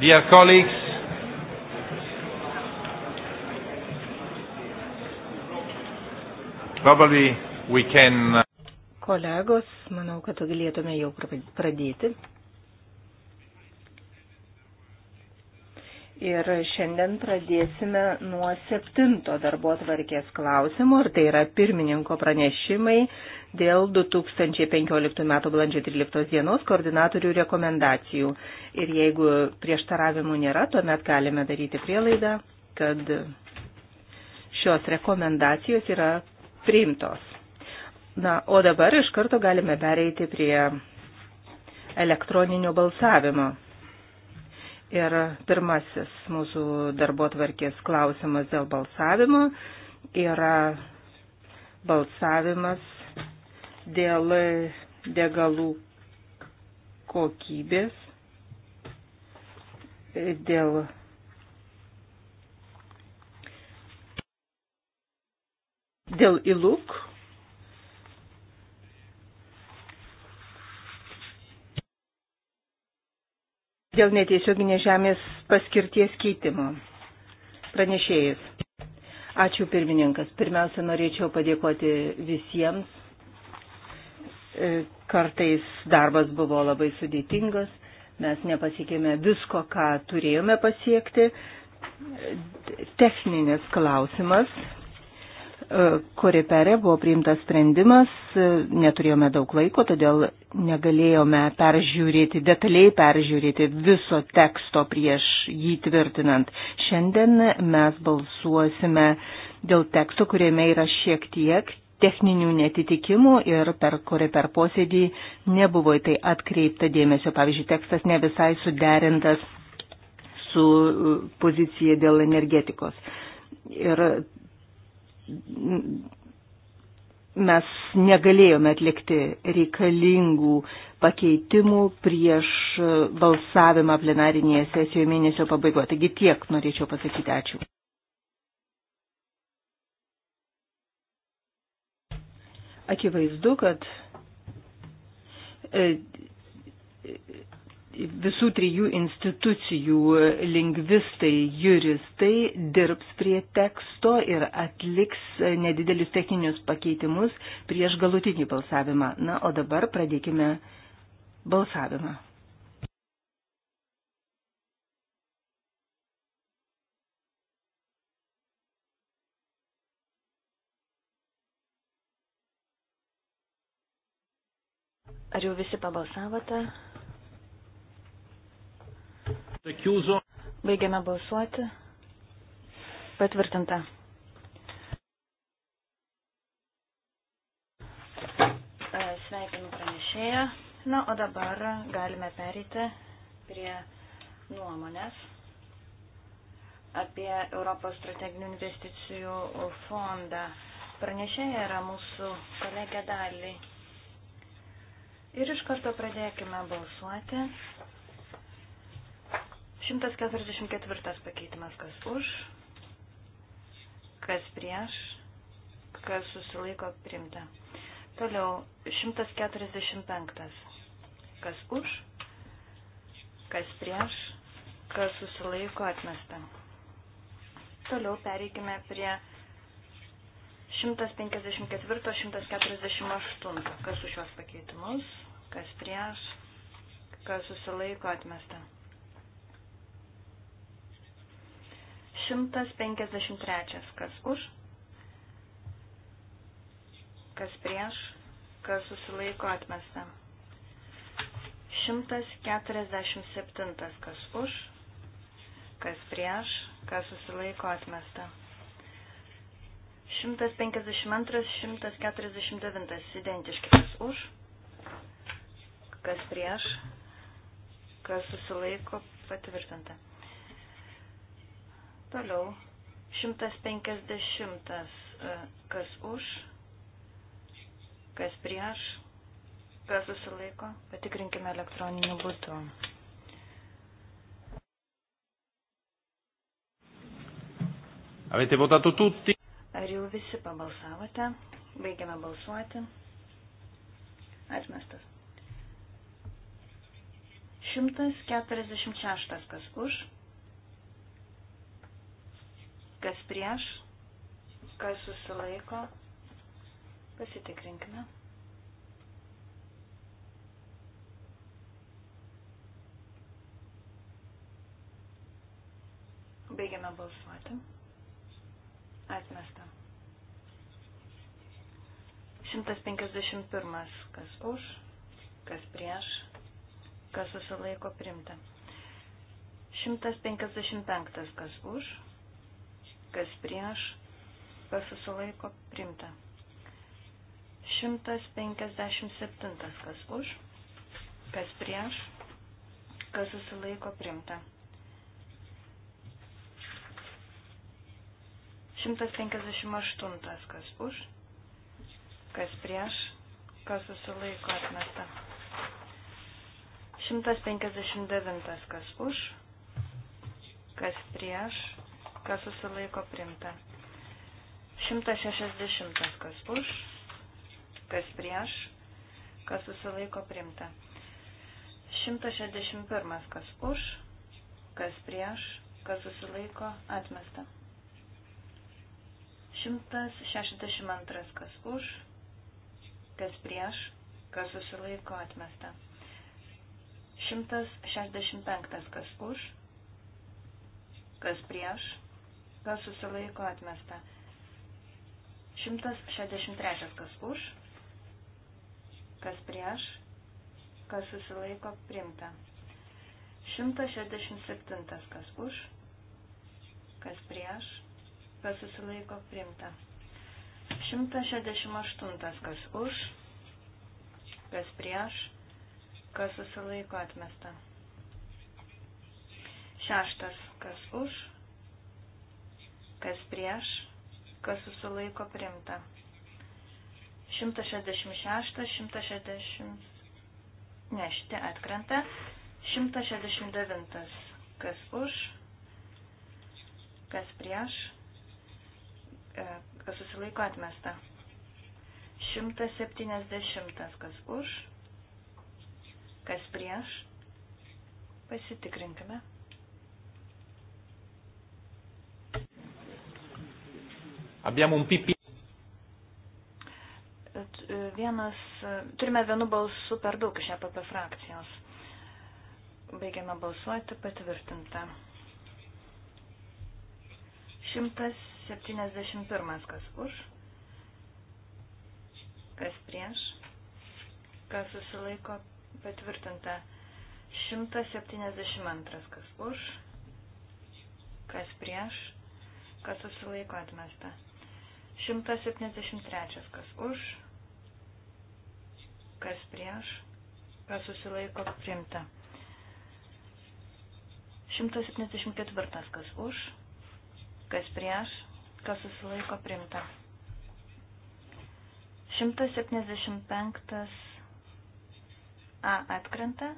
Dear colleagues, probably we can. Uh, Kolegos, manau, kad galėtume jau pradėti. Ir šiandien pradėsime nuo septinto darbo tvarkės klausimo, ir tai yra pirmininko pranešimai dėl 2015 m. balandžio 13 dienos koordinatorių rekomendacijų. Ir jeigu prieštaravimų nėra, tuomet galime daryti prielaidą, kad šios rekomendacijos yra priimtos. Na, o dabar iš karto galime pereiti prie elektroninio balsavimo. Ir pirmasis mūsų darbo tvarkės klausimas dėl balsavimo yra balsavimas dėl degalų kokybės, dėl dėl įlūk dėl netiesioginės žemės paskirties keitimo. Pranešėjas. Ačiū pirmininkas. Pirmiausia, norėčiau padėkoti visiems. E, kartais darbas buvo labai sudėtingas, mes nepasiekėme visko, ką turėjome pasiekti. Techninis klausimas, E, korepere buvo priimtas sprendimas, e, neturėjome daug laiko, todėl negalėjome peržiūrėti, detaliai peržiūrėti viso teksto prieš jį tvirtinant. Šiandien mes balsuosime dėl teksto, kuriame yra šiek tiek techninių netitikimų ir per kuri per posėdį nebuvo į tai atkreipta dėmesio. Pavyzdžiui, tekstas ne visai suderintas su e, pozicija dėl energetikos. Ir mes negalėjome atlikti reikalingų pakeitimų prieš balsavimą plenarinėje sesijoje mėnesio pabaigoje. Taigi tiek norėčiau pasakyti ačiū. Akivaizdu, kad e, visų trijų institucijų lingvistai, juristai dirbs prie teksto ir atliks nedidelius techninius pakeitimus prieš galutinį balsavimą. Na, o dabar pradėkime balsavimą. Ar jau visi pabalsavote? Baigiame balsuoti. Patvirtinta. E, sveikinu pranešėją. Na, o dabar galime pereiti prie nuomonės apie Europos strateginių investicijų fondą. Pranešėja yra mūsų kolegė Dali. Ir iš karto pradėkime balsuoti. 144 pakeitimas, kas už, kas prieš, kas susilaiko primta. Toliau 145, kas už, kas prieš, kas susilaiko atmesta. Toliau pereikime prie 154-148, kas už šios pakeitimus, kas prieš, kas susilaiko atmesta. 153. Kas už? Kas prieš? Kas susilaiko atmesta? 147. Kas už? Kas prieš? Kas susilaiko atmesta? 152, 149 identiški kas už, kas prieš, kas susilaiko patvirtinta. Toliau 150. E, kas už, kas prieš, kas susilaiko, patikrinkime elektroniniu būdu. Avete votato tutti? Ar jau visi pabalsavote? Baigiame balsuoti. Atmestas. 146 kas už Kas prieš? Kas susilaiko? Pasitikrinkime. Baigiame balsuoti. Atmesta. 151. Kas už, kas prieš, kas susilaiko primta. 155. Kas už, kas prieš, kas susilaiko primta. 157 kas už, kas prieš, kas susilaiko primta. 158 kas už, kas prieš, kas susilaiko atmesta. 159 kas už, kas prieš, kas susilaiko primta. 160, kas už, kas prieš, kas susilaiko primta. 161, kas už, kas prieš, kas susilaiko atmesta. 162, kas už, kas prieš, kas susilaiko atmesta. 165, kas už, kas prieš, kas susilaiko atmesta. 163 kas už, kas prieš, kas susilaiko primta. 167 kas už, kas prieš, kas susilaiko primta. 168 kas už, kas prieš, kas susilaiko atmesta. Šeštas kas už, kas prieš, kas susilaiko primta. 166, 160, ne, šitie atkrenta. 169, kas už, kas prieš, e, kas susilaiko atmesta. 170, kas už, kas prieš, pasitikrinkime. Abbiamo un PP. E, vienas, e, turime vienu balsu per daug iš EPP frakcijos. Baigiame balsuoti patvirtintą. 171 kas už, kas prieš, kas susilaiko patvirtinta. 172 kas už, kas prieš, kas susilaiko atmesta. 173. Kas už, kas prieš, kas susilaiko priimta. 174. Kas už, kas prieš, kas susilaiko priimta. 175. A atkrenta.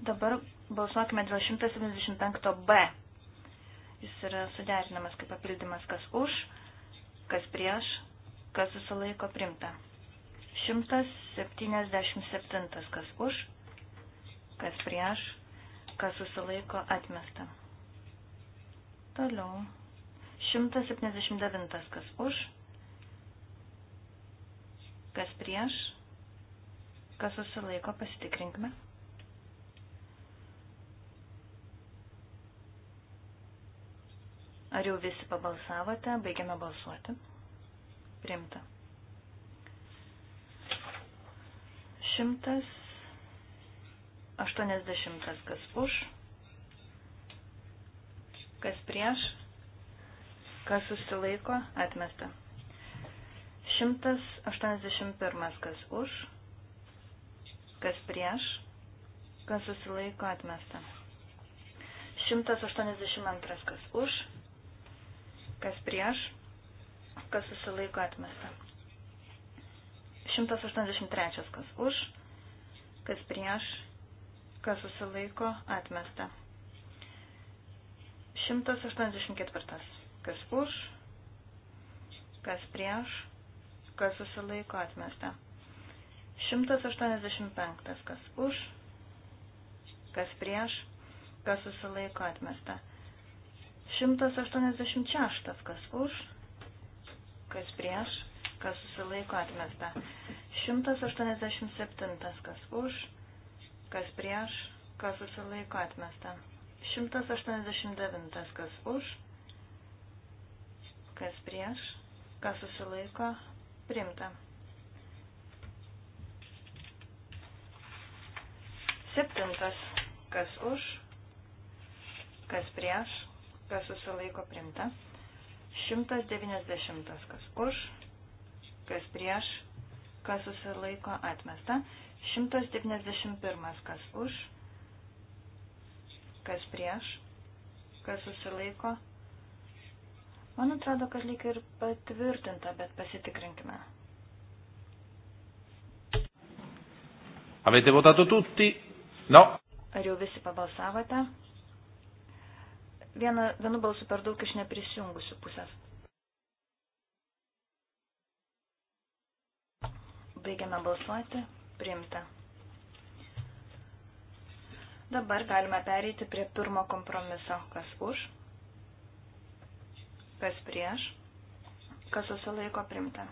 Dabar balsuokime dėl 175 B Jis yra suderinamas kaip papildymas, kas už, kas prieš, kas susilaiko primta. 177, kas už, kas prieš, kas susilaiko atmesta. Toliau. 179, kas už, kas prieš, kas susilaiko, pasitikrinkime. Ar jau visi pabalsavote? Baigiame balsuoti. Primta. 180 kas už, kas prieš, kas susilaiko, atmesta. 181 kas už, kas prieš, kas susilaiko, atmesta. 182 kas už, kas prieš, kas susilaiko atmesta. 183. Kas už, kas prieš, kas susilaiko atmesta. 184. Kas už, kas prieš, kas susilaiko atmesta. 185. Kas už, kas prieš, kas susilaiko atmesta. 186. Kas už, kas prieš, kas susilaiko atmesta. 187. Kas už, kas prieš, kas susilaiko atmesta. 189. Kas už, kas prieš, kas susilaiko primta. Septintas. Kas už, kas prieš, kas susilaiko primta. 190, kas už, kas prieš, kas susilaiko atmesta. 191, kas už, kas prieš, kas susilaiko. Man atrodo, kad lyg ir patvirtinta, bet pasitikrinkime. Avete votato tutti? No. Ar jau visi pabalsavote? viena, vienu balsu per daug iš neprisijungusių pusės. Baigiame balsuoti. Priimta. Dabar galime pereiti prie pirmo kompromiso. Kas už? Kas prieš? Kas susilaiko primta?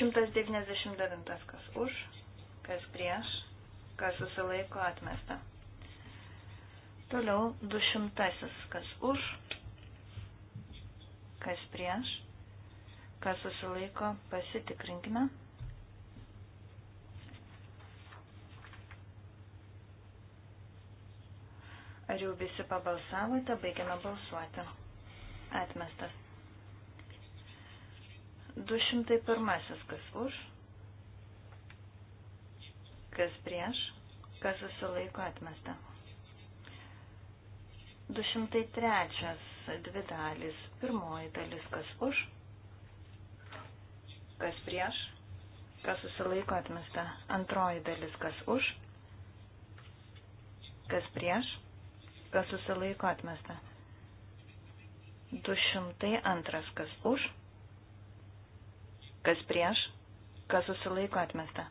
199. Kas už? Kas prieš? Kas susilaiko atmesta? Toliau du šimtasis, kas už, kas prieš, kas susilaiko, pasitikrinkime. Ar jau visi pabalsavote, baigiame balsuoti. Atmestas. 201. Kas už, kas prieš, kas susilaiko atmestą. 203. Dvi dalis. Pirmoji dalis kas už, kas prieš, kas susilaiko atmesta. Antroji dalis kas už, kas prieš, kas susilaiko atmesta. 202. Kas už, kas prieš, kas susilaiko atmesta.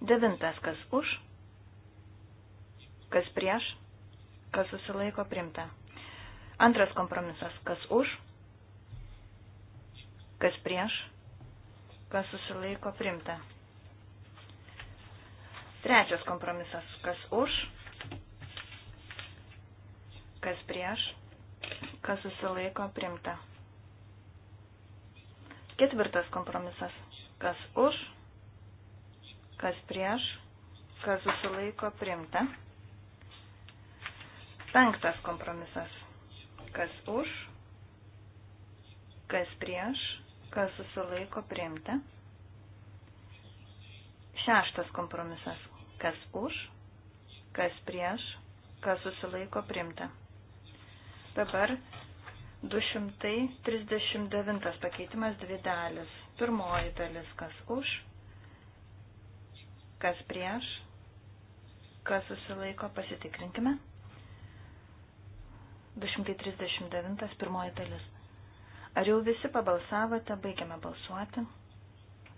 Devintas kas už, kas prieš, kas susilaiko primta. Antras kompromisas, kas už, kas prieš, kas susilaiko primta. Trečias kompromisas, kas už, kas prieš, kas susilaiko primta. Ketvirtas kompromisas, kas už, kas prieš, kas susilaiko primta. Penktas kompromisas. Kas už, kas prieš, kas susilaiko priimti. Šeštas kompromisas. Kas už, kas prieš, kas susilaiko priimti. Dabar 239 pakeitimas dvi dalis. Pirmoji dalis kas už, kas prieš, kas susilaiko pasitikrinkime. 239 pirmoji dalis. Ar jau visi pabalsavote, baigiame balsuoti?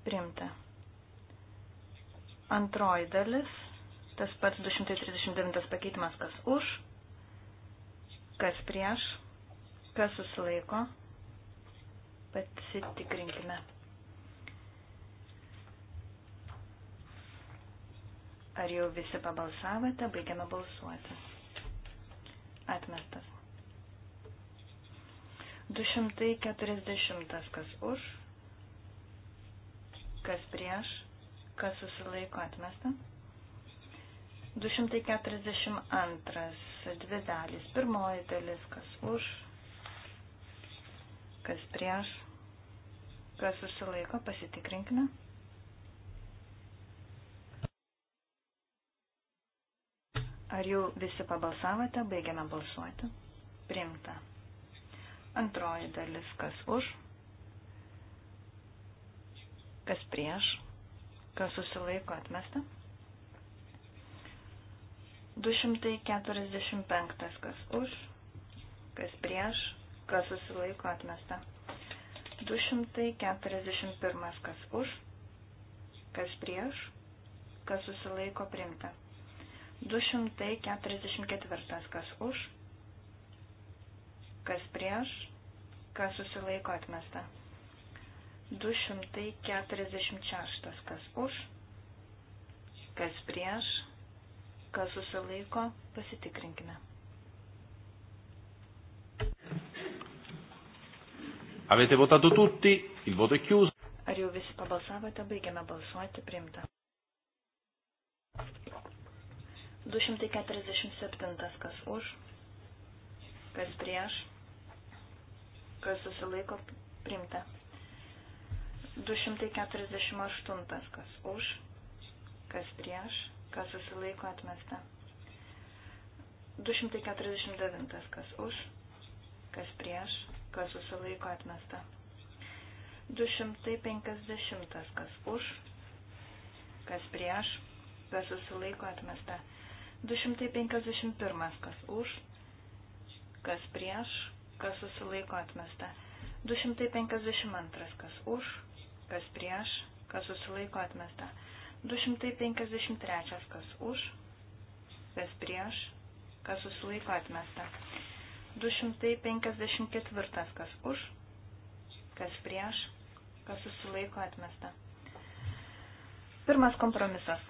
Priimta. Antroji dalis, tas pats 239 pakeitimas, kas už, kas prieš, kas susilaiko, pasitikrinkime. Ar jau visi pabalsavote, baigiame balsuoti? Atmestas. 240 kas už, kas prieš, kas susilaiko atmesta. 242 dvi dalys. Pirmoji dalis kas už, kas prieš, kas susilaiko, pasitikrinkime. Ar jau visi pabalsavote, baigiame balsuoti? Primta. Antroji dalis, kas už, kas prieš, kas susilaiko atmesta. 245, kas už, kas prieš, kas susilaiko atmesta. 241, kas už, kas prieš, kas susilaiko primta. 244, kas už, kas prieš, kas susilaiko atmesta. 246, kas už, kas prieš, kas susilaiko, pasitikrinkime. Avete votato tutti, il voto è chiuso. Ar jau visi pabalsavote, baigiame balsuoti, priimta. 247, kas už, kas prieš kas susilaiko priimta. 248, kas už, kas prieš, kas susilaiko atmesta. 249, kas už, kas prieš, kas susilaiko atmesta. 250, kas už, kas prieš, kas susilaiko atmesta. 251, kas už, kas prieš, kas susilaiko atmesta. 252, kas už, kas prieš, kas susilaiko atmesta. 253, kas už, kas prieš, kas susilaiko atmesta. 254, kas už, kas prieš, kas susilaiko atmesta. Pirmas kompromisas.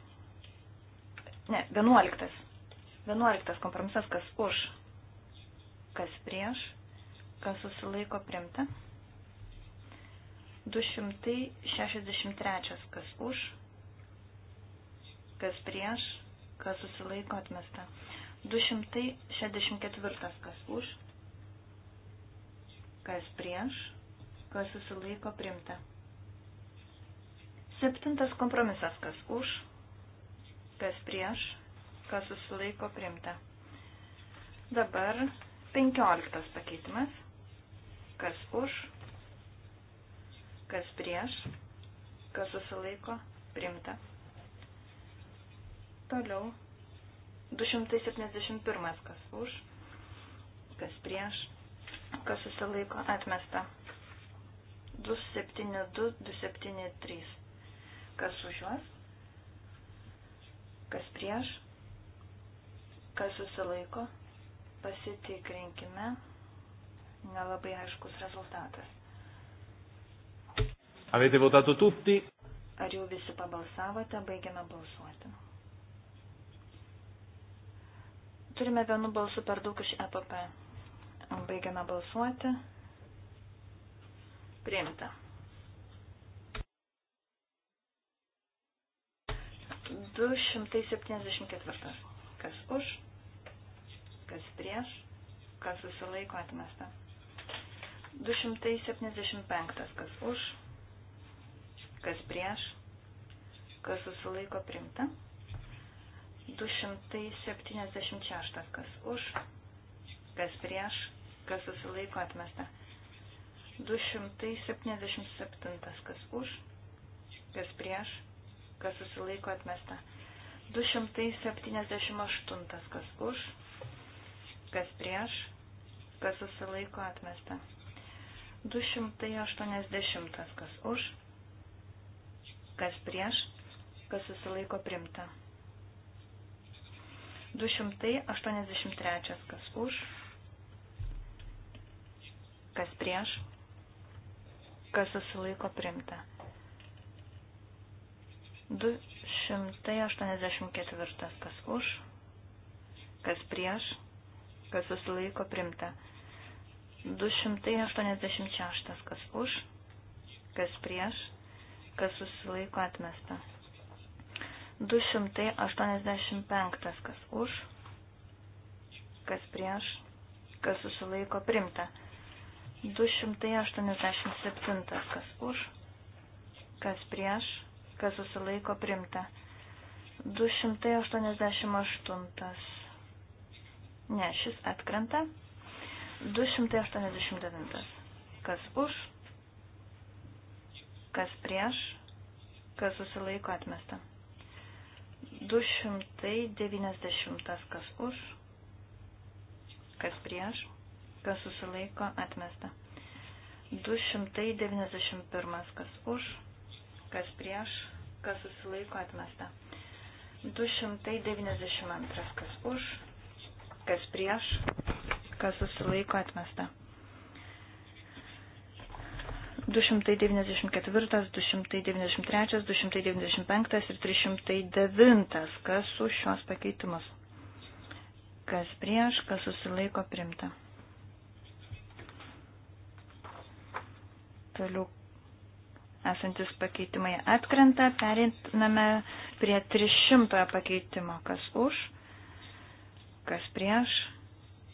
Ne, vienuoliktas. Vienuoliktas kompromisas, kas už, kas prieš, kas susilaiko primta. 263, kas už, kas prieš, kas susilaiko atmesta. 264, kas už, kas prieš, kas susilaiko primta. Septintas kompromisas, kas už, kas prieš, kas susilaiko primta. Dabar penkioliktas pakeitimas. Kas už, kas prieš, kas susilaiko, primta. Toliau 271. Kas už, kas prieš, kas susilaiko, atmesta. 272, 273. Kas už juos, kas prieš, kas susilaiko, pasitikrinkime nelabai aiškus rezultatas. Avete votato tutti? Ar jau visi pabalsavote, baigiame balsuoti. Turime vienu balsu per daug iš EPP. Baigiame balsuoti. Priimta. Du šimtai septyniasdešimt ketvirtas. Kas už, kas prieš, kas susilaiko atmesta. 275. Kas už, kas prieš, kas susilaiko primta. 276. Kas už, kas prieš, kas susilaiko atmesta. 277. Kas už, kas prieš, kas susilaiko atmesta. 278. Kas už, kas prieš, kas susilaiko atmesta. 280. Kas už, kas prieš, kas susilaiko primta. 283. Kas už, kas prieš, kas susilaiko primta. 284. Kas už, kas prieš, kas susilaiko primta. 286. Kas už, kas prieš, kas susilaiko atmesta. 285. Kas už, kas prieš, kas susilaiko primta. 287. Kas už, kas prieš, kas susilaiko primta. 288. Ne, šis atkrenta. 289. Kas už, kas prieš, kas susilaiko atmesta. 290. Kas už, kas prieš, kas susilaiko atmesta. 291. Kas už, kas prieš, kas susilaiko atmesta. 292. Kas už, kas prieš, kas susilaiko atmesta. 294, 293, 295 ir 309, kas už šios pakeitimus. Kas prieš, kas susilaiko primta. Toliau esantis pakeitimai atkrenta, periname prie 300 pakeitimo, kas už, kas prieš,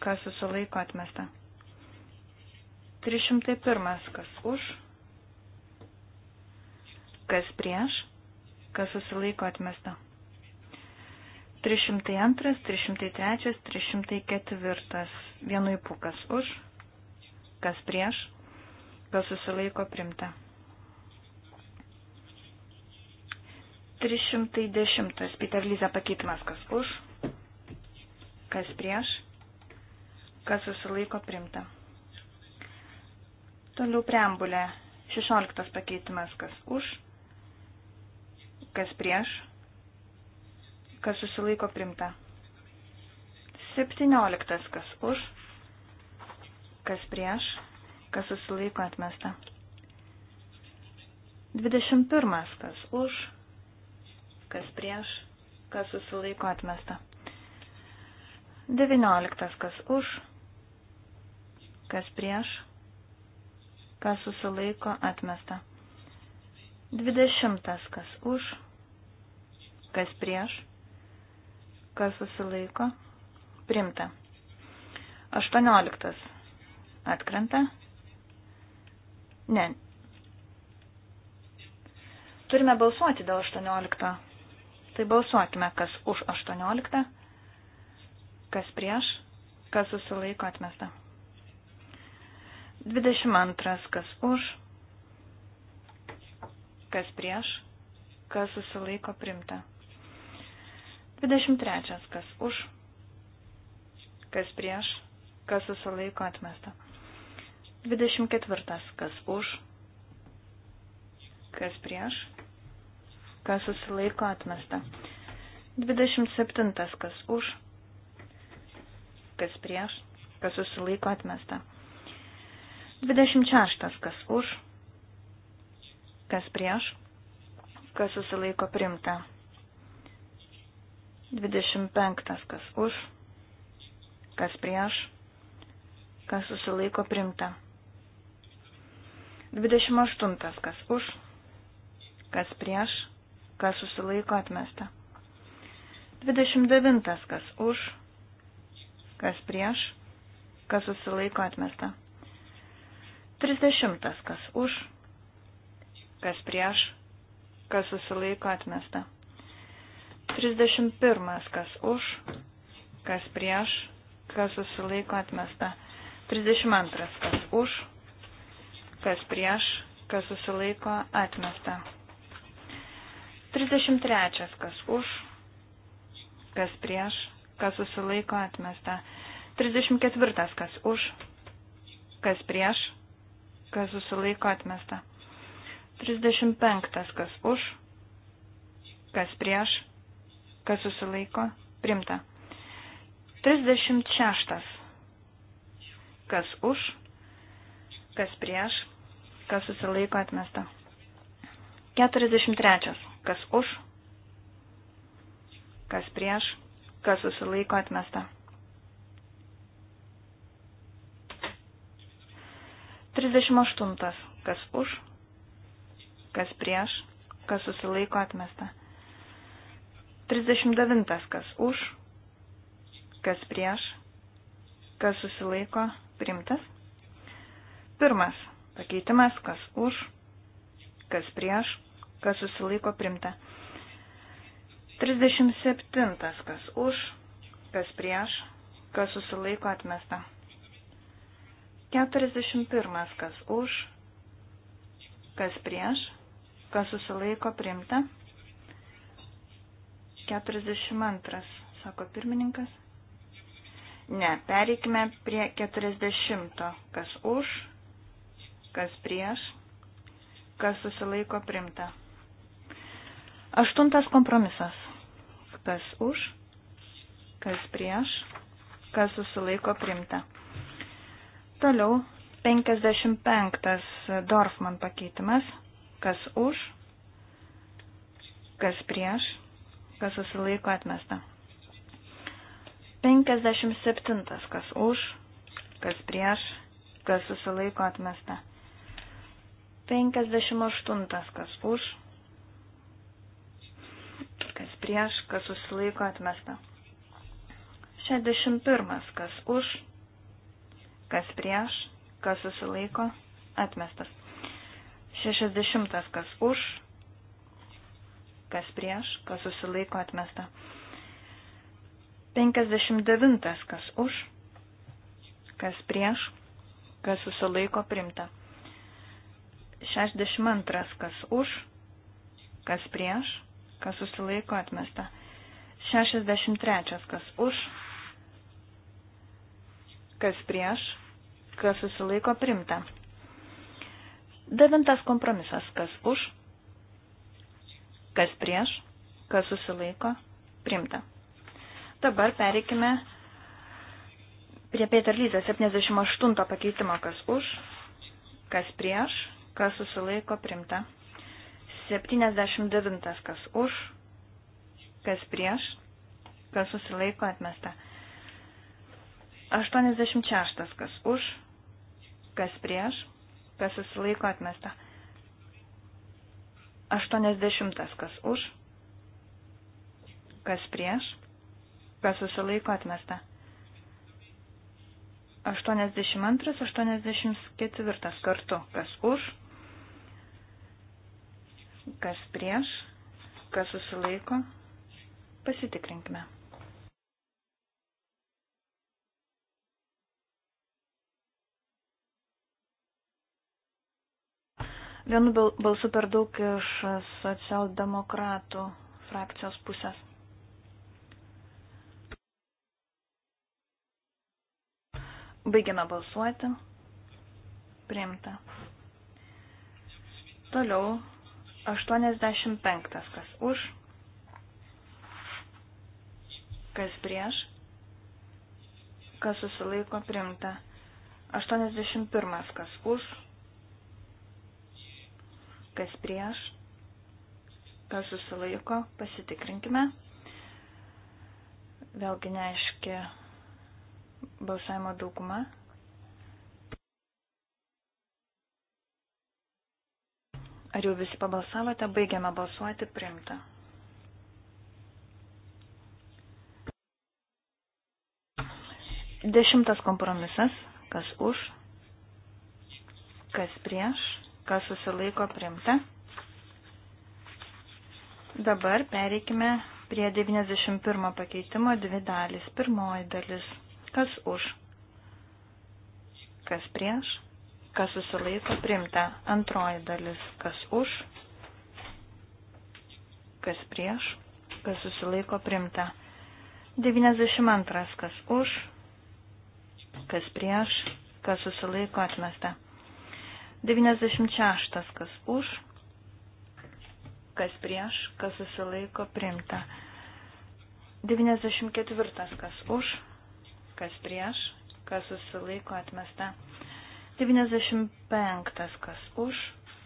kas susilaiko atmesta. 301. Kas už, kas prieš, kas susilaiko atmesta. 302, 303, 304. Vienu įpū, kas už, kas prieš, kas susilaiko primta. 310. Peter Lyza pakeitimas, kas už, kas prieš, kas susilaiko primta. Toliau preambulė. 16 pakeitimas, kas už, kas prieš, kas susilaiko primta. 17, kas už, kas prieš, kas susilaiko atmesta. 21, kas už, kas prieš, kas susilaiko atmesta. 19, kas už, kas prieš, kas susilaiko atmesta. 20. kas už, kas prieš, kas susilaiko primta. 18. atkrenta. Ne. Turime balsuoti dėl 18. Tai balsuokime, kas už 18, kas prieš, kas susilaiko atmesta. 22. Kas už, kas prieš, kas susilaiko primta. 23. Kas už, kas prieš, kas susilaiko atmesta. 24. Kas už, kas prieš, kas susilaiko atmesta. 27. Kas už, kas prieš, kas susilaiko atmesta. 26. Kas už, kas prieš, kas susilaiko primta. 25. Kas už, kas prieš, kas susilaiko primta. 28. Kas už, kas prieš, kas susilaiko atmesta. 29. Kas už, kas prieš, kas susilaiko atmesta. 30. Kas už, kas prieš, kas susilaiko atmesta. 31. Kas už, kas prieš, kas susilaiko atmesta. 32. Kas už, kas prieš, kas susilaiko atmesta. 33. Kas už, kas prieš, kas susilaiko atmesta. 34. Kas už, kas prieš, kas susilaiko atmesta. 35. Kas už, kas prieš, kas susilaiko, primta. 36. Kas už, kas prieš, kas susilaiko atmesta. 43. Kas už, kas prieš, kas susilaiko atmesta. 38. Kas už, kas prieš, kas susilaiko atmesta. 39. Kas už, kas prieš, kas susilaiko primtas. Pirmas pakeitimas, kas už, kas prieš, kas susilaiko primta. 37. Kas už, kas prieš, kas susilaiko atmesta. 41. Kas už, kas prieš, kas susilaiko priimta. 42. Sako pirmininkas. Ne, pereikime prie 40. Kas už, kas prieš, kas susilaiko priimta. Aštuntas kompromisas. Kas už, kas prieš, kas susilaiko priimta. Toliau 55 Dorfman pakeitimas. Kas už, kas prieš, kas susilaiko atmesta. 57 kas už, kas prieš, kas susilaiko atmesta. 58 kas už, kas prieš, kas susilaiko atmesta. 61 kas už, kas prieš, kas susilaiko, atmestas. 60. kas už, kas prieš, kas susilaiko, atmesta. 59. kas už, kas prieš, kas susilaiko, primta. 62. kas už, kas prieš, kas susilaiko, atmesta. 63. kas už, kas prieš, kas susilaiko primta. Devintas kompromisas, kas už, kas prieš, kas susilaiko primta. Dabar pereikime prie Peterlyzės 78 pakeitimo, kas už, kas prieš, kas susilaiko primta. 79 kas už, kas prieš, kas susilaiko atmesta. 86 kas už, kas prieš, kas susilaiko atmesta. 80 kas už, kas prieš, kas susilaiko atmesta. 82, 84 kartu, kas už, kas prieš, kas susilaiko, pasitikrinkime. vienu balsu per daug iš socialdemokratų frakcijos pusės. Baigiame balsuoti. Priimta. Toliau 85. Kas už? Kas prieš? Kas susilaiko priimta? 81. Kas už? kas prieš, kas susilaiko, pasitikrinkime. Vėlgi neaiški balsavimo dauguma. Ar jau visi pabalsavote, baigiame balsuoti, priimta. Dešimtas kompromisas, kas už, kas prieš, kas susilaiko primta. Dabar pereikime prie 91 pakeitimo dvi dalis. Pirmoji dalis. Kas už? Kas prieš? Kas susilaiko primta? Antroji dalis. Kas už? Kas prieš? Kas susilaiko primta? 92. Kas už? Kas prieš? Kas susilaiko atmesta? 96. Kas už, kas prieš, kas susilaiko primta. 94. Kas už, kas prieš, kas susilaiko atmesta. 95. Kas už,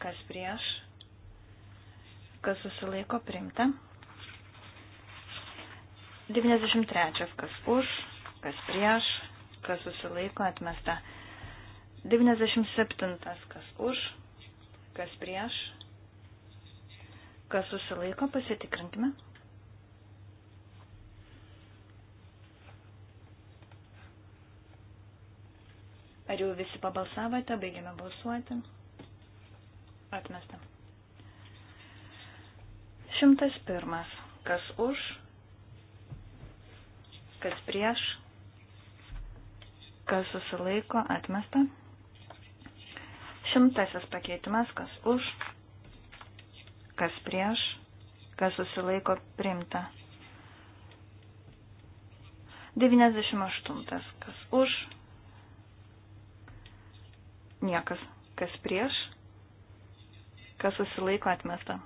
kas prieš, kas susilaiko primta. 93. Kas už, kas prieš, kas susilaiko atmesta. 97. Kas už, kas prieš, kas susilaiko, pasitikrinkime. Ar jau visi pabalsavote, baigėme balsuoti? Atmestam. 101. Kas už, kas prieš, kas susilaiko, atmesta. Šimtasis pakeitimas, kas už, kas prieš, kas susilaiko primta. 98. Kas už, niekas, kas prieš, kas susilaiko atmesta.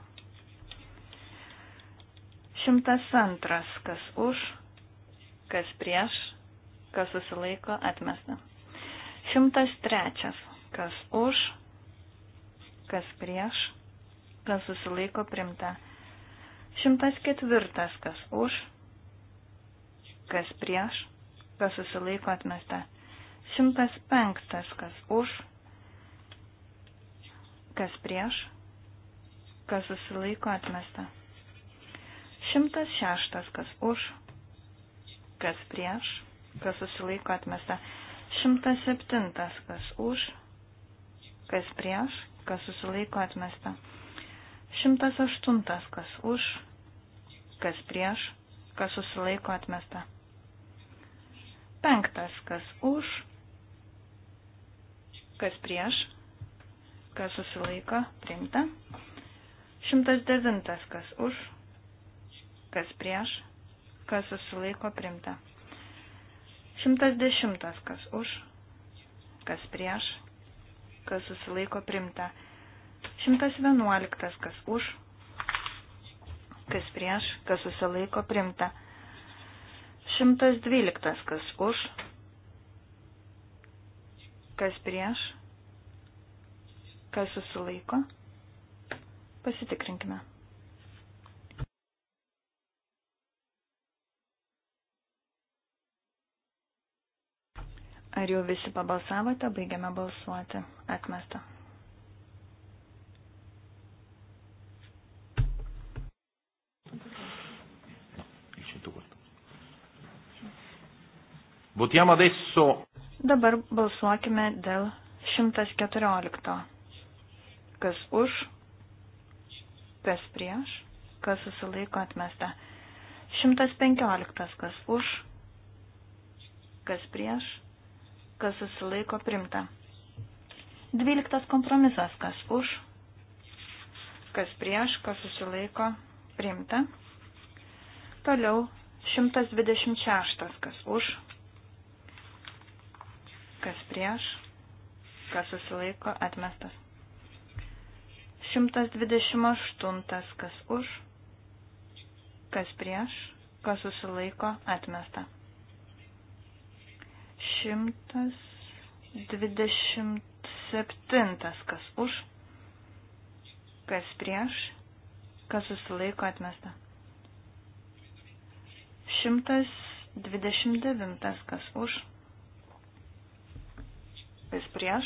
102. Kas už, kas prieš, kas susilaiko atmesta. 103 kas už, kas prieš, kas susilaiko primta. Šimtas ketvirtas, kas už, kas prieš, kas susilaiko atmesta. Šimtas penktas, kas už, kas prieš, kas susilaiko atmesta. Šimtas šeštas, kas už, kas prieš, kas susilaiko atmesta. Šimtas septintas, kas už, kas prieš, kas susilaiko atmesta. 108. Kas už, kas prieš, kas susilaiko atmesta. 5. Kas už, kas prieš, kas susilaiko priimta. 109. Kas už, kas prieš, kas susilaiko priimta. 110. Kas už, kas prieš, kas susilaiko primta. 111, kas už, kas prieš, kas susilaiko primta. 112, kas už, kas prieš, kas susilaiko. Pasitikrinkime. Ar jau visi pabalsavote? Baigiame balsuoti. Atmesta. Votiamo adesso. Dabar balsuokime dėl 114. Kas už, kas prieš, kas susilaiko atmesta. 115. Kas už, kas prieš, kas susilaiko primta. Dvyliktas kompromisas, kas už, kas prieš, kas susilaiko primta. Toliau 126, kas už, kas prieš, kas susilaiko atmestas. 128, kas už, kas prieš, kas susilaiko atmestas. 127. Kas už, kas prieš, kas susilaiko atmesta. 129. Kas už, kas prieš,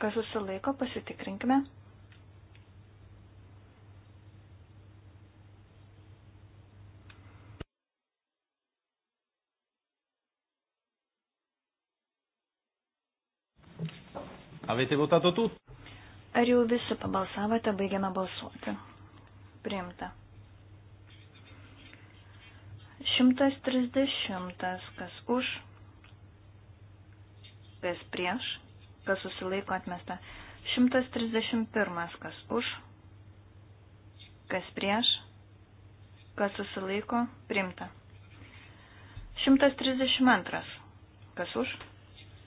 kas susilaiko pasitikrinkime. Avete votato tutti? Ar jau visi pabalsavote, baigiame balsuoti? Priimta. 130. Kas už? Kas prieš? Kas susilaiko atmesta? 131. Kas už? Kas prieš? Kas susilaiko? Priimta. 132. Kas už?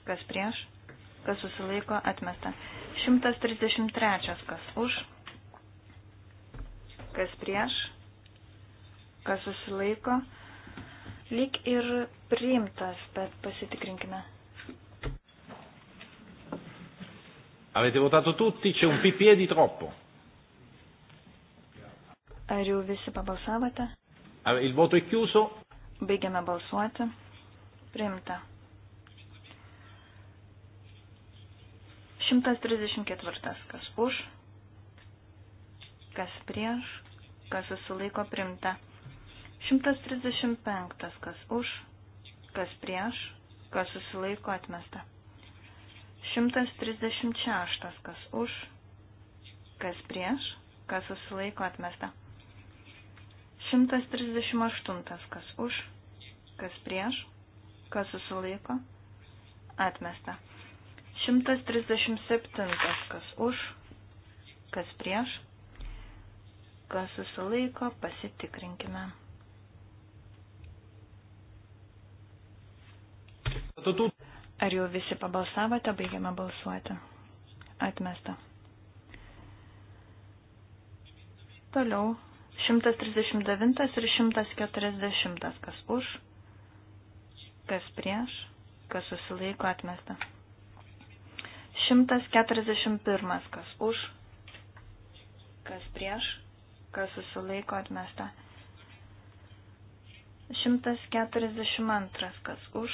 Kas prieš? kas susilaiko atmesta. 133 kas už, kas prieš, kas susilaiko, lyg ir priimtas, bet pasitikrinkime. Avete votato tutti, c'è un PPE di troppo. Ar jau visi pabalsavote? Il voto è chiuso. Baigiame balsuoti. Priimta. 134. Kas už, kas prieš, kas susilaiko primta. 135. Kas už, kas prieš, kas susilaiko atmesta. 136. Kas už, kas prieš, kas susilaiko atmesta. 138. Kas už, kas prieš, kas susilaiko atmesta. 137. Kas už, kas prieš, kas susilaiko, pasitikrinkime. Ar jau visi pabalsavote, baigiame balsuoti? Atmesta. Toliau 139 ir 140. Kas už, kas prieš, kas susilaiko, atmesta. 141. Kas už, kas prieš, kas susilaiko atmesta. 142. Kas už,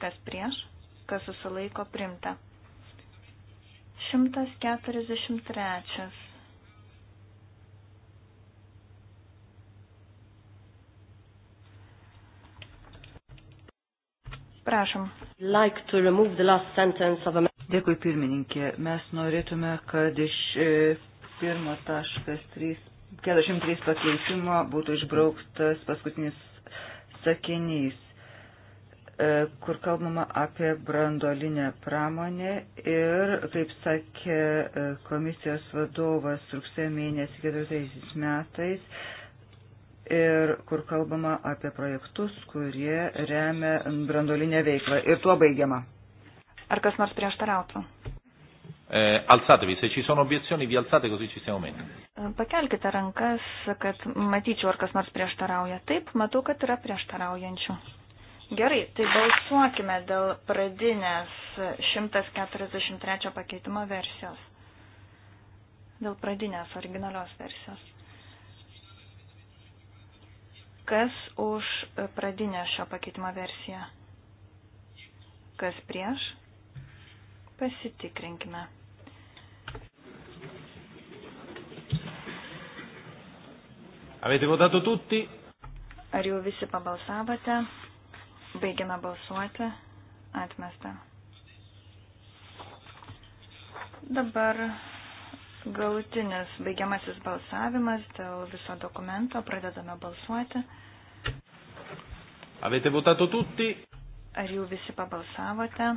kas prieš, kas susilaiko primta. 143. Prašom like to remove the last sentence of a... Dėkui pirmininkė. Mes norėtume, kad iš 1.3 e, 43 pakeitimo būtų išbrauktas paskutinis sakinys, e, kur kalbama apie brandolinę pramonę ir, kaip sakė e, komisijos vadovas rugsėjo mėnesį 14 metais, ir kur kalbama apie projektus, kurie remia brandolinę veiklą. Ir tuo baigiama. Ar kas nors prieštarautų? Eh, alzatevi, se ci sono obiezioni vi alzate così ci siamo meno. E, pakelkite rankas, kad matyčiau, ar kas nors prieštarauja. Taip, matau, kad yra prieštaraujančių. Gerai, tai balsuokime dėl pradinės 143 pakeitimo versijos. Dėl pradinės originalios versijos. Kas už pradinę šio pakeitimo versiją? Kas prieš? Pasitikrinkime. Avete votato tutti? Ar jau visi pabalsavote? Baigiame balsuoti. Atmesta. Dabar Galutinis baigiamasis balsavimas dėl viso dokumento. Pradedame balsuoti. Avete votato tutti? Ar jau visi pabalsavote?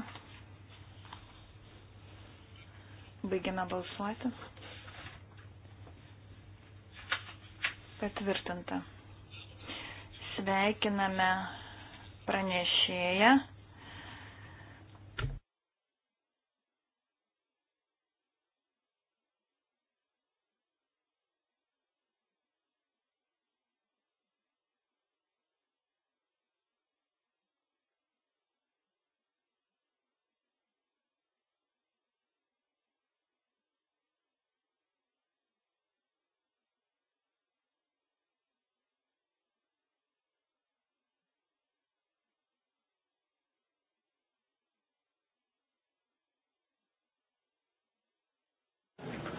Baigiame balsuoti. Patvirtinta. Sveikiname pranešėją.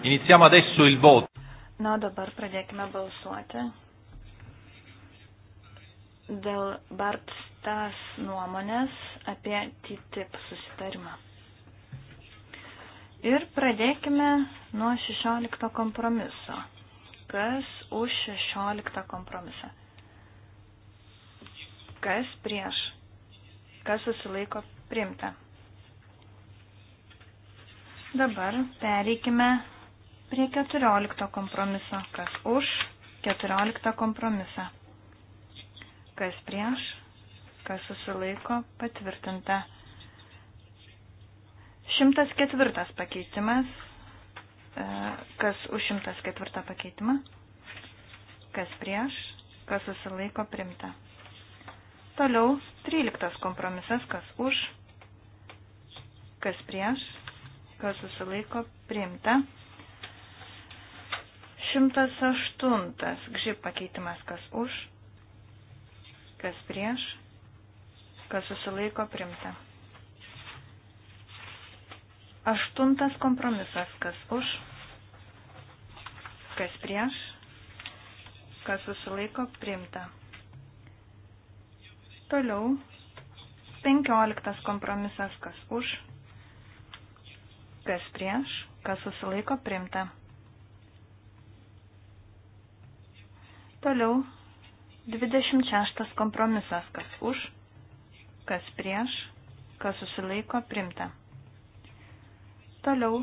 Iniziamo adesso il voto. Na, dabar pradėkime balsuoti. Dėl Bart Stas nuomonės apie TTIP susitarimą. Ir pradėkime nuo 16 kompromiso. Kas už 16 kompromisą? Kas prieš? Kas susilaiko primta? Dabar pereikime prie 14 kompromiso. Kas už 14 kompromisą? Kas prieš? Kas susilaiko? Patvirtinta. 104 pakeitimas. E, kas už 104 pakeitimą? Kas prieš? Kas susilaiko? Primta. Toliau 13 kompromisas. Kas už? Kas prieš? Kas susilaiko? Primta. 108. Gžip pakeitimas kas už, kas prieš, kas susilaiko primta. Aštuntas kompromisas kas už, kas prieš, kas susilaiko primta. Toliau. Penkioliktas kompromisas kas už, kas prieš, kas susilaiko primta. Toliau 26 kompromisas, kas už, kas prieš, kas susilaiko, primta. Toliau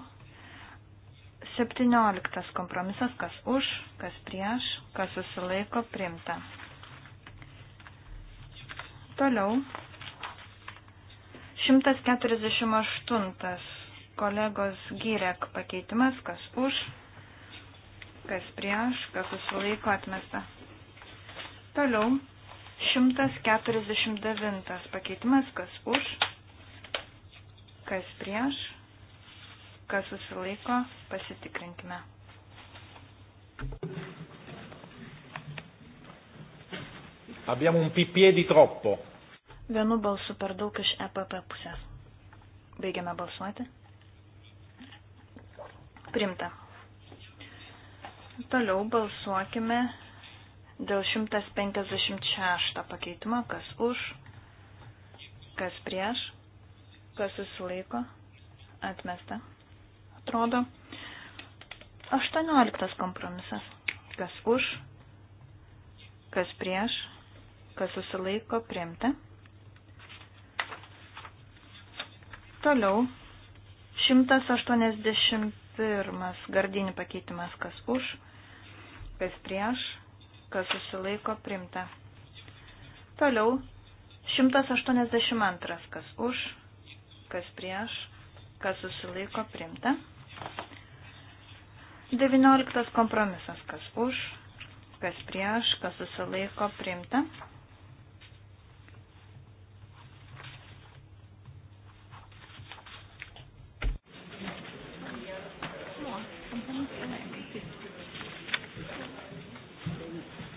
17 kompromisas, kas už, kas prieš, kas susilaiko, primta. Toliau 148 kolegos Gyrek pakeitimas, kas už, kas prieš, kas susilaiko atmesta. Toliau 149 pakeitimas, kas už, kas prieš, kas susilaiko, pasitikrinkime. Abbiamo un PPE di troppo. Vienu balsu per daug iš EPP pusės. Baigiame balsuoti. Primta. Toliau balsuokime dėl 156 pakeitimo, kas už, kas prieš, kas susilaiko, atmesta. Atrodo. 18 kompromisas. Kas už, kas prieš, kas susilaiko, priimta. Toliau 180 Pirmas gardinį pakeitimas, kas už, kas prieš, kas susilaiko primta. Toliau 182, kas už, kas prieš, kas susilaiko primta. 19 kompromisas, kas už, kas prieš, kas susilaiko primta.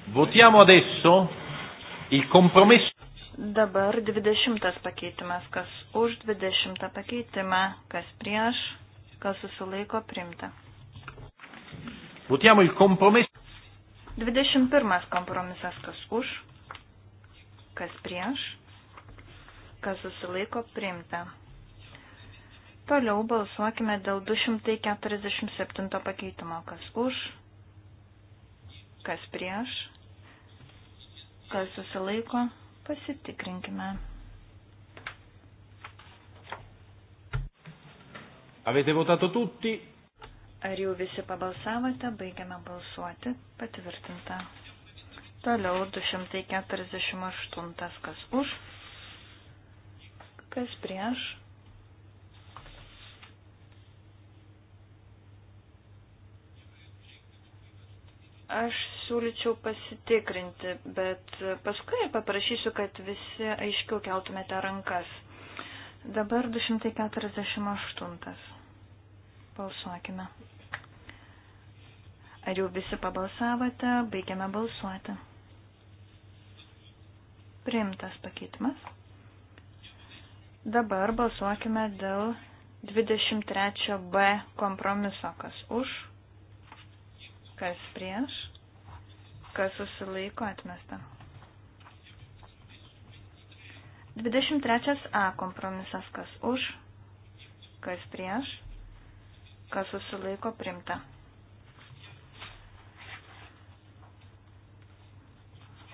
Votiamo adesso il compromesso. Dabar 20 pakeitimas, kas už 20 pakeitimą, kas prieš, kas susilaiko primta. Votiamo il compromesso. 21 kompromisas, kas už, kas prieš, kas susilaiko primta. Toliau balsuokime dėl 247 pakeitimo. Kas už, kas prieš, kas susilaiko, pasitikrinkime. Avete votato tutti? Ar jau visi pabalsavote, baigiame balsuoti, patvirtinta. Toliau 248, kas už, kas prieš, Aš siūlyčiau pasitikrinti, bet paskui paprašysiu, kad visi aiškiau keltumėte rankas. Dabar 248. Balsuokime. Ar jau visi pabalsavote? Baigiame balsuoti. Priimtas pakeitimas. Dabar balsuokime dėl 23b kompromiso, kas už, kas prieš, kas susilaiko atmesta. 23 A kompromisas, kas už, kas prieš, kas susilaiko primta.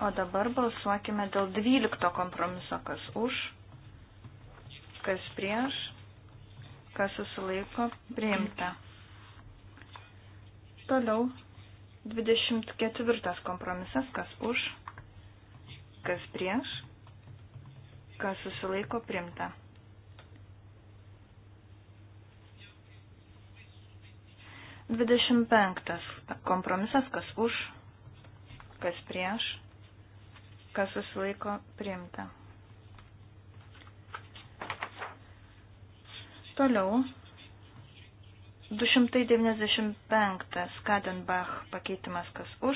O dabar balsuokime dėl 12 kompromiso, kas už, kas prieš, kas susilaiko priimta. Toliau 24 kompromisas, kas už, kas prieš, kas susilaiko primta. Dvidešimt penktas kompromisas, kas už, kas prieš, kas susilaiko primta. Toliau 295 Kadenbach pakeitimas kas už,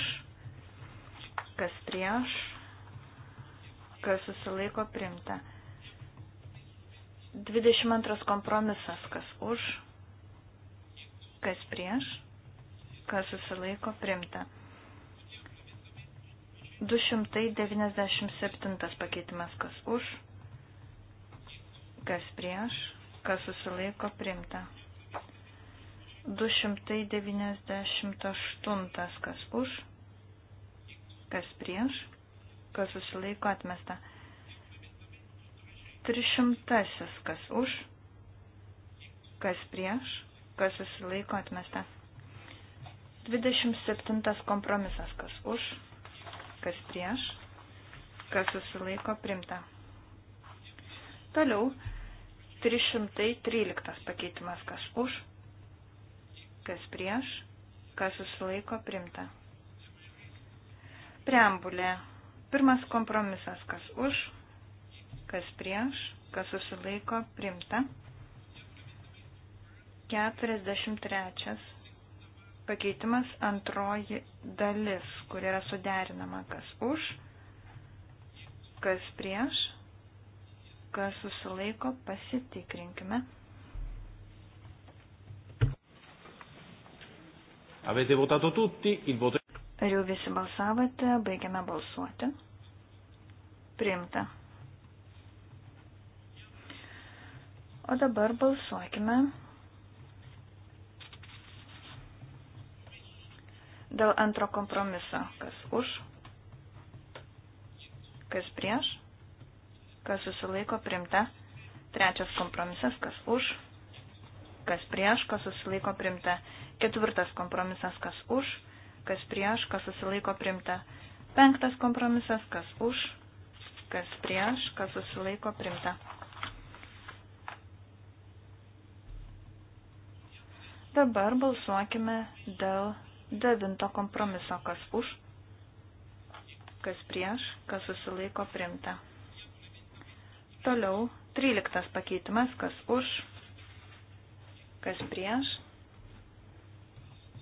kas prieš, kas susilaiko primta. 22 kompromisas kas už, kas prieš, kas susilaiko primta. 297 pakeitimas kas už, kas prieš, kas susilaiko primta. 298, kas už, kas prieš, kas susilaiko atmesta. 300, kas už, kas prieš, kas susilaiko atmesta. 27 kompromisas, kas už, kas prieš, kas susilaiko primta. Toliau 313 pakeitimas, kas už, kas prieš, kas susilaiko primta. Preambulė. Pirmas kompromisas, kas už, kas prieš, kas susilaiko primta. 43. Pakeitimas antroji dalis, kur yra suderinama, kas už, kas prieš, kas susilaiko, pasitikrinkime. Avete votato tutti, il voto Ar jau visi balsavote, baigiame balsuoti. Priimta. O dabar balsuokime dėl antro kompromiso. Kas už, kas prieš, kas susilaiko primta. Trečias kompromisas, kas už, kas prieš, kas susilaiko primta. Ketvirtas kompromisas, kas už, kas prieš, kas susilaiko primta. Penktas kompromisas, kas už, kas prieš, kas susilaiko primta. Dabar balsuokime dėl devinto kompromiso, kas už, kas prieš, kas susilaiko primta. Toliau, tryliktas pakeitimas, kas už, kas prieš,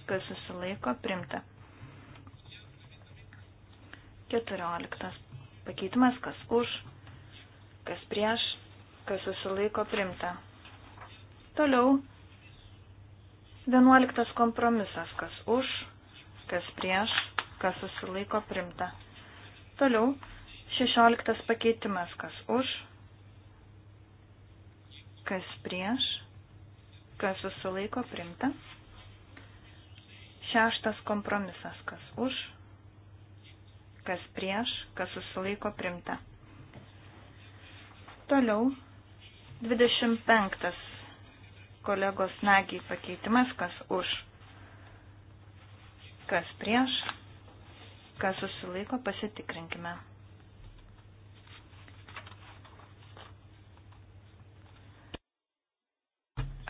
kas susilaiko primta. 14. Pakeitimas, kas už, kas prieš, kas susilaiko primta. Toliau 11. Kompromisas, kas už, kas prieš, kas susilaiko primta. Toliau 16. Pakeitimas, kas už, kas prieš, kas susilaiko primta. Šeštas kompromisas. Kas už, kas prieš, kas susilaiko primta. Toliau 25. Kolegos nagiai pakeitimas. Kas už, kas prieš, kas susilaiko pasitikrinkime.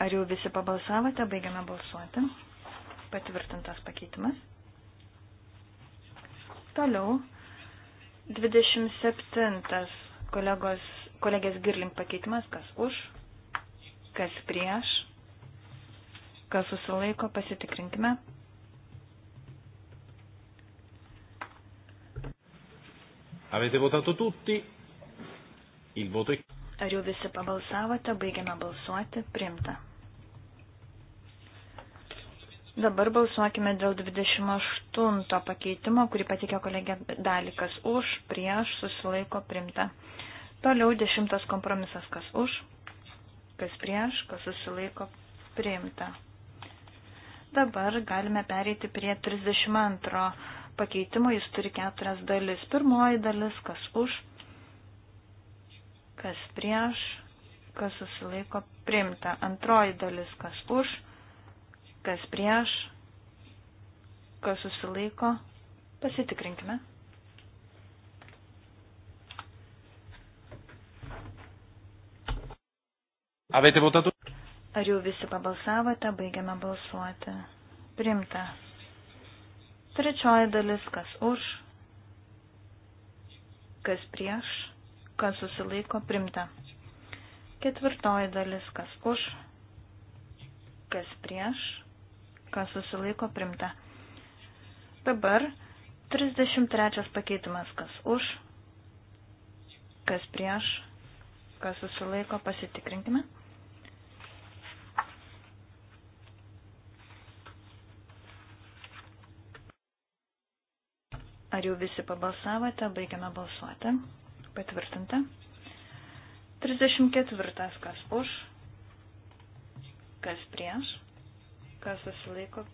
Ar jau visi pabalsavote, baigiame balsuoti? Patvirtintas pakeitimas. Toliau 27 kolegos, kolegės girlink pakeitimas, kas už, kas prieš, kas susilaiko, pasitikrinkime. Avete votato tutti? Il voto è... Ar jau visi pabalsavote, baigiame balsuoti, primta. Dabar balsuokime dėl 28 pakeitimo, kurį patikė kolegė Dalikas už, prieš, susilaiko primta. Toliau 10 kompromisas, kas už, kas prieš, kas susilaiko primta. Dabar galime pereiti prie 32 pakeitimo, jis turi keturias dalis. Pirmoji dalis, kas už, kas prieš, kas susilaiko primta. Antroji dalis, kas už kas prieš, kas susilaiko, pasitikrinkime. Avete votato? Ar jau visi pabalsavote, baigiame balsuoti. Primta. Trečioji dalis, kas už, kas prieš, kas susilaiko, primta. Ketvirtoji dalis, kas už, kas prieš, kas susilaiko primta. Dabar 33 pakeitimas, kas už, kas prieš, kas susilaiko, pasitikrinkime. Ar jau visi pabalsavote, baigiame balsuoti. Patvirtinta. 34. Kas už, kas prieš, kas susilaiko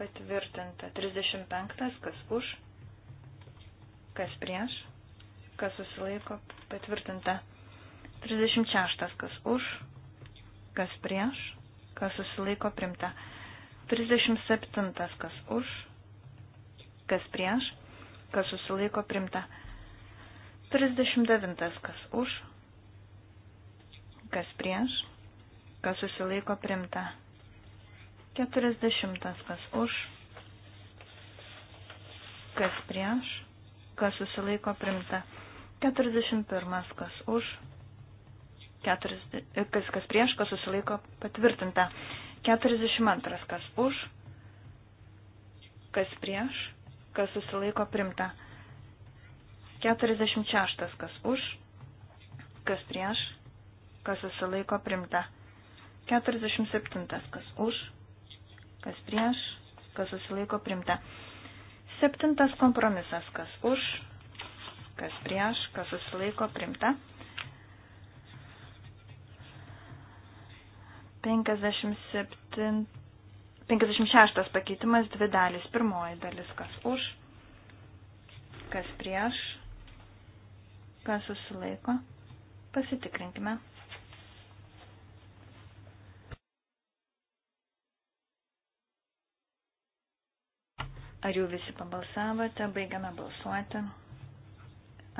patvirtinta. 35, kas už, kas prieš, kas susilaiko patvirtinta. 36, kas už, kas prieš, kas susilaiko primta. 37, kas už, kas prieš, kas susilaiko primta. 39, kas už, kas prieš, kas susilaiko primta. 40 kas už, kas prieš, kas susilaiko primta. 41 kas už, 40, e, kas, kas prieš, kas susilaiko patvirtinta. 42 kas už, kas prieš, kas susilaiko primta. 46 kas už, kas prieš, kas susilaiko primta. 47 kas už, kas prieš, kas susilaiko primta. Septintas kompromisas, kas už, kas prieš, kas susilaiko primta. 57, 56 pakeitimas, dvi dalis. Pirmoji dalis, kas už, kas prieš, kas susilaiko. Pasitikrinkime. Ar jau visi pabalsavote? Baigiame balsuoti.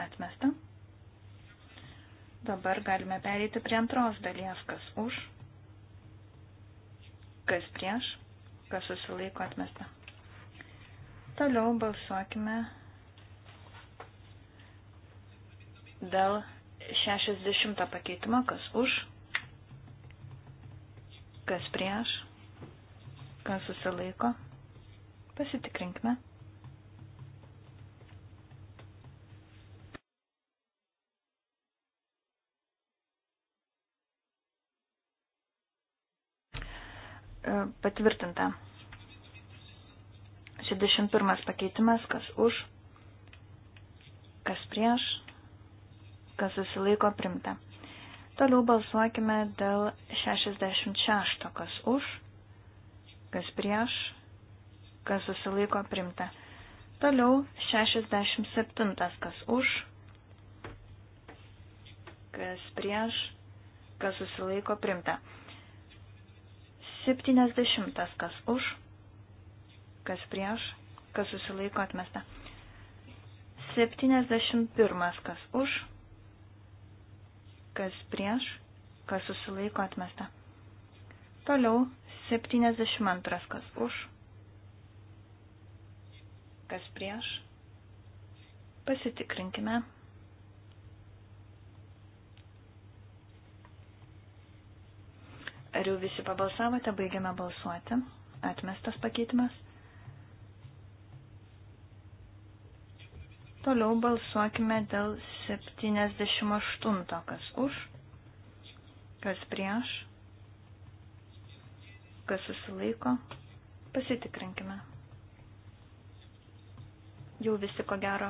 Atmesta. Dabar galime pereiti prie antros dalies, kas už, kas prieš, kas susilaiko atmesta. Toliau balsuokime dėl 60 pakeitimo, kas už, kas prieš, kas susilaiko atmesta Pasitikrinkime. E, patvirtinta. 61 pakeitimas, kas už, kas prieš, kas susilaiko primta. Toliau balsuokime dėl 66, kas už, kas prieš, kas susilaiko primta. Toliau 67, kas už, kas prieš, kas susilaiko primta. 70, kas už, kas prieš, kas susilaiko atmesta. 71, kas už, kas prieš, kas susilaiko atmesta. Toliau 72, kas už, kas prieš. Pasitikrinkime. Ar jau visi pabalsavote, baigiame balsuoti. Atmestas pakeitimas. Toliau balsuokime dėl 78, kas už, kas prieš, kas susilaiko. Pasitikrinkime. Jau visi ko gero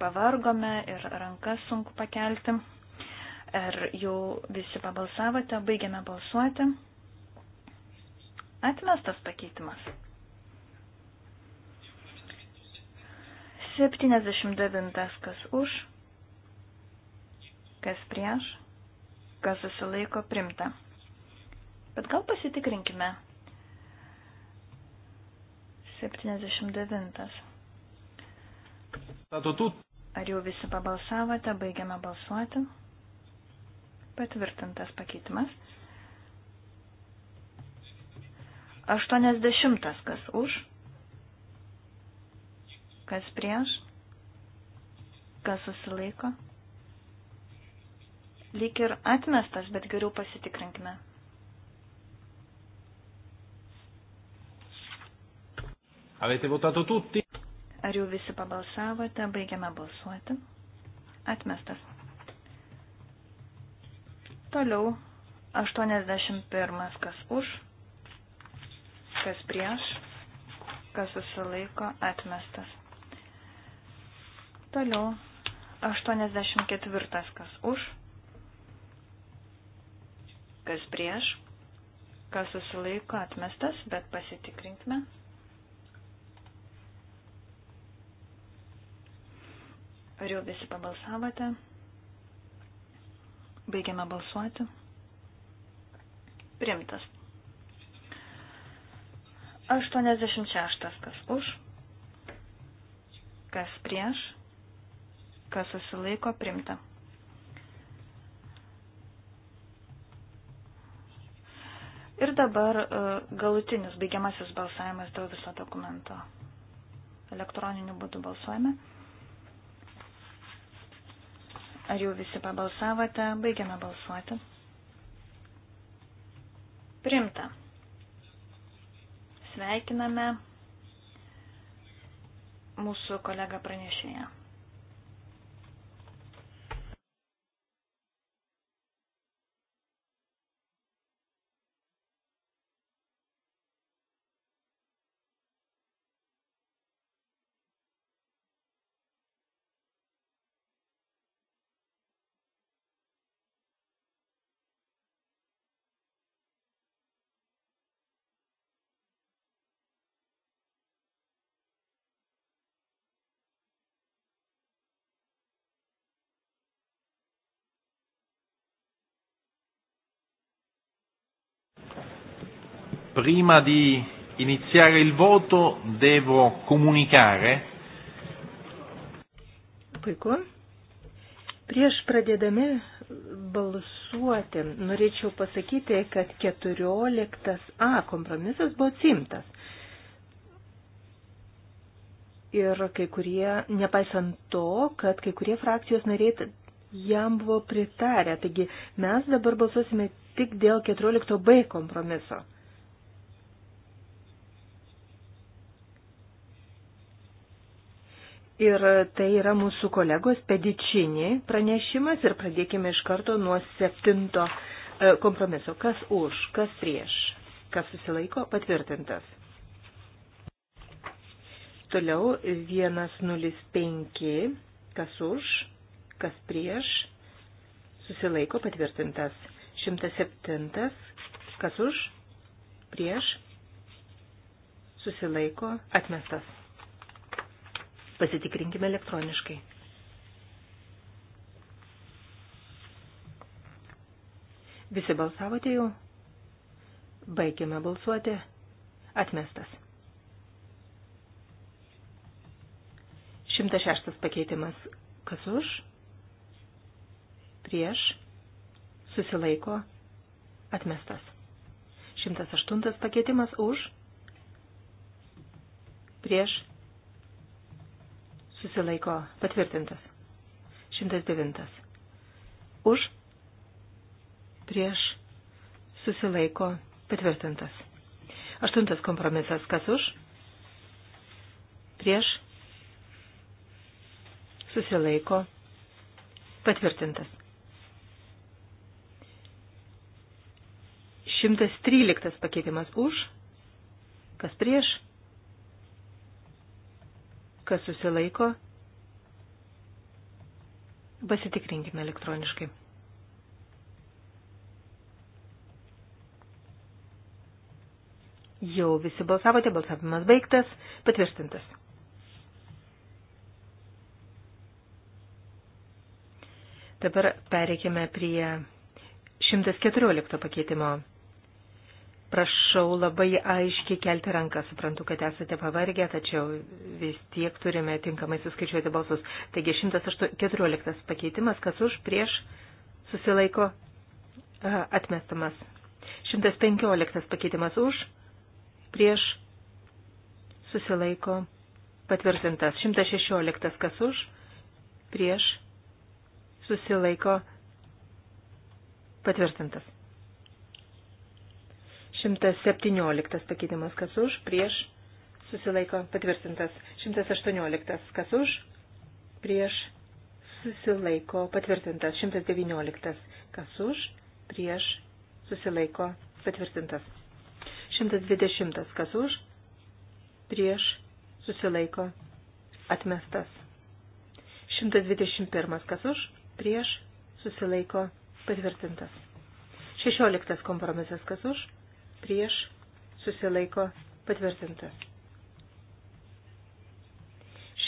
pavargome ir rankas sunku pakelti. Ar jau visi pabalsavote, baigiame balsuoti. Atmestas pakeitimas. 79. Kas už, kas prieš, kas susilaiko primta. Bet gal pasitikrinkime. 79 votato tutti. Ar jau visi pabalsavote, baigiame balsuoti? Patvirtintas pakeitimas. 80 kas už, kas prieš, kas susilaiko. Lyg ir atmestas, bet geriau pasitikrinkime. Avete votato tutti? Ar jau visi pabalsavote? Baigiame balsuoti. Atmestas. Toliau 81. Kas už, kas prieš, kas susilaiko, atmestas. Toliau 84. Kas už, kas prieš, kas susilaiko, atmestas, bet pasitikrinkime. Ar jau visi pabalsavote? Baigiame balsuoti. Primtas. 86. Kas už? Kas prieš? Kas susilaiko? Primta. Ir dabar e, galutinis baigiamasis balsavimas dėl viso dokumento. Elektroniniu būdu balsuojame. Ar jau visi pabalsavote? Baigiame balsuoti. Primta. Sveikiname mūsų kolegą pranešėją. Prima di iniziare il voto devo comunicare. Puiku. Prieš pradėdami balsuoti, norėčiau pasakyti, kad 14a kompromisas buvo atsimtas. Ir kai kurie, nepaisant to, kad kai kurie frakcijos nariai jam buvo pritarę. Taigi mes dabar balsuosime tik dėl 14b kompromiso. Ir tai yra mūsų kolegos pedičinį pranešimas ir pradėkime iš karto nuo septinto e, kompromiso. Kas už, kas prieš, kas susilaiko patvirtintas. Toliau 105, kas už, kas prieš, susilaiko patvirtintas. 107, kas už, prieš, susilaiko atmestas. Pasitikrinkime elektroniškai. Visi balsavote jau? Baigėme balsuoti. Atmestas. 106 pakeitimas. Kas už? Prieš. Susilaiko. Atmestas. 108 pakeitimas už. Prieš susilaiko patvirtintas. 109. Už, prieš, susilaiko patvirtintas. Aštuntas kompromisas. Kas už, prieš, susilaiko patvirtintas. 113 pakeitimas už, kas prieš, kas susilaiko. Pasitikrinkime elektroniškai. Jau visi balsavote, balsavimas baigtas, patvirtintas. Dabar pereikime prie 114 pakeitimo. Prašau labai aiškiai kelti ranką. Suprantu, kad esate pavargę, tačiau vis tiek turime tinkamai suskaičiuoti balsus. Taigi 114 pakeitimas, kas už prieš susilaiko atmestamas. 115 pakeitimas už prieš susilaiko patvirtintas. 116 kas už prieš susilaiko patvirtintas. 117 pakeitimas kas už, prieš, susilaiko patvirtintas. 118 kas už, prieš, susilaiko patvirtintas. 119 kas už, prieš, susilaiko patvirtintas. 120 kas už, prieš, susilaiko atmestas. 121 kas už, prieš, susilaiko patvirtintas. 16 kompromisas kas už, prieš susilaiko patvirtintas.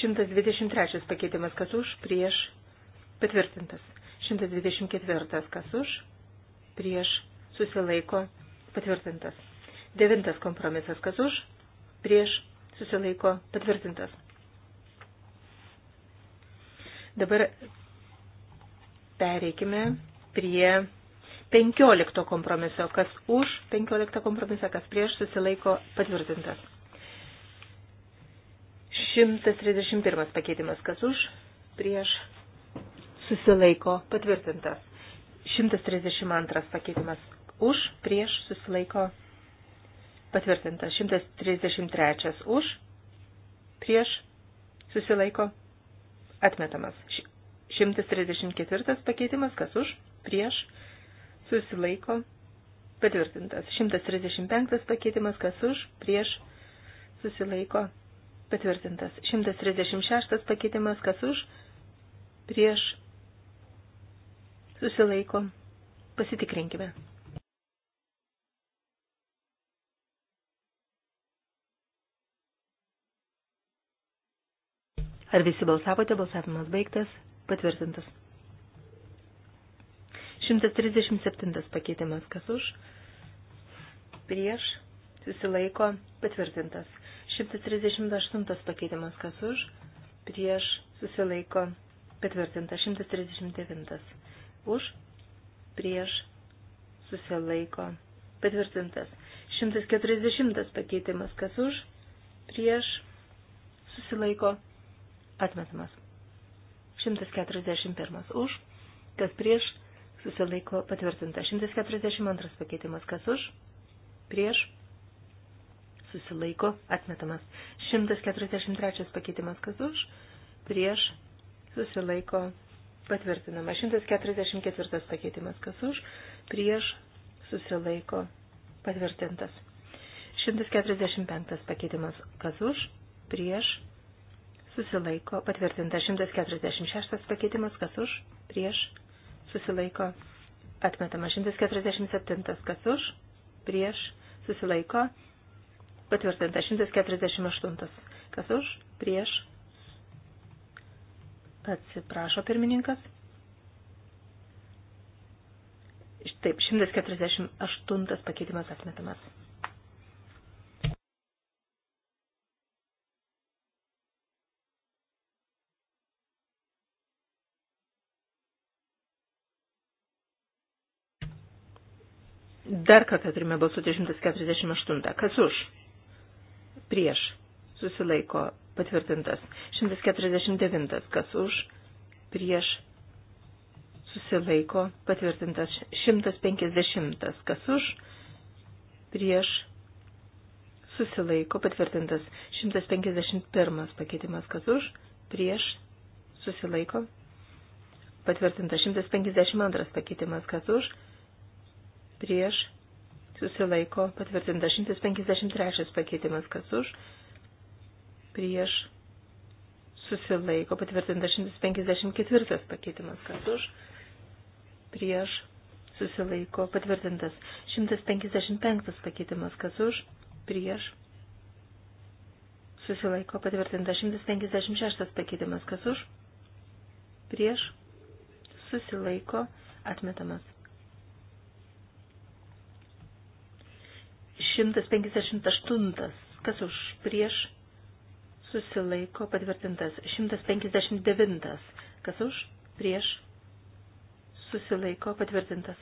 123 pakeitimas kas už, prieš patvirtintas. 124 kas už, prieš susilaiko patvirtintas. 9 kompromisas kas už, prieš susilaiko patvirtintas. Dabar pereikime prie 15 kompromiso. Kas už 15 kompromisą, kas prieš susilaiko patvirtintas. 131 pakeitimas. Kas už prieš susilaiko patvirtintas. 132 pakeitimas. Už prieš susilaiko patvirtintas. 133 už prieš susilaiko atmetamas. 134 pakeitimas. Kas už prieš susilaiko susilaiko, patvirtintas. 135 pakeitimas, kas už, prieš, susilaiko, patvirtintas. 136 pakeitimas, kas už, prieš, susilaiko, pasitikrinkime. Ar visi balsavote? Balsavimas baigtas. Patvirtintas. 137 pakeitimas kas už, prieš, susilaiko, patvirtintas. 138 pakeitimas kas už, prieš, susilaiko, patvirtintas. 139 už, prieš, susilaiko, patvirtintas. 140 pakeitimas kas už, prieš, susilaiko, atmetamas. 141 už, kas prieš, susilaiko patvirtinta. 142 pakeitimas kas už, prieš, susilaiko atmetamas. 143 pakeitimas kas už, prieš, susilaiko patvirtinama. 144 pakeitimas kas už, prieš, susilaiko patvirtintas. 145 pakeitimas kas už, prieš, susilaiko patvirtintas. 146 pakeitimas kas už, prieš, susilaiko atmetama. 147 kas už, prieš susilaiko patvirtinta. 148 kas už, prieš atsiprašo pirmininkas. Taip, 148 pakeitimas atmetamas. Dar kartą turime balsuoti 148. Kas už? Prieš. Susilaiko. Patvirtintas. 149. Kas už? Prieš. Susilaiko. Patvirtintas. 150. Kas už? Prieš. Susilaiko. Patvirtintas. 151. Pakeitimas. Kas už? Prieš. Susilaiko. Patvirtintas. 152. Pakeitimas. Kas už? Prieš prieš, susilaiko, patvirtinta 153 pakeitimas, kas už, prieš, susilaiko, patvirtinta 154 pakeitimas, kas už, prieš, susilaiko, patvirtintas 155 pakeitimas, kas už, prieš, susilaiko, patvirtinta 156 pakeitimas, kas už, prieš, susilaiko, atmetamas. 158. Kas už prieš susilaiko patvirtintas. 159. Kas už prieš susilaiko patvirtintas.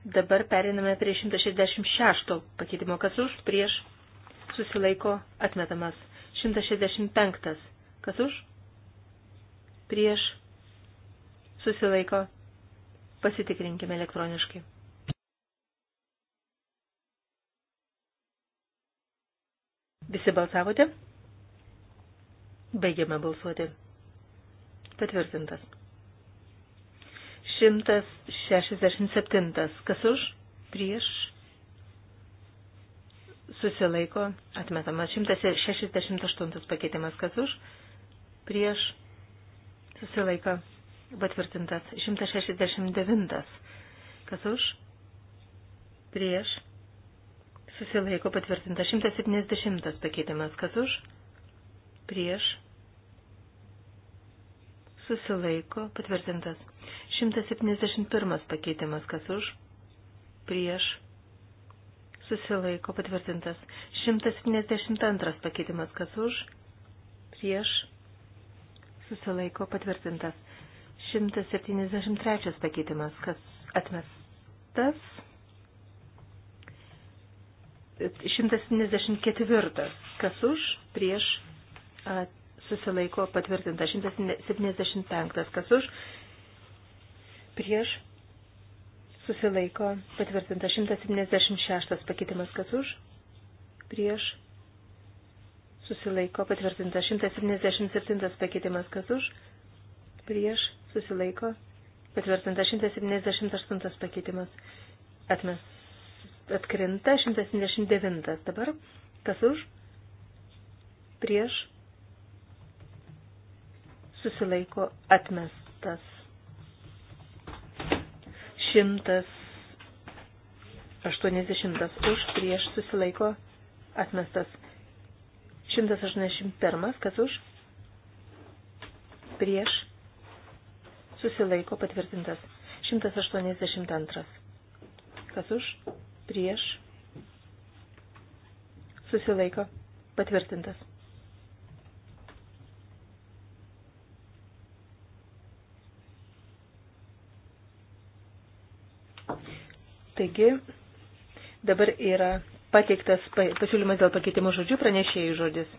Dabar periname prie 166 pakeitimo. Kas už prieš susilaiko atmetamas. 165. Kas už prieš susilaiko, pasitikrinkime elektroniškai. Visi balsavote? Baigiame balsuoti. Patvirtintas. 167. Kas už? Prieš? Susilaiko. Atmetamas. 168 pakeitimas. Kas už? Prieš? Susilaiko patvirtintas 169. Kas už? Prieš. Susilaiko patvirtintas 170 pakeitimas. Kas už? Prieš. Susilaiko patvirtintas 171 pakeitimas. Kas už? Prieš. Susilaiko patvirtintas 172 pakeitimas. Kas už? Prieš. Susilaiko patvirtintas 173 pakeitimas, kas atmestas. 174, kas už, prieš, susilaiko patvirtinta. 175, kas už, prieš, susilaiko patvirtinta. 176 pakeitimas, kas už, prieš, susilaiko patvirtinta. 177 pakeitimas, kas už, prieš, susilaiko, patvirtinta 178 pakeitimas, atmes, atkrinta 179. Dabar kas už, prieš, susilaiko, atmestas. 180 už, prieš, susilaiko, atmestas. 181 kas už, prieš, susilaiko patvirtintas. 182. Kas už, prieš, susilaiko patvirtintas. Taigi, dabar yra pateiktas pasiūlymas dėl pakeitimo žodžių pranešėjų žodis e,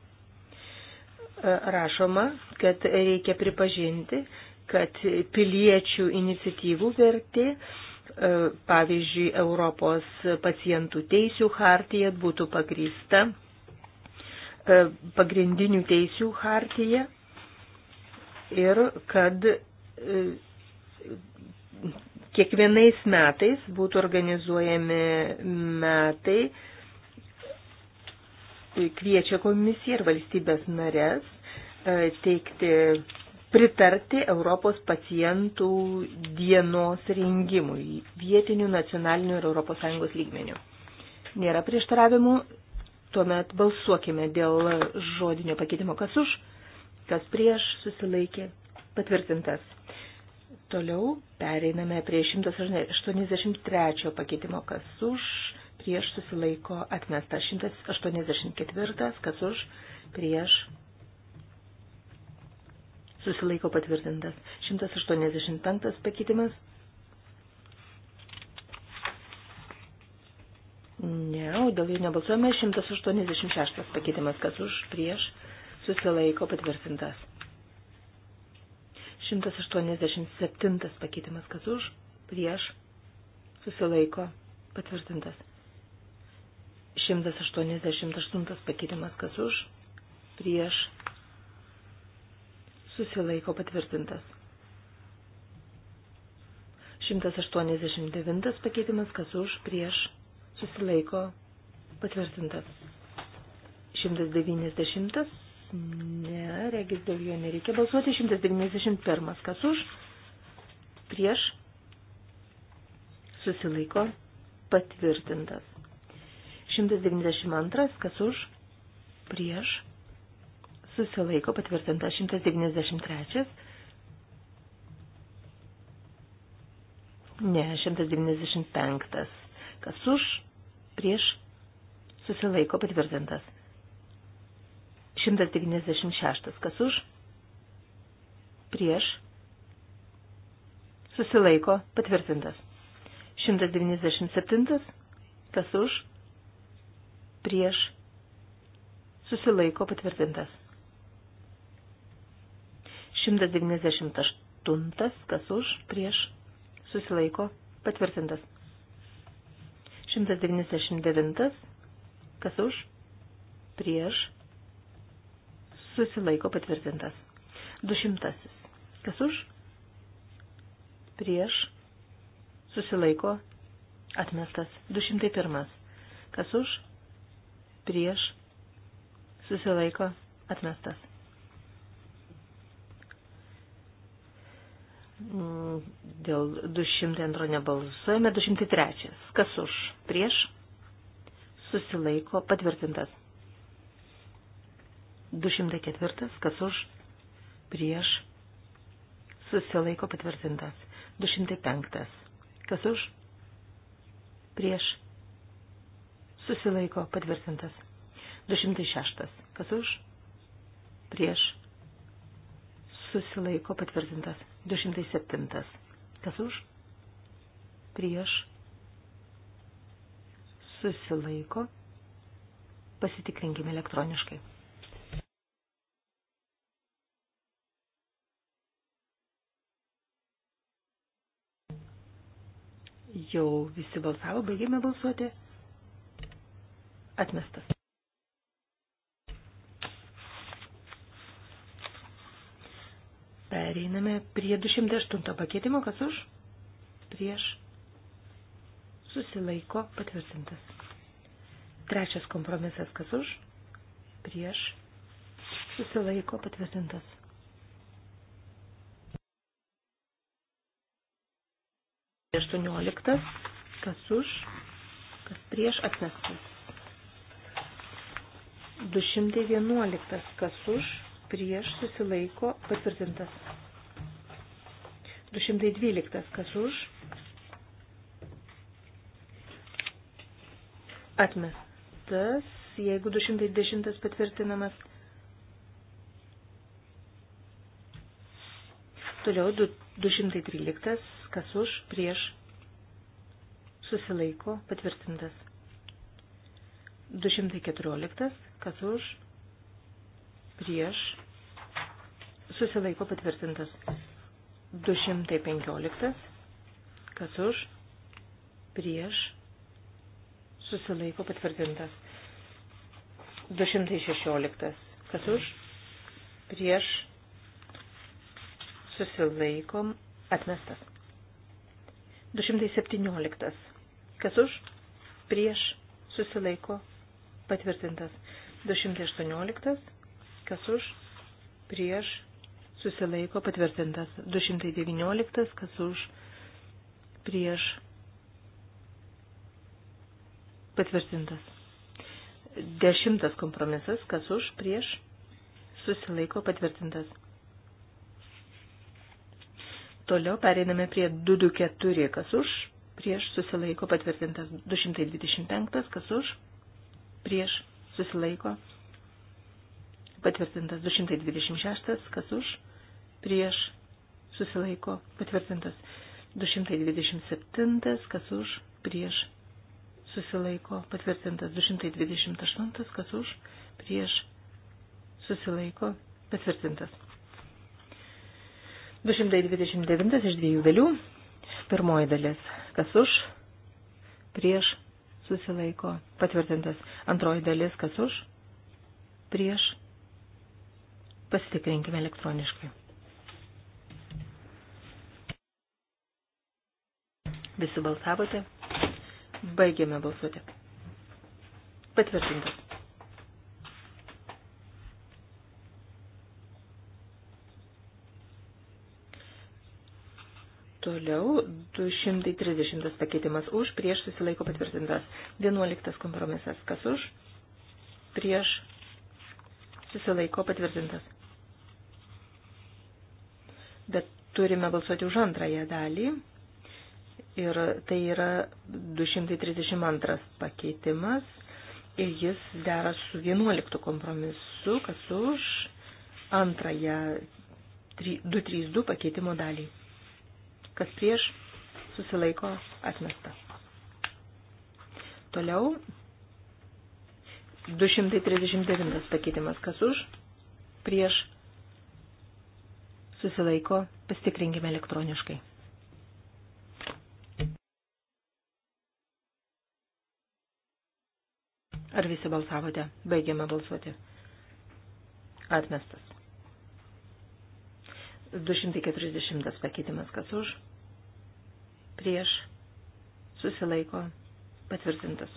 rašoma, kad reikia pripažinti, kad piliečių iniciatyvų vertė, e, pavyzdžiui, Europos pacientų teisių hartija būtų pagrįsta e, pagrindinių teisių hartija ir kad e, kiekvienais metais būtų organizuojami metai, kviečia komisiją ir valstybės narės teikti pritarti Europos pacientų dienos rengimui vietinių, nacionalinių ir ES lygmenių. Nėra prieštaravimų, tuomet balsuokime dėl žodinio pakeitimo, kas už, kas prieš, susilaikė, patvirtintas. Toliau pereiname prie 183 pakeitimo, kas už, prieš susilaiko atmesta 184, kas už, prieš susilaiko patvirtintas. 185 pakeitimas. Ne, o dėl jų nebalsuojame. 186 pakeitimas, kas už, prieš, susilaiko patvirtintas. 187 pakeitimas, kas už, prieš, susilaiko patvirtintas. 188 pakeitimas, kas už, prieš, susilaiko patvirtintas. 189 pakeitimas, kas už, prieš, susilaiko patvirtintas. 190, ne, regis dėl jo nereikia balsuoti. 191, kas už, prieš, susilaiko patvirtintas. 192, kas už, prieš, susilaiko patvirtinta 193. Ne, 195. Kas už, prieš, susilaiko patvirtintas. 196. Kas už, prieš, susilaiko patvirtintas. 197. Kas už, prieš, susilaiko patvirtintas. 198, kas už, prieš, susilaiko, patvirtintas. 199, kas už, prieš, susilaiko, patvirtintas. 200, kas už, prieš, susilaiko, atmestas. 201, kas už, prieš, susilaiko, atmestas. Mm, dėl 202 nebalsuojame, 203. Kas už? Prieš? Susilaiko patvirtintas. 204. Kas už? Prieš? Susilaiko patvirtintas. 205. Kas už? Prieš? Susilaiko patvirtintas. 206. Kas už? Prieš? susilaiko patvirtintas. 207. Kas už? Prieš. Susilaiko. Pasitikrinkime elektroniškai. Jau visi balsavo, baigėme balsuoti. Atmestas. Pereiname prie 208 pakeitimo, kas už, prieš, susilaiko patvirtintas. Trečias kompromisas, kas už, prieš, susilaiko patvirtintas. Aštuonioliktas, kas už, kas prieš atmestas. 211, kas už, prieš susilaiko patvirtintas. 212. Kas už? Atmestas, jeigu 210 patvirtinamas. Toliau 213. Kas už? Prieš susilaiko patvirtintas. 214. Kas už? prieš, susilaiko patvirtintas. 215, kas už, prieš, susilaiko patvirtintas. 216, kas už, prieš, susilaikom, atmestas. 217, kas už, prieš, susilaiko, patvirtintas. 218, kas už, prieš, susilaiko patvirtintas. 219, kas už, prieš, patvirtintas. Dešimtas kompromisas, kas už, prieš, susilaiko patvirtintas. Toliau pereiname prie 224, kas už, prieš, susilaiko patvirtintas. 225, kas už, prieš, susilaiko patvirtintas patvirtintas 226, kas už, prieš, susilaiko, patvirtintas 227, kas už, prieš, susilaiko, patvirtintas 228, kas už, prieš, susilaiko, patvirtintas. 229 iš dviejų dalių, pirmoji dalis, kas už, prieš, susilaiko, patvirtintas, antroji dalis, kas už, prieš, Pasitikrinkime elektroniškai. Visi balsavote. Baigėme balsuoti. Patvirtintas. Toliau 230 pakeitimas už, prieš susilaiko patvirtintas. 11 kompromisas. Kas už? Prieš susilaiko patvirtintas bet turime balsuoti už antrąją dalį. Ir tai yra 232 pakeitimas ir jis dera su 11 kompromisu, kas už antrąją 232 pakeitimo dalį. Kas prieš susilaiko atmesta. Toliau 239 pakeitimas, kas už prieš susilaiko, pastikrinkime elektroniškai. Ar visi balsavote? Baigiame balsuoti. Atmestas. 240 pakeitimas kas už, prieš, susilaiko, patvirtintas.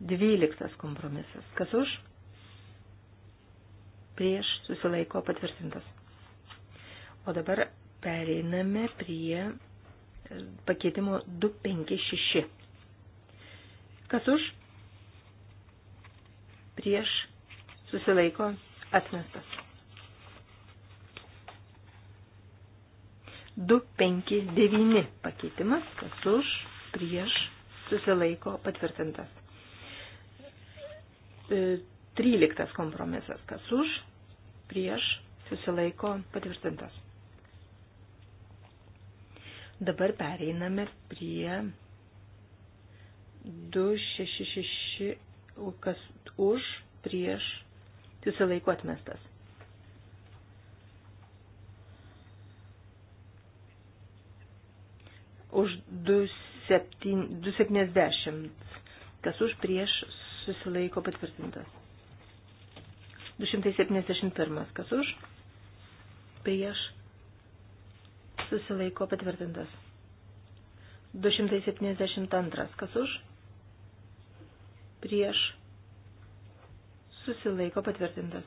12 kompromisas kas už, prieš susilaiko patvirtintas. O dabar pereiname prie e, pakeitimo 256. Kas už? Prieš susilaiko atmestas. 259 pakeitimas, kas už, prieš, susilaiko patvirtintas. E, 13 kompromisas. Kas už, prieš, susilaiko patvirtintas. Dabar pereiname prie 266, kas už, prieš, susilaiko atmestas. Už 270, kas už, prieš, susilaiko patvirtintas. 271. Kas už? Prieš. Susilaiko patvirtintas. 272. Kas už? Prieš. Susilaiko patvirtintas.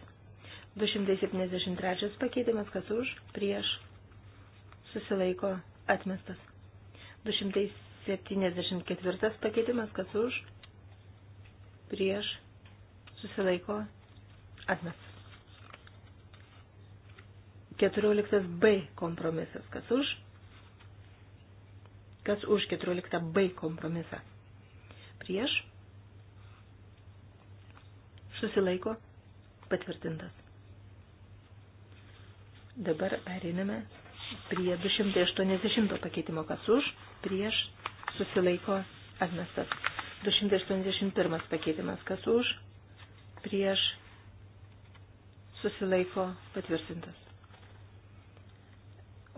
273. Pakeitimas. Kas už? Prieš. Susilaiko atmestas. 274. Pakeitimas. Kas už? Prieš. Susilaiko atmestas Atmestas. 14b kompromisas. Kas už? Kas už 14b kompromisą? Prieš? Susilaiko? Patvirtintas. Dabar periname prie 280 pakeitimo. Kas už? Prieš? Susilaiko? Atmestas. 281 pakeitimas. Kas už? Prieš? susilaiko patvirtintas.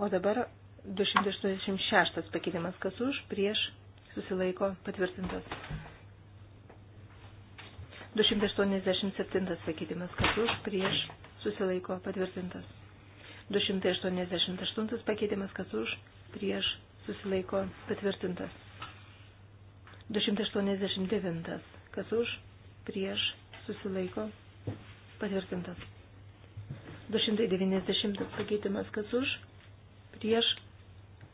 O dabar 286 pakeitimas kas už, prieš susilaiko patvirtintas. 287 pakeitimas kas už, prieš susilaiko patvirtintas. 288 pakeitimas kas už, prieš susilaiko patvirtintas. 289 kas už, prieš susilaiko patvirtintas. 290 pakeitimas, kas už, prieš,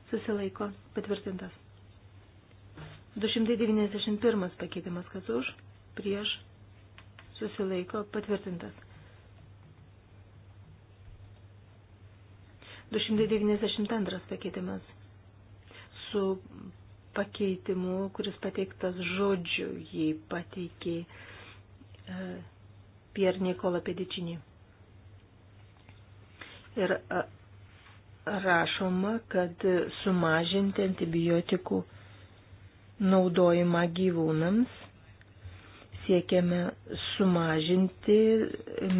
susilaiko, patvirtintas. 291 pakeitimas, kas už, prieš, susilaiko, patvirtintas. 292 pakeitimas su pakeitimu, kuris pateiktas žodžiu, jį pateikė e, Pier Nikola Pedičinį ir rašoma, kad sumažinti antibiotikų naudojimą gyvūnams siekiame sumažinti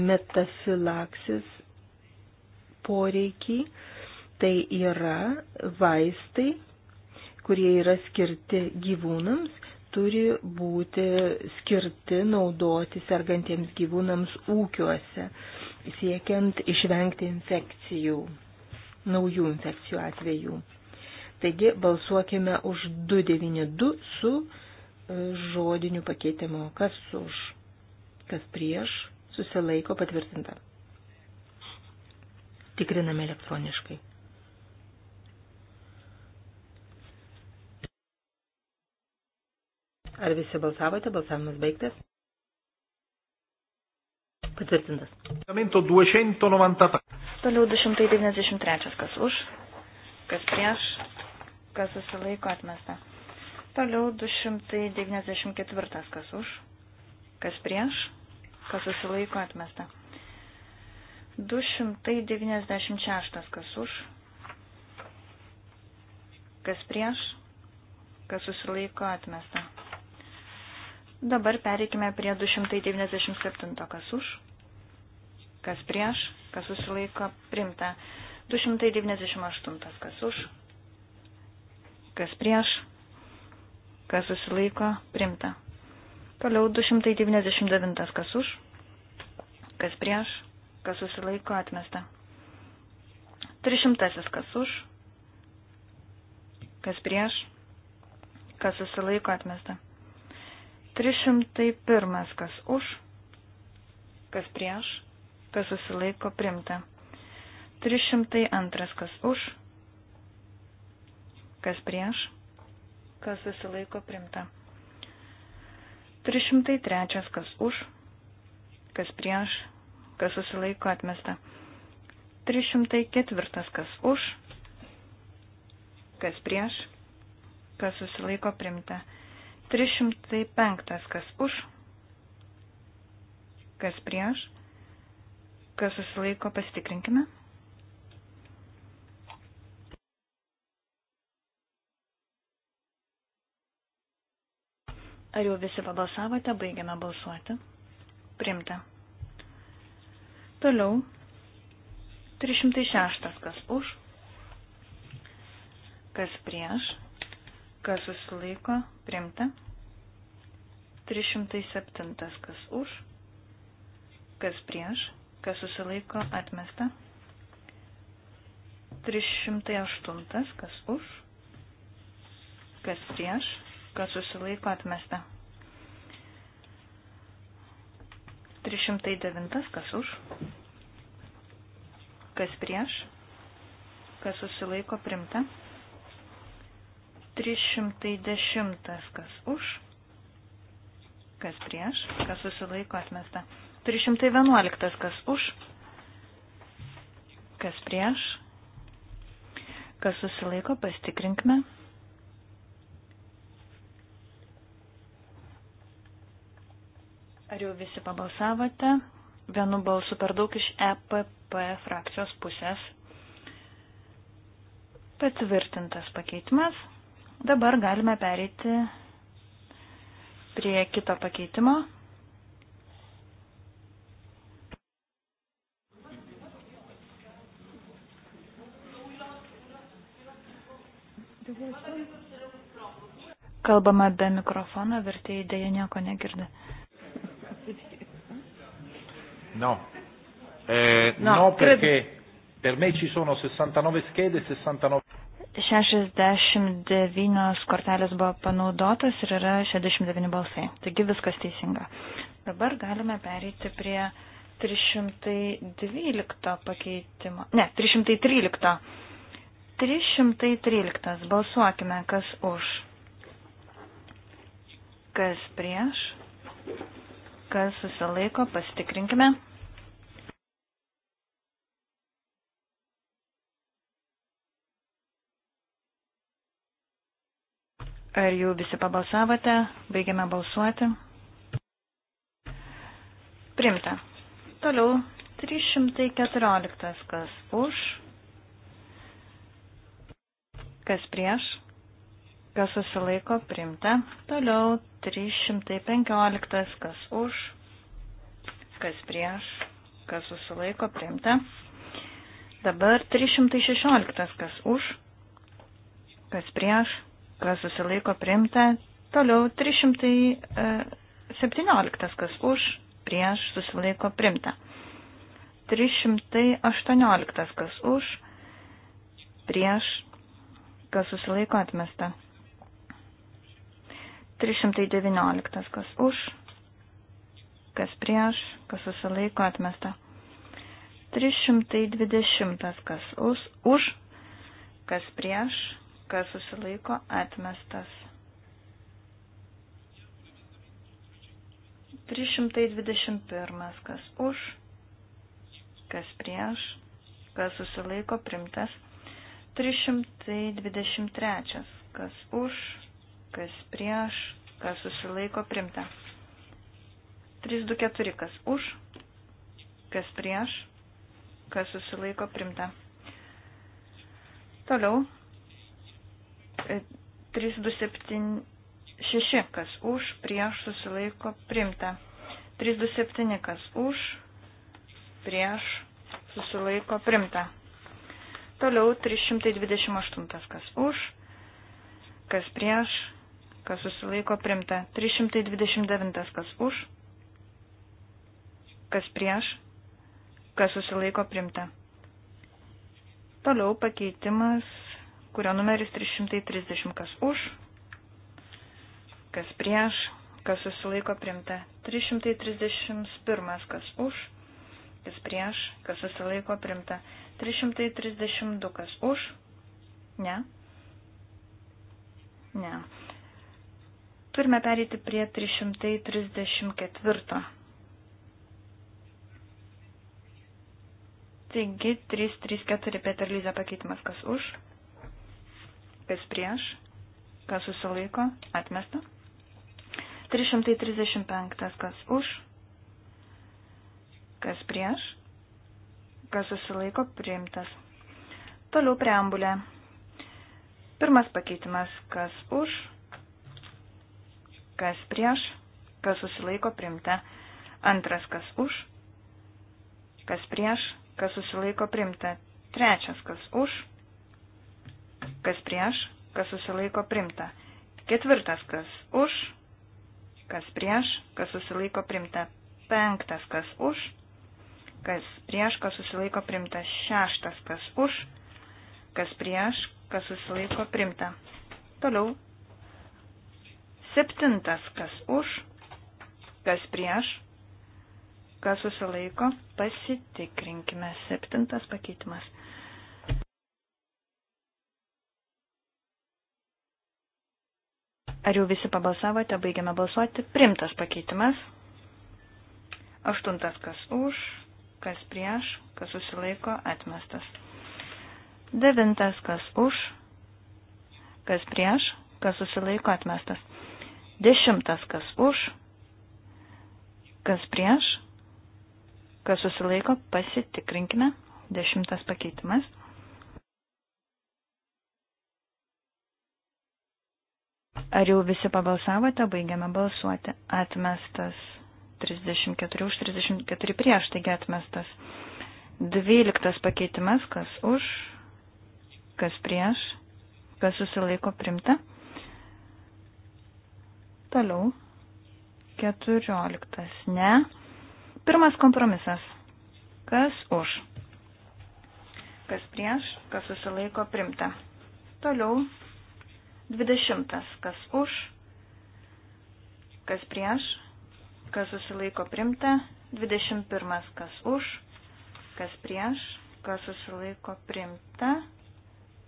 metafilaksis poreikį. Tai yra vaistai, kurie yra skirti gyvūnams, turi būti skirti naudoti sergantiems gyvūnams ūkiuose siekiant išvengti infekcijų, naujų infekcijų atvejų. Taigi balsuokime už 292 su e, žodiniu pakeitimu. Kas už, kas prieš, susilaiko patvirtinta. Tikriname elektroniškai. Ar visi balsavote? Balsavimas baigtas. Patvirtintas. 293. Toliau 293. Kas už, kas prieš, kas susilaiko atmesta. Toliau 294. Kas už, kas prieš, kas susilaiko atmesta. 296. Kas už, kas prieš, kas susilaiko atmesta. Dabar pereikime prie 297, kas už, kas prieš, kas susilaiko primta. 298, kas už, kas prieš, kas susilaiko primta. Toliau 299, kas už, kas prieš, kas susilaiko atmesta. 300, kas už, kas prieš, kas susilaiko atmesta. 301. Kas už, kas prieš, kas susilaiko primta. 302. Kas už, kas prieš, kas susilaiko primta. 303. Kas už, kas prieš, kas susilaiko atmesta. 304. Kas už, kas prieš, kas susilaiko primta. 305 305. Kas už, kas prieš, kas susilaiko, pasitikrinkime. Ar jau visi pabalsavote, baigiame balsuoti. Primta. Toliau. 306. Kas už, kas prieš, Kas susilaiko? Primta. 307. Kas už? Kas prieš? Kas susilaiko? Atmesta. 308. Kas už? Kas prieš? Kas susilaiko? Atmesta. 309. Kas už? Kas prieš? Kas susilaiko? Primta. 310. Kas už? Kas prieš? Kas susilaiko atmesta? 311. Kas už? Kas prieš? Kas susilaiko? Pastikrinkime. Ar jau visi pabalsavote? Vienu balsu per daug iš EPP frakcijos pusės. Patvirtintas pakeitimas. Dabar galime pereiti prie kito pakeitimo. Kalbama be mikrofono, vertėjai dėja nieko negirdi. No. Eh, no, no perché credo. per me ci sono 69 schede e 69. 69 kortelės buvo panaudotas ir yra 69 balsai. Taigi viskas teisinga. Dabar galime pereiti prie 312 pakeitimo. Ne, 313. 313. Balsuokime, kas už. Kas prieš. Kas susilaiko, pasitikrinkime. Ar jau visi pabalsavote? Baigiame balsuoti. Primta. Toliau 314. Kas už? Kas prieš? Kas susilaiko? Primta. Toliau 315. Kas už? Kas prieš? Kas susilaiko? Primta. Dabar 316. Kas už? Kas prieš? kas susilaiko priimta. Toliau 317, e, kas už, prieš, susilaiko priimta. 318, kas už, prieš, kas susilaiko atmesta. 319, kas už, kas prieš, kas susilaiko atmesta. 320, kas už, už kas prieš, kas susilaiko atmestas. 321. Kas už, kas prieš, kas susilaiko primtas. 323. Kas už, kas prieš, kas susilaiko primta. 324. Kas už, kas prieš, kas susilaiko primta. Toliau 3276, kas už, prieš susilaiko primta. 327, kas už, prieš susilaiko primta. Toliau 328, kas už, kas prieš, kas susilaiko primta. 329, kas už, kas prieš, kas susilaiko primta. Toliau pakeitimas kurio numeris 330, kas už, kas prieš, kas susilaiko primta. 331, kas už, kas prieš, kas susilaiko primta. 332, kas už, ne, ne. Turime perėti prie 334. Taigi 3, 3, 4 Peterlyza pakeitimas kas už, kas prieš, kas susilaiko, atmesta. 335, kas už, kas prieš, kas susilaiko, priimtas. Toliau preambulė. Pirmas pakeitimas, kas už, kas prieš, kas susilaiko, priimta. Antras, kas už, kas prieš, kas susilaiko, priimta. Trečias, kas už, kas prieš, kas susilaiko primta. Ketvirtas, kas už, kas prieš, kas susilaiko primta. Penktas, kas už, kas prieš, kas susilaiko primta. Šeštas, kas už, kas prieš, kas susilaiko primta. Toliau. Septintas, kas už, kas prieš, kas susilaiko, pasitikrinkime. Septintas pakeitimas. Ar jau visi pabalsavote, baigiame balsuoti. Primtas pakeitimas. Aštuntas kas už, kas prieš, kas susilaiko, atmestas. Devintas kas už, kas prieš, kas susilaiko, atmestas. Dešimtas kas už, kas prieš, kas susilaiko, pasitikrinkime. Dešimtas pakeitimas. Ar jau visi pabalsavote, baigiame balsuoti. Atmestas 34 už 34 prieš, taigi atmestas. 12 pakeitimas, kas už, kas prieš, kas susilaiko primta. Toliau. 14. Ne. Pirmas kompromisas. Kas už? Kas prieš, kas susilaiko primta. Toliau 20. Kas už, kas prieš, kas susilaiko primta. 21. Kas už, kas prieš, kas susilaiko primta.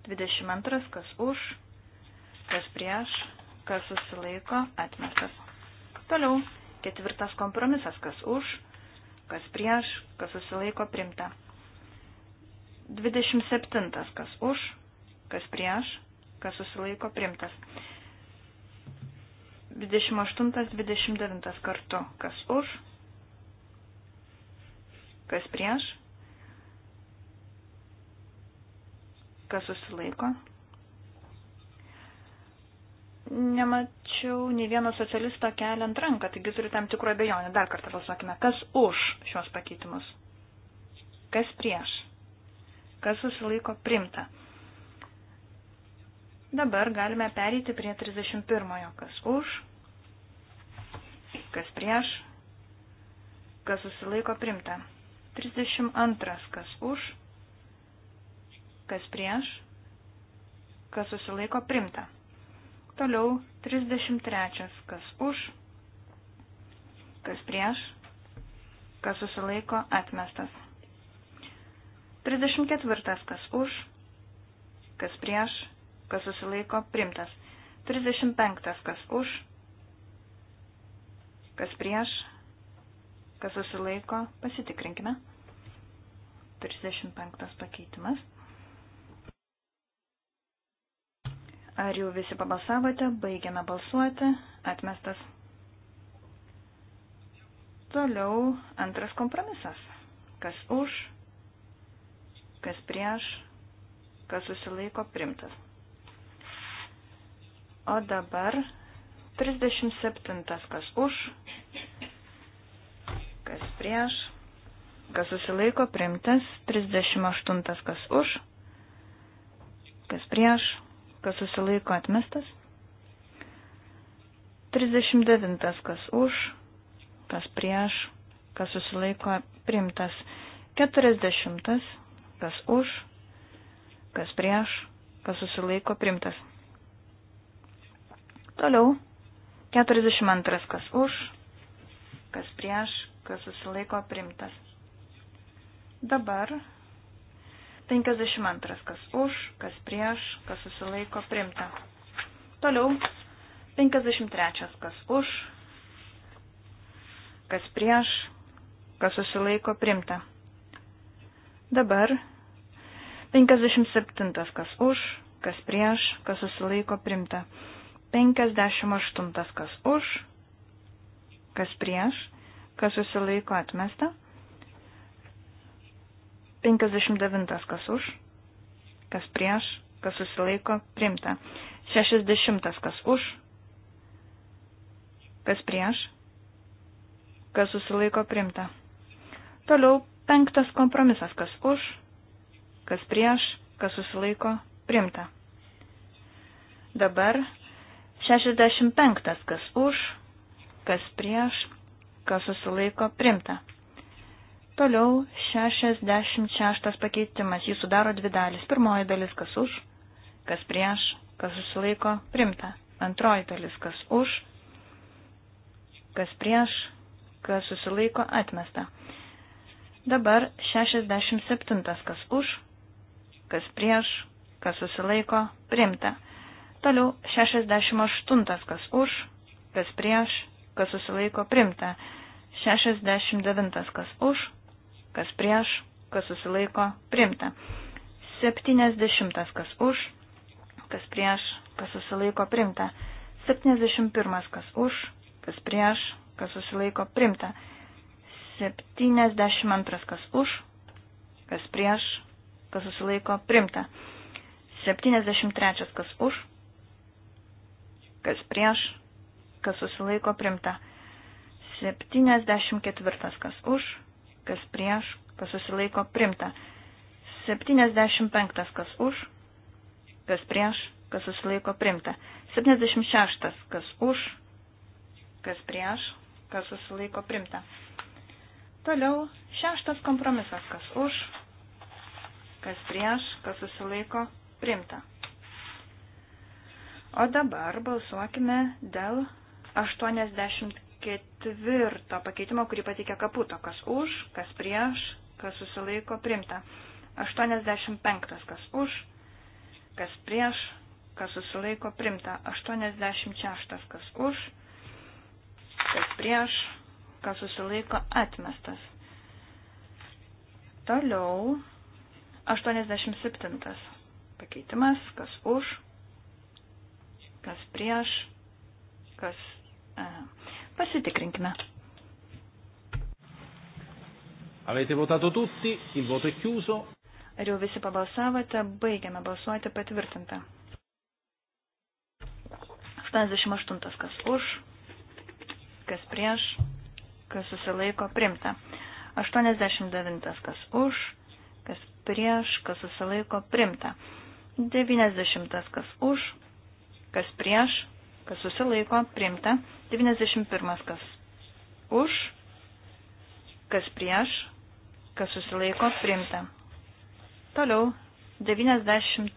22. Kas už, kas prieš, kas susilaiko atmestas. Toliau. Ketvirtas kompromisas. Kas už, kas prieš, kas susilaiko primta. 27. Kas už, kas prieš, kas susilaiko primtas. 28-29 kartu, kas už, kas prieš, kas susilaiko. Nemačiau nei vieno socialisto keliant ranką, taigi turiu tam tikrų abejonių. Dar kartą balsuokime, kas už šios pakeitimus, kas prieš, kas susilaiko primta. Dabar galime pereiti prie 31. Kas už, kas prieš, kas susilaiko primta. 32. Kas už, kas prieš, kas susilaiko primta. Toliau 33. Kas už, kas prieš, kas susilaiko atmestas. 34. Kas už, kas prieš, kas susilaiko, primtas. 35. Kas už, kas prieš, kas susilaiko, pasitikrinkime. 35. pakeitimas. Ar jau visi pabalsavote? Baigiame balsuoti. Atmestas. Toliau antras kompromisas. Kas už, kas prieš, kas susilaiko primtas. O dabar 37. Kas už, kas prieš, kas susilaiko primtas. 38. Kas už, kas prieš, kas susilaiko atmestas. 39. Kas už, kas prieš, kas susilaiko primtas. 40. Kas už, kas prieš, kas susilaiko primtas. Toliau. 42. Kas už, kas prieš, kas susilaiko primtas. Dabar 52. Kas už, kas prieš, kas susilaiko primta. Toliau 53. Kas už, kas prieš, kas susilaiko primta. Dabar 57. Kas už, kas prieš, kas susilaiko primta. 58 kas už, kas prieš, kas susilaiko atmesta. 59 kas už, kas prieš, kas susilaiko primta. 60 kas už, kas prieš, kas susilaiko primta. Toliau penktas kompromisas kas už, kas prieš, kas susilaiko primta. Dabar 65. Kas už, kas prieš, kas susilaiko primta. Toliau 66 pakeitimas. Jis sudaro dvi dalis. Pirmoji dalis kas už, kas prieš, kas susilaiko primta. Antroji dalis kas už, kas prieš, kas susilaiko atmesta. Dabar 67 kas už, kas prieš, kas susilaiko primta. Toliau 68, kas už, kas prieš, kas susilaiko primta. 69, kas už, kas prieš, kas susilaiko primta. 70, kas už, kas prieš, kas susilaiko primta. 71, kas už, kas prieš, kas susilaiko primta. 72, kas už, kas prieš, kas susilaiko primta. 73, kas už, kas prieš, kas susilaiko primta. 74 kas už, kas prieš, kas susilaiko primta. 75 kas už, kas prieš, kas susilaiko primta. 76 kas už, kas prieš, kas susilaiko primta. Toliau šeštas kompromisas kas už, kas prieš, kas susilaiko primta. O dabar balsuokime dėl 84 pakeitimo, kurį pateikė kaputo. Kas už, kas prieš, kas susilaiko primta. 85 kas už, kas prieš, kas susilaiko primta. 86 kas už, kas prieš, kas susilaiko atmestas. Toliau 87 pakeitimas, kas už, kas prieš, kas. E, pasitikrinkime. Avete votato tutti, il voto è chiuso. Ar jau visi pabalsavote, baigiame balsuoti patvirtintą. 88 kas už, kas prieš, kas susilaiko primta. 89 kas už, kas prieš, kas susilaiko primta. 90 kas už, kas prieš, kas susilaiko, priimta. 91. Kas už, kas prieš, kas susilaiko, priimta. Toliau 93.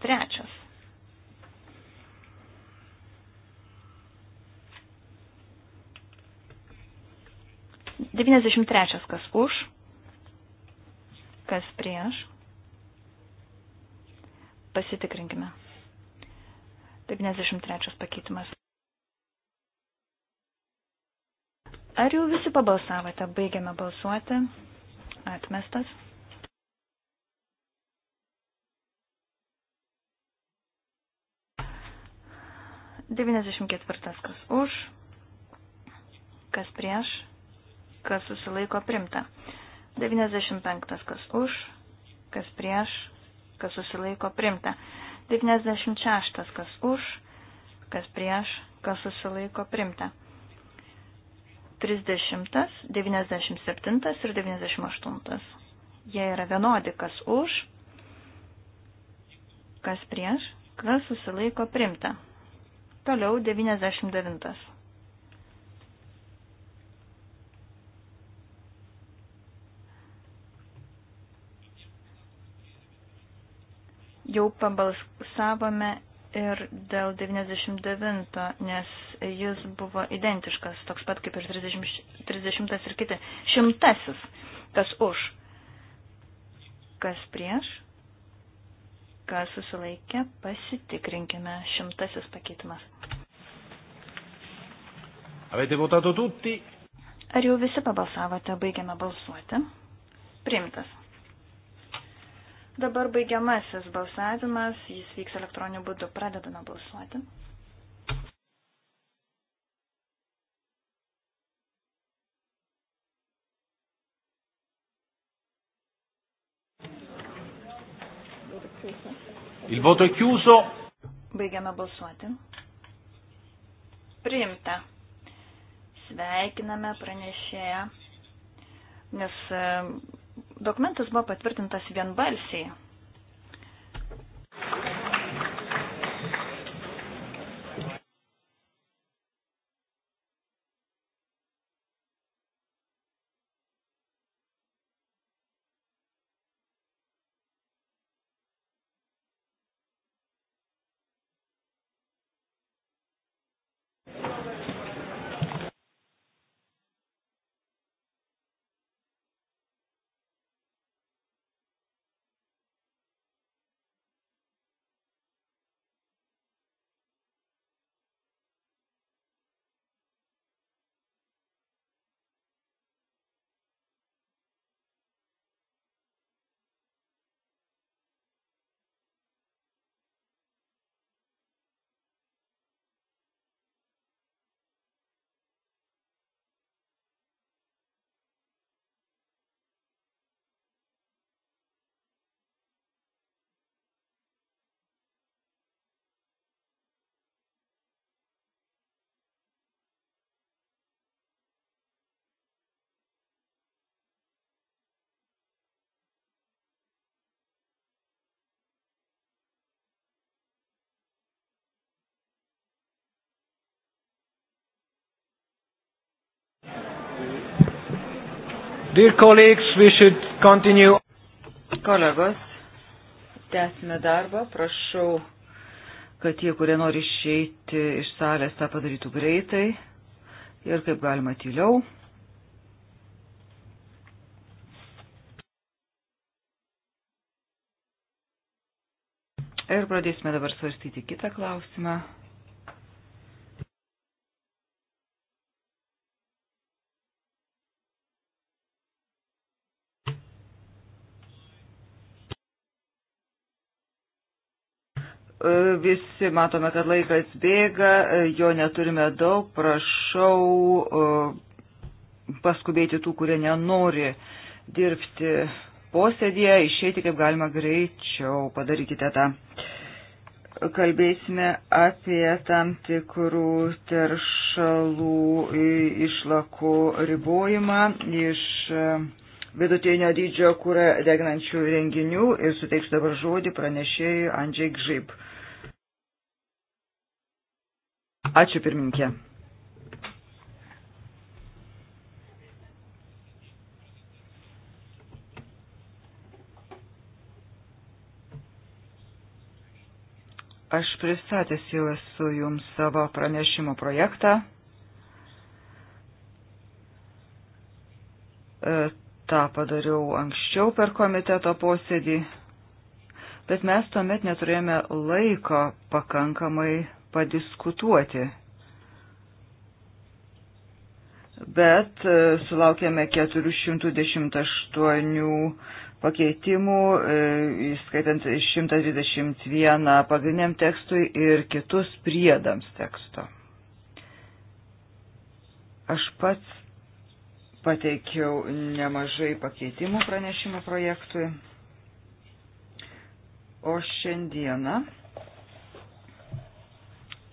Devyniasdešimt trečias, kas už, kas prieš. Pasitikrinkime. 93 pakeitimas. Ar jau visi pabalsavote? Baigiame balsuoti. Atmestas. Devyniasdešimt ketvirtas, kas už, kas prieš, kas susilaiko primta. Devyniasdešimt penktas, kas už, kas prieš, kas susilaiko primta. 96. Kas už, kas prieš, kas susilaiko primta. 30, 97 ir 98. Jie yra vienodi, kas už, kas prieš, kas susilaiko primta. Toliau 99. jau pabalsavome ir dėl 99, nes jis buvo identiškas, toks pat kaip ir 30, 30 ir kiti. Šimtasis, kas už, kas prieš, kas susilaikė, pasitikrinkime. Šimtasis pakeitimas. Avete votato tutti? Ar jau visi pabalsavote, baigiame balsuoti? Priimtas. Dabar baigiamasis balsavimas, jis vyks elektroniniu būdu. Pradedame balsuoti. Il voto è chiuso. Baigiame balsuoti. Priimta. Sveikiname pranešėją, nes Dokumentas buvo patvirtintas vienbalsiai Dear colleagues, we should continue. Kolegos, tęsime darbą. Prašau, kad tie, kurie nori išeiti iš salės, tą padarytų greitai ir kaip galima tyliau. Ir pradėsime dabar svarstyti kitą klausimą. Visi matome, kad laikas bėga, jo neturime daug, prašau e, paskubėti tų, kurie nenori dirbti posėdėje, išėti kaip galima greičiau, padarykite tą. Kalbėsime apie tam tikrų teršalų e, išlakų ribojimą iš e, vidutinio dydžio kūrą deginančių renginių ir suteiksiu dabar žodį pranešėjui Andžiai Gžyb. Ačiū pirminkė. Aš pristatęs jau esu jums savo pranešimo projektą. E, tą padariau anksčiau per komiteto posėdį, bet mes tuomet neturėjome laiko pakankamai padiskutuoti. Bet e, sulaukėme 418 pakeitimų, e, įskaitant 121 pagrindiniam tekstui ir kitus priedams teksto. Aš pats pateikiau nemažai pakeitimų pranešimo projektui. O šiandieną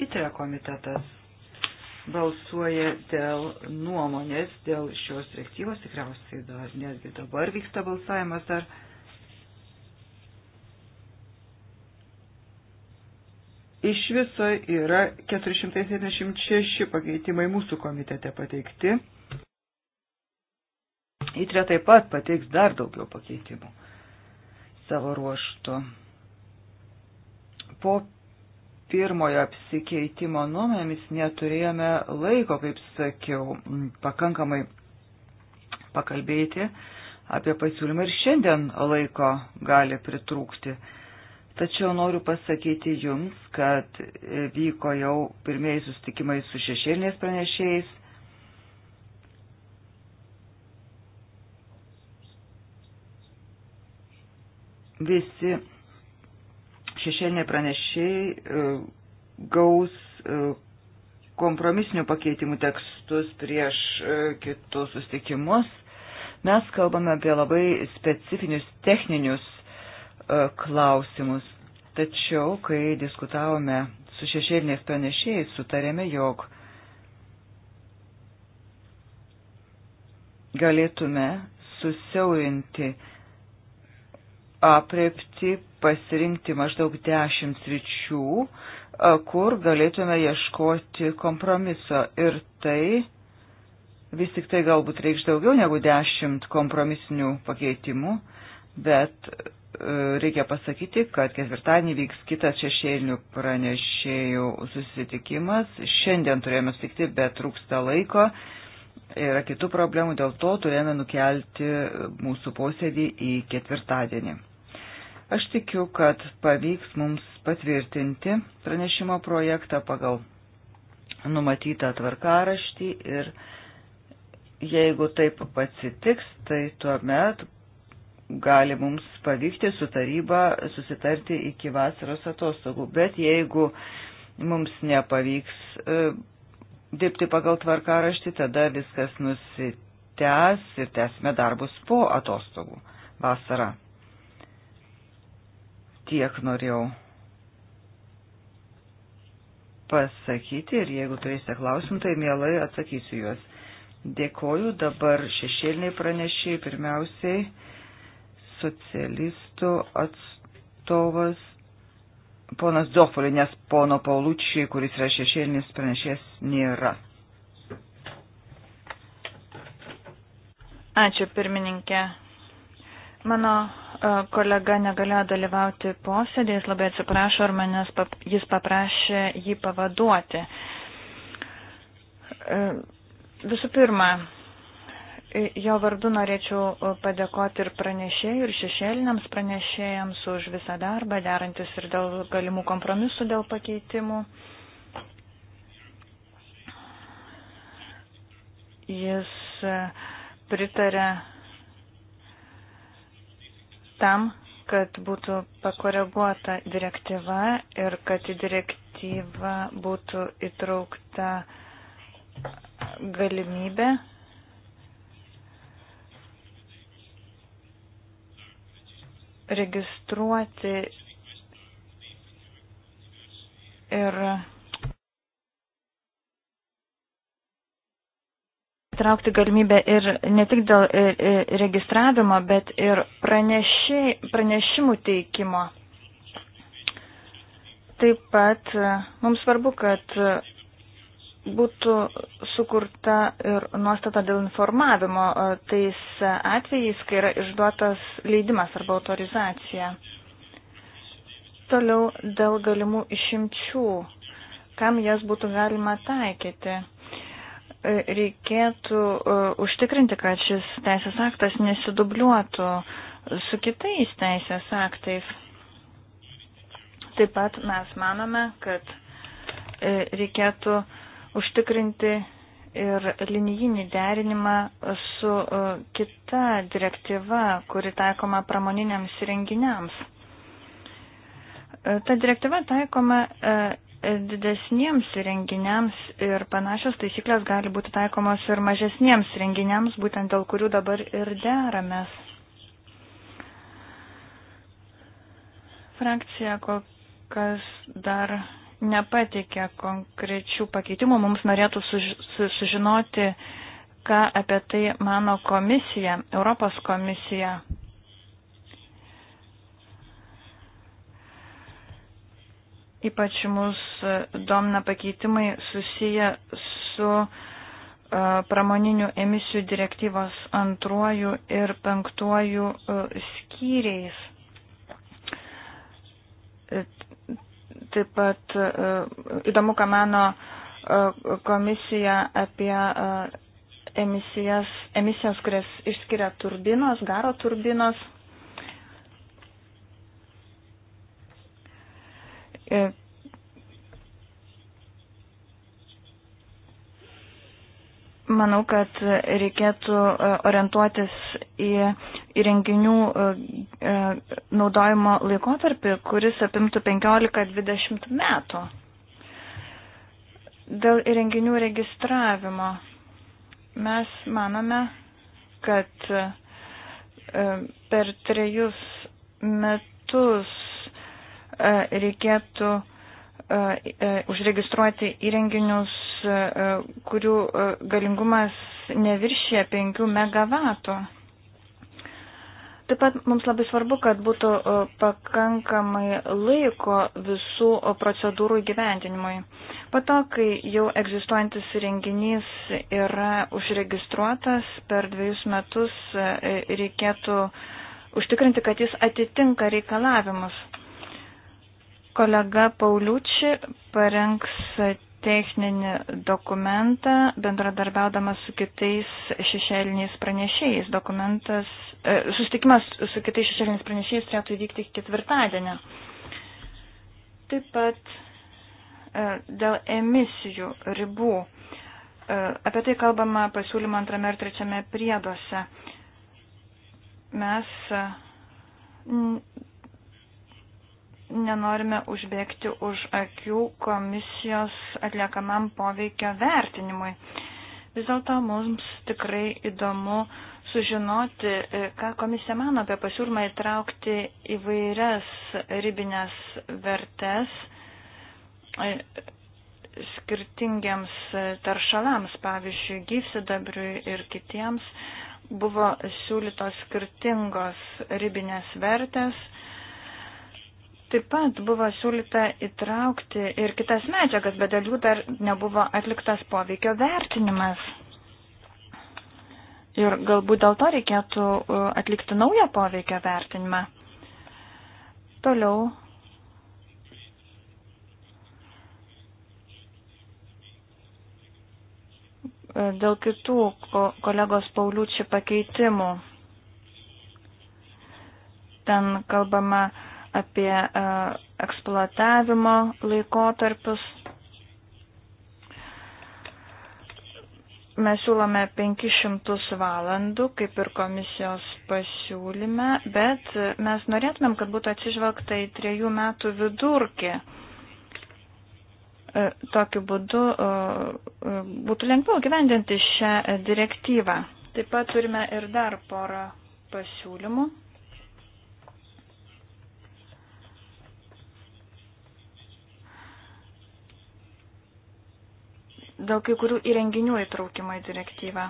ITRE komitetas balsuoja dėl nuomonės, dėl šios direktyvos, tikriausiai dar netgi dabar vyksta balsavimas dar. Iš viso yra 476 pakeitimai mūsų komitete pateikti. ITRE taip pat pateiks dar daugiau pakeitimų savo ruoštų. Po pirmojo apsikeitimo nuomonėmis neturėjome laiko, kaip sakiau, pakankamai pakalbėti apie pasiūlymą ir šiandien laiko gali pritrūkti. Tačiau noriu pasakyti Jums, kad e, vyko jau pirmieji sustikimai su šešėlinės pranešėjais. Visi šešėliniai pranešiai e, gaus e, kompromisinių pakeitimų tekstus prieš e, kitus sustikimus. Mes kalbame apie labai specifinius techninius klausimus. Tačiau, kai diskutavome su šešėliniais pranešėjais, sutarėme, jog galėtume susiaurinti uh, apriepti, pasirinkti maždaug dešimt sričių, kur galėtume ieškoti kompromiso. Ir tai vis tik tai galbūt reikš daugiau negu dešimt kompromisinių pakeitimų, bet reikia pasakyti, kad ketvirtadienį vyks kitas šešėlinių pranešėjų susitikimas. Šiandien turėjome sutikti, bet trūksta laiko. Yra kitų problemų, dėl to turėjome nukelti mūsų posėdį į ketvirtadienį. Aš tikiu, kad pavyks mums patvirtinti pranešimo projektą pagal numatytą tvarkaraštį ir jeigu taip atsitiks, tai tuomet gali mums pavykti su taryba susitarti iki vasaros atostogų. Bet jeigu mums nepavyks e, dirbti pagal tvarkaraštį, tada viskas nusitęs ir tęsime darbus po atostogų vasarą tiek norėjau pasakyti ir jeigu turėsite klausimų, tai mielai atsakysiu juos. Dėkoju dabar šešėliniai pranešiai, pirmiausiai socialistų atstovas ponas Dofoli, nes pono Paulučiai, kuris yra šešėlinis pranešės, nėra. Ačiū pirmininkė. Mano e, kolega negalėjo dalyvauti posėdėje, jis labai atsiprašo ir manęs pap, jis paprašė jį pavaduoti. E, visų pirma, jo vardu norėčiau e, padėkoti ir pranešėjai, ir šešėliniams pranešėjams už visą darbą, derantis ir dėl galimų kompromisų dėl pakeitimų. Jis pritarė tam, kad būtų pakoreguota direktyva ir kad į direktyvą būtų įtraukta galimybė registruoti ir įtraukti galimybę ir ne tik dėl e, e, registravimo, bet ir praneši, pranešimų teikimo. Taip pat e, mums svarbu, kad būtų sukurta ir nuostata dėl informavimo tais atvejais, kai yra išduotas leidimas arba autorizacija. Toliau dėl galimų išimčių, kam jas būtų galima taikyti. E, reikėtų e, užtikrinti, kad šis teisės aktas nesidubliuotų su kitais teisės aktais. Taip pat mes manome, kad e, reikėtų užtikrinti ir linijinį derinimą su kita direktyva, kuri taikoma pramoniniams renginiams. Ta direktyva taikoma didesniems renginiams ir panašios taisyklės gali būti taikomos ir mažesniems renginiams, būtent dėl kurių dabar ir deramės. Frakcija kol kas dar nepatikė konkrečių pakeitimų, mums norėtų sužinoti, ką apie tai mano komisija, Europos komisija. Ypač mus e, domina pakeitimai susiję su e, pramoninių emisijų direktyvos antruoju ir penktuoju e, skyriais. Taip pat įdomu, ką mano komisija apie emisijas, emisijas, kurias išskiria turbinos, garo turbinos. E, manau, kad reikėtų e, orientuotis į įrenginių e, naudojimo laikotarpį, kuris apimtų 15-20 metų. Dėl įrenginių registravimo mes manome, kad per trejus metus E, reikėtų e, e, užregistruoti įrenginius, kurių galingumas neviršė 5 MW. Taip pat mums labai svarbu, kad būtų pakankamai laiko visų procedūrų įgyvendinimui. Po to, kai jau egzistuojantis renginys yra užregistruotas, per dviejus metus reikėtų užtikrinti, kad jis atitinka reikalavimus. Kolega Pauliuči parengs techninį dokumentą, bendradarbiaudamas su kitais šešėliniais pranešėjais. Dokumentas, e, sustikimas su kitais šešėliniais pranešėjais turėtų įvykti ketvirtadienį. Taip pat e, dėl emisijų ribų. E, apie tai kalbama pasiūlymo antrame ir trečiame prieduose. Mes. E, nenorime užbėgti už akių komisijos atliekamam poveikio vertinimui. Vis dėlto mums tikrai įdomu sužinoti, ką komisija mano apie pasiūlymą įtraukti įvairias ribinės vertes e, skirtingiams taršalams, pavyzdžiui, gyvsidabriui ir kitiems. Buvo siūlytos skirtingos ribinės vertės Taip pat buvo siūlyta įtraukti ir kitas medžiagas, bet dėl jų dar nebuvo atliktas poveikio vertinimas. Ir galbūt dėl to reikėtų e, atlikti naują poveikio vertinimą. Toliau. E, dėl kitų kolegos Pauliučių pakeitimų. Ten kalbama apie e, eksploatavimo laikotarpius. Mes siūlome 500 valandų, kaip ir komisijos pasiūlyme, bet mes norėtumėm, kad būtų atsižvelgta į trejų metų vidurkį. E, tokiu būdu e, būtų lengviau gyvendinti šią direktyvą. Taip pat turime ir dar porą pasiūlymų. dėl kai kurių įrenginių įtraukimo į direktyvą.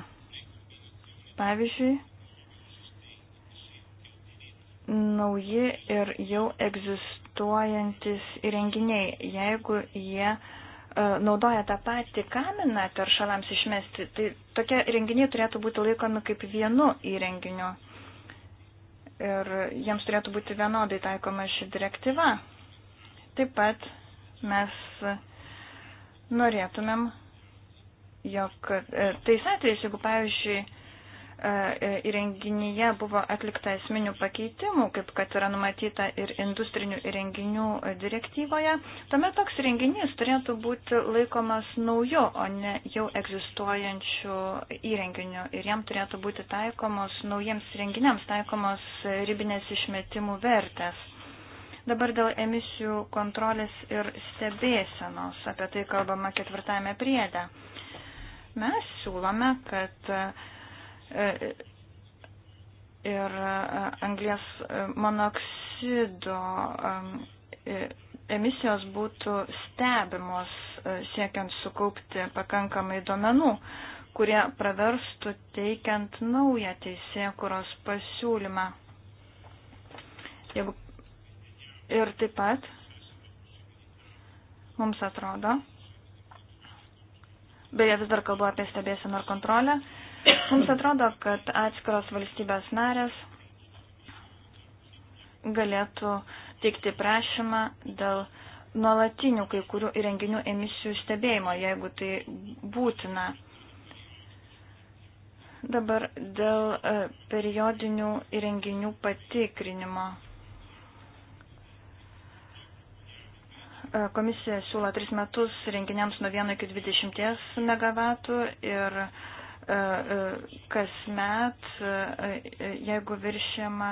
Pavyzdžiui, nauji ir jau egzistuojantis įrenginiai, jeigu jie e, naudoja tą patį kaminą teršalams išmesti, tai tokie renginiai turėtų būti laikomi kaip vienu įrenginiu. Ir jiems turėtų būti vienodai taikoma ši direktyva. Taip pat mes norėtumėm jog e, tais atvejais, jeigu, pavyzdžiui, e, e, įrenginyje buvo atlikta esminių pakeitimų, kaip kad yra numatyta ir industrinių įrenginių direktyvoje, tuomet toks įrenginys turėtų būti laikomas nauju, o ne jau egzistuojančiu įrenginiu. Ir jam turėtų būti taikomos naujiems įrenginiams taikomos ribinės išmetimų vertės. Dabar dėl emisijų kontrolės ir stebėsenos, apie tai kalbama ketvirtame priede. Mes siūlome, kad e, ir e, anglės e, monoksido emisijos būtų stebimos siekiant sukaupti pakankamai duomenų, kurie praverstų teikiant naują teisėkuros pasiūlymą. Jeigu ir taip pat mums atrodo, beje vis dar kalbu apie stebėseną ir kontrolę, mums atrodo, kad atskiros valstybės narės galėtų teikti prašymą dėl nuolatinių kai kurių įrenginių emisijų stebėjimo, jeigu tai būtina. Dabar dėl e, periodinių įrenginių patikrinimo E, komisija siūlo 3 metus renginiams nuo 1 iki 20 MW ir e, e, kasmet, jeigu viršėma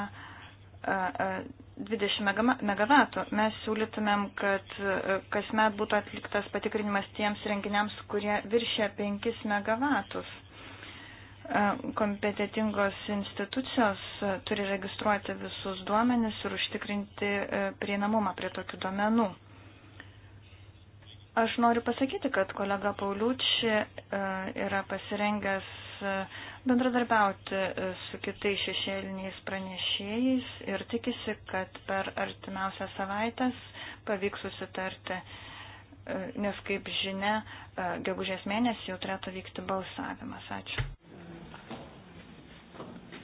20 MW, mes siūlytumėm, kad kasmet būtų atliktas patikrinimas tiems renginiams, kurie viršė 5 MW kompetitingos institucijos turi registruoti visus duomenis ir užtikrinti prieinamumą prie tokių duomenų. Aš noriu pasakyti, kad kolega Pauliuči e, yra pasirengęs e, bendradarbiauti e, su kitais šešėliniais pranešėjais ir tikisi, kad per artimiausias savaitės pavyks susitarti, nes kaip žinia, gegužės mėnesį jau turėtų vykti balsavimas. Ačiū.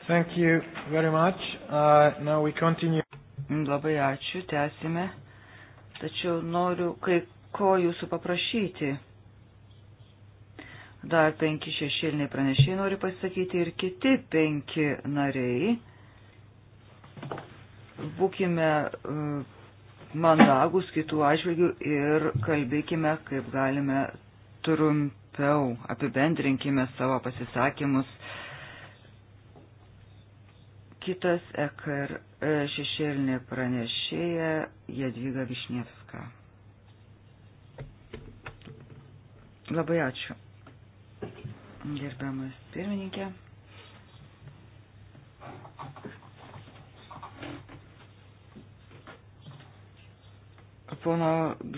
Thank you very much. Uh, now we continue. Labai ačiū, tęsime. Tačiau noriu kai ko jūsų paprašyti. Dar penki šešėliniai pranešiai nori pasakyti ir kiti penki nariai. Būkime e, mandagus kitų atžvilgių ir kalbėkime, kaip galime trumpiau, apibendrinkime savo pasisakymus. Kitas ekar e, šešėlinė pranešėja Jadviga Višnievska. Labai ačiū. Gerbiamas pirmininkė. Pono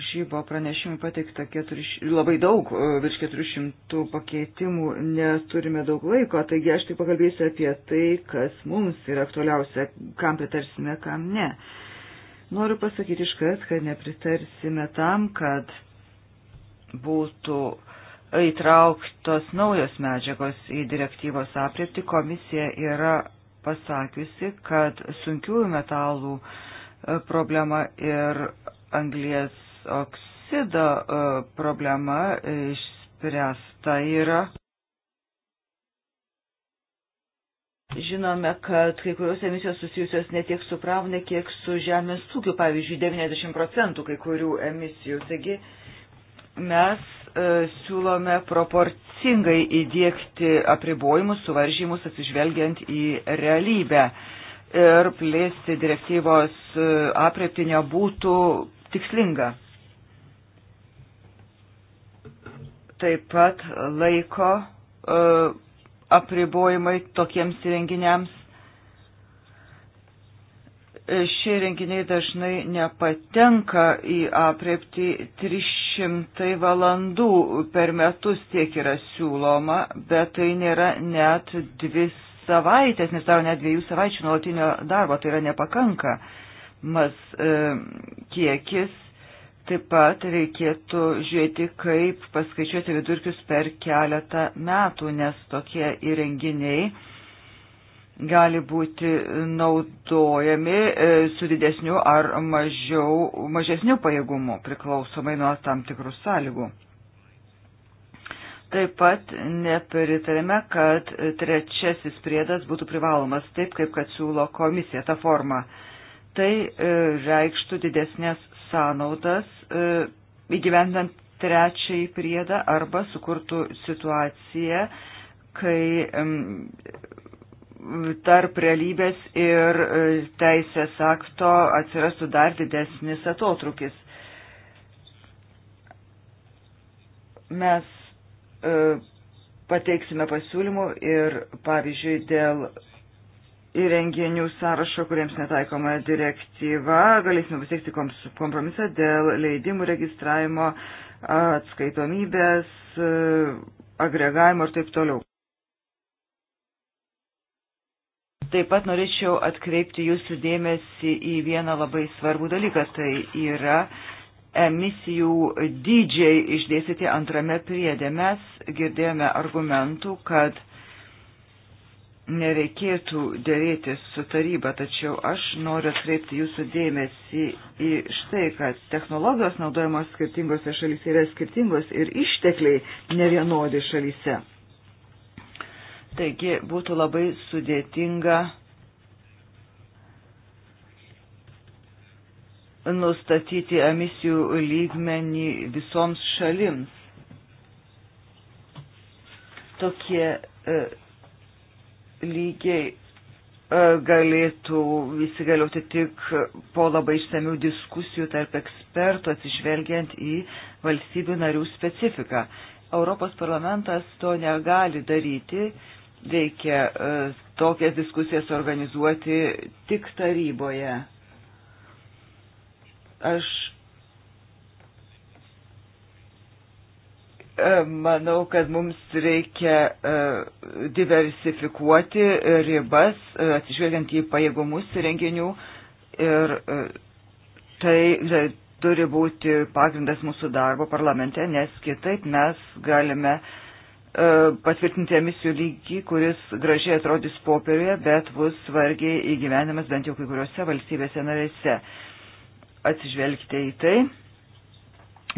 Žybo pranešimui pateikta keturiš, labai daug, e, virš 400 pakeitimų, neturime daug laiko, taigi aš tik pakalbėsiu apie tai, kas mums yra aktualiausia, kam pritarsime, kam ne. Noriu pasakyti iškart, kad nepritarsime tam, kad būtų įtrauktos naujos medžiagos į direktyvos aprėpti, komisija yra pasakiusi, kad sunkiųjų metalų e, problema ir anglies oksido e, problema išspręsta yra. Žinome, kad kai kurios emisijos susijusios ne tiek su pramonė, kiek su žemės ūkiu, pavyzdžiui, 90 procentų kai kurių emisijų. Taigi, mes e, siūlome proporcingai įdėkti apribojimus, suvaržymus atsižvelgiant į realybę ir plėsti direktyvos e, apriepti nebūtų tikslinga. Taip pat laiko e, apribojimai tokiems renginiams e, šie renginiai dažnai nepatenka į apriepti 300 šimtai valandų per metus tiek yra siūloma, bet tai nėra net dvi savaitės, nes tau net dviejų savaičių nuolatinio darbo, tai yra nepakanka mas e, kiekis. Taip pat reikėtų žiūrėti, kaip paskaičiuoti vidurkius per keletą metų, nes tokie įrenginiai gali būti naudojami e, su didesniu ar mažiau, mažesniu pajėgumu, priklausomai nuo tam tikrų sąlygų. Taip pat nepritarėme, kad trečiasis priedas būtų privalomas taip, kaip kad siūlo komisija tą formą. Tai e, reikštų didesnės sąnaudas e, įgyvendant trečiąjį priedą arba sukurtų situaciją, kai tarp realybės ir e, teisės akto atsirastų dar didesnis atotrukis. Mes e, pateiksime pasiūlymų ir, pavyzdžiui, dėl įrenginių sąrašo, kuriems netaikoma direktyva, galėsime pasiekti kompromisą dėl leidimų registravimo, atskaitomybės, e, agregavimo ir taip toliau. Taip pat norėčiau atkreipti jūsų dėmesį į vieną labai svarbų dalyką, tai yra emisijų dydžiai išdėstyti antrame priedė. Mes girdėjome argumentų, kad nereikėtų dėrėtis su taryba, tačiau aš noriu atkreipti jūsų dėmesį į štai, kad technologijos naudojamos skirtingose šalyse yra skirtingos ir ištekliai nevienodi šalyse. Taigi būtų labai sudėtinga nustatyti emisijų lygmenį visoms šalims. Tokie e, lygiai e, galėtų įsigalioti tik po labai išsamių diskusijų tarp ekspertų atsižvelgiant į valstybių narių specifiką. Europos parlamentas to negali daryti, e, Reikia e, tokias diskusijas organizuoti tik taryboje. Aš e, manau, kad mums reikia e, diversifikuoti ribas, atsižvelgiant į pajėgumus renginių ir tai turi būti pagrindas mūsų darbo parlamente, nes kitaip mes galime uh, E, patvirtinti emisijų lygį, kuris gražiai atrodys popieriuje, bet bus vargiai įgyvenimas bent jau kai kuriuose valstybėse narėse. Atsižvelgite į tai.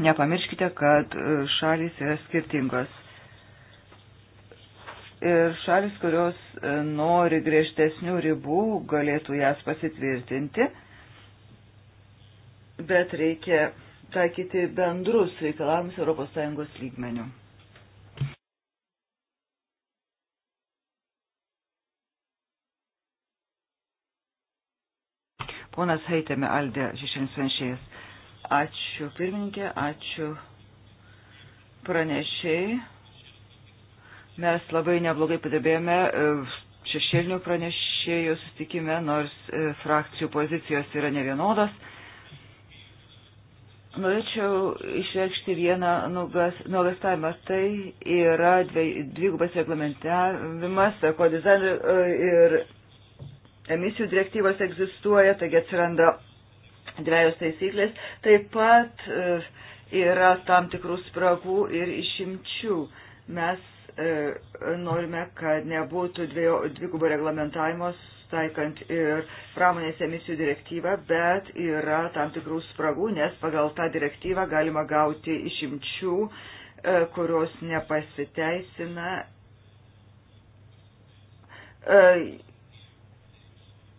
Nepamirškite, kad e, šalys yra skirtingos. Ir šalis, kurios e, nori griežtesnių ribų, galėtų jas pasitvirtinti, bet reikia taikyti bendrus reikalavimus ES lygmenių. Ponas Heitėme Aldė Žišinsanšėjas. Ačiū pirmininkė, ačiū pranešiai. Mes labai neblogai padirbėjome e, šešėlinių pranešėjų sustikime, nors e, frakcijų pozicijos yra nevienodos. Norėčiau išreikšti vieną nuogastavimą. Tai yra dvigubas reglamentavimas, ekodizainų e, ir emisijų direktyvos egzistuoja, taigi atsiranda dviejos taisyklės. Taip pat e, yra tam tikrų spragų ir išimčių. Mes e, norime, kad nebūtų dvigubo reglamentavimo taikant ir pramonės emisijų direktyvą, bet yra tam tikrų spragų, nes pagal tą direktyvą galima gauti išimčių, e, kurios nepasiteisina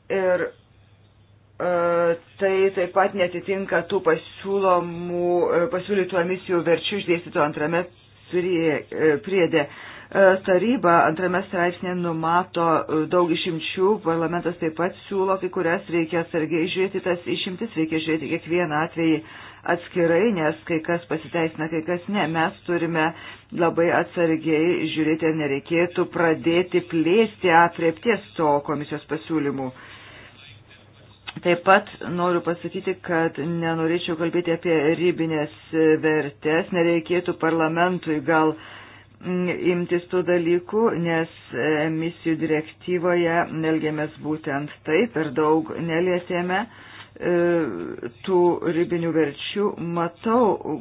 Ir e, tai taip pat netitinka tų pasiūlomų, e, pasiūlytų emisijų verčių išdėstytų antrame prie, e, priedė. E, taryba antrame straipsnė numato daug išimčių, parlamentas taip pat siūlo kai kurias reikia atsargiai žiūrėti, tas išimtis reikia žiūrėti kiekvieną atvejį atskirai, nes kai kas pasiteisina, kai kas ne. Mes turime labai atsargiai žiūrėti, ar nereikėtų pradėti plėsti apriepties to komisijos pasiūlymų. Uh, Taip pat noriu pasakyti, kad nenorėčiau kalbėti apie ribinės vertės, nereikėtų parlamentui gal mm, imtis tų dalykų, nes misijų direktyvoje nelgiamės būtent taip ir daug nelietėme e, tų ribinių verčių. Matau,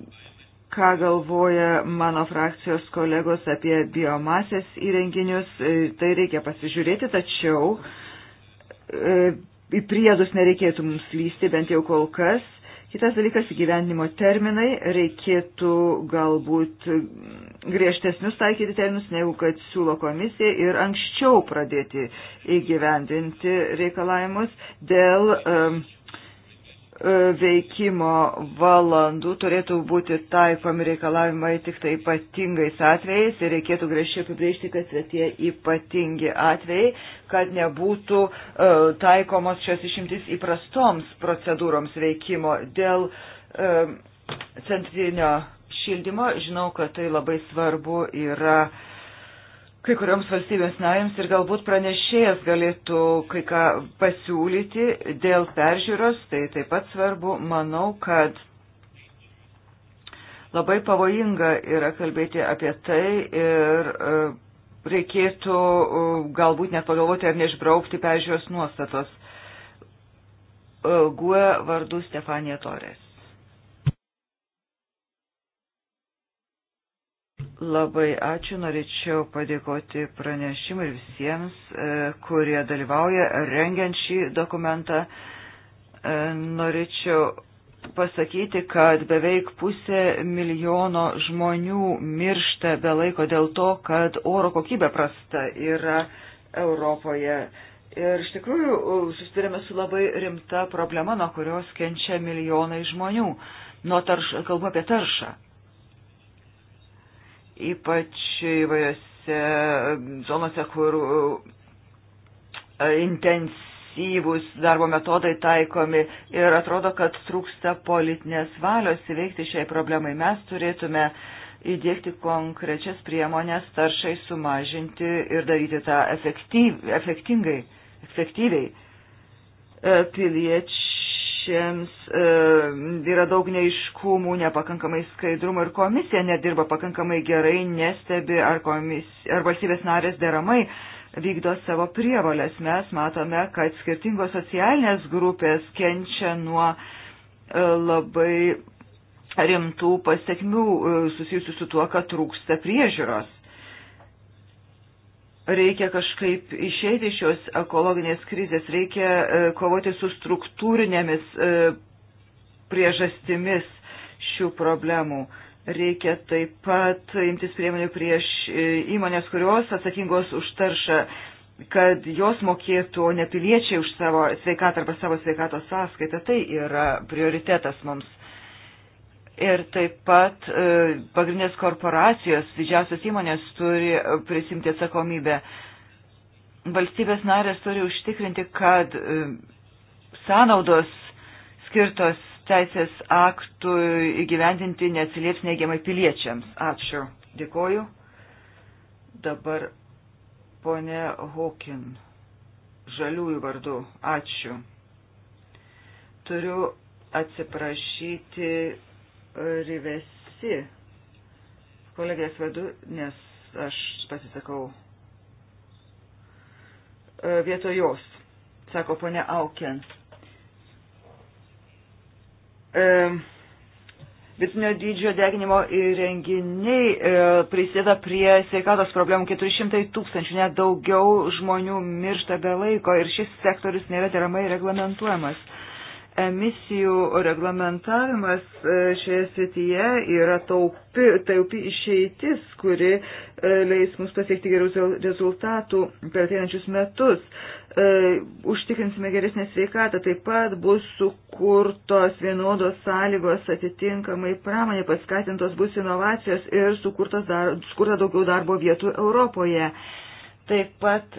ką galvoja mano frakcijos kolegos apie biomasės įrenginius, e, tai reikia pasižiūrėti, tačiau e, į priedus nereikėtų mums lysti, bent jau kol kas. Kitas dalykas - įgyvendinimo terminai. Reikėtų galbūt griežtesnius taikyti terminus, negu kad siūlo komisija ir anksčiau pradėti įgyvendinti reikalavimus dėl um, E, veikimo valandų turėtų būti taikomi reikalavimai tik tai ypatingais atvejais ir reikėtų griežčiau apibrėžti, kas yra tie ypatingi atvejai, kad nebūtų uh, taikomos šios išimtis įprastoms procedūroms veikimo. Dėl uh, centrinio šildymo žinau, kad tai labai svarbu yra uh, kai kurioms valstybėms narėms ir galbūt pranešėjas galėtų kai ką pasiūlyti dėl peržiūros, tai taip pat svarbu, manau, kad labai pavojinga yra kalbėti apie tai ir e, reikėtų e, galbūt net pagalvoti ar neišbraukti peržiūros nuostatos. E, GUE vardu Stefanija Torės. Labai ačiū, norėčiau padėkoti pranešimui ir visiems, e, kurie dalyvauja rengiant šį dokumentą. E, norėčiau pasakyti, kad beveik pusė milijono žmonių miršta be laiko dėl to, kad oro kokybė prasta yra Europoje. Ir iš tikrųjų susidurėme su labai rimta problema, nuo kurios kenčia milijonai žmonių. Nuo tarš, kalbu apie taršą ypač įvairiose zonose, kur e, intensyvūs darbo metodai taikomi ir atrodo, kad trūksta politinės valios įveikti šiai problemai. Mes turėtume įdėkti konkrečias priemonės taršai sumažinti ir daryti tą efektyv, efektingai, efektyviai e, piliečiai piliečiams e, yra daug neiškumų, nepakankamai skaidrumo ir komisija nedirba pakankamai gerai, nestebi ar, komis, ar valstybės narės deramai vykdo savo prievalės. Mes matome, kad skirtingos socialinės grupės kenčia nuo e, labai rimtų pasiekmių e, susijusių su tuo, kad trūksta priežiūros reikia kažkaip išeiti iš šios ekologinės krizės, reikia e, kovoti su struktūrinėmis e, priežastimis šių problemų. Reikia taip pat imtis priemonių prieš e, įmonės, kurios atsakingos už taršą, kad jos mokėtų, o ne piliečiai už savo sveikatą arba savo sveikatos sąskaitą. Tai yra prioritetas mums. Ir taip pat e, pagrindinės korporacijos, didžiausios įmonės turi e, prisimti atsakomybę. Valstybės narės turi užtikrinti, kad e, sąnaudos skirtos teisės aktų įgyvendinti neatsilieps neigiamai piliečiams. Ačiū. Dėkoju. Dabar ponė Hawkin. Žaliųjų vardu. Ačiū. Turiu atsiprašyti Rivesi kolegės vedu, nes aš pasisakau e, vietoj jos, sako ponia Auken. E, Vidutinio dydžio deginimo įrenginiai e, prisideda prie sveikatos problemų 400 tūkstančių, net daugiau žmonių miršta be laiko ir šis sektorius nėra deramai reglamentuojamas emisijų reglamentavimas e, šioje srityje yra taupi, taupi išeitis, kuri e, leis mums pasiekti gerų rezultatų per ateinančius metus. E, užtikrinsime geresnę sveikatą, taip pat bus sukurtos vienodos sąlygos atitinkamai pramonė, paskatintos bus inovacijos ir sukurta dar, daugiau darbo vietų Europoje. Taip pat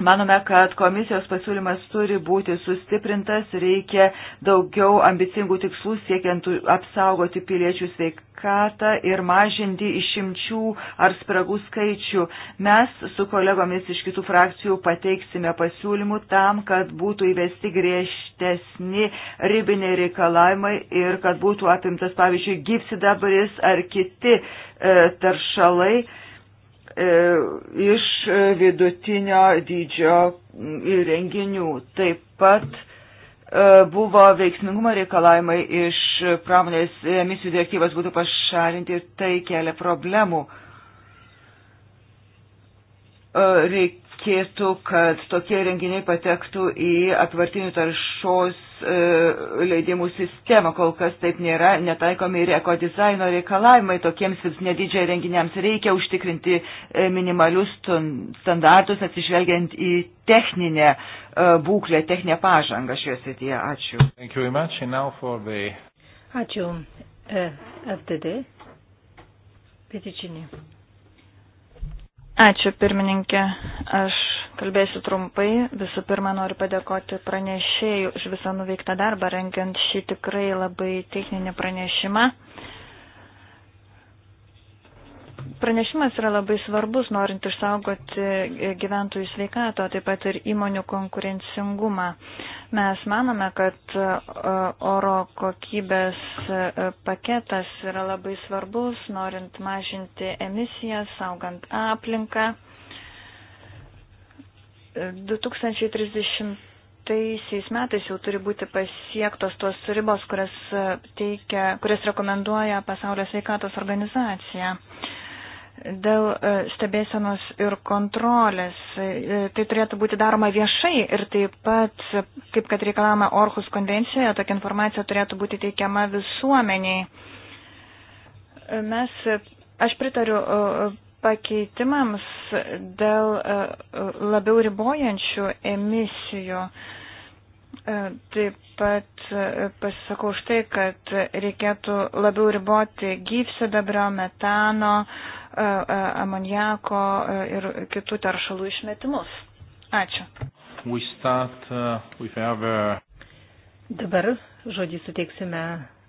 Manome, kad komisijos pasiūlymas turi būti sustiprintas, reikia daugiau ambicingų tikslų siekiant apsaugoti piliečių sveikatą ir mažinti išimčių ar spragų skaičių. Mes su kolegomis iš kitų frakcijų pateiksime pasiūlymų tam, kad būtų įvesti griežtesni ribiniai reikalavimai ir kad būtų apimtas, pavyzdžiui, gypsidabris ar kiti e, taršalai. E, E, iš vidutinio dydžio įrenginių. Taip pat e, buvo veiksmingumo reikalavimai iš pramonės emisijų direktyvas būtų pašalinti ir tai kelia problemų. Uh, E, reikėtų, kad tokie renginiai patektų į atvartinių taršos e, leidimų sistemą. Kol kas taip nėra, netaikomi ir ekodizaino reikalavimai tokiems nedidžiai renginiams. Reikia užtikrinti e, minimalius standartus, atsižvelgiant į techninę būklę, techninę pažangą šioje srityje. Ačiū. The... Ačiū. FDD. Petičinė. Ačiū pirmininkė, aš kalbėsiu trumpai. Visų pirma, noriu padėkoti pranešėjų už visą nuveiktą darbą, renkiant šį tikrai labai techninį pranešimą. Pranešimas yra labai svarbus, norint išsaugoti gyventojų sveikato, taip pat ir įmonių konkurencingumą. Mes manome, kad e, oro kokybės e, paketas yra labai svarbus, norint mažinti emisijas, saugant aplinką. 2030 2020 metais jau turi būti pasiektos tos ribos, kurias, e, teikia, kurias rekomenduoja Pasaulio sveikatos organizacija dėl e, stebėsenos ir kontrolės. E, tai turėtų būti daroma viešai ir taip pat, kaip kad reikalama Orhus konvencijoje, tokia informacija turėtų būti teikiama visuomeniai. E, mes, aš pritariu pakeitimams dėl labiau ribojančių emisijų. E, taip pat e, pasisakau už tai, kad reikėtų labiau riboti gyvsidabrio, metano, e, amoniako ir kitų taršalų išmetimus. Ačiū. We start, uh, a... Uh, Dabar žodį suteiksime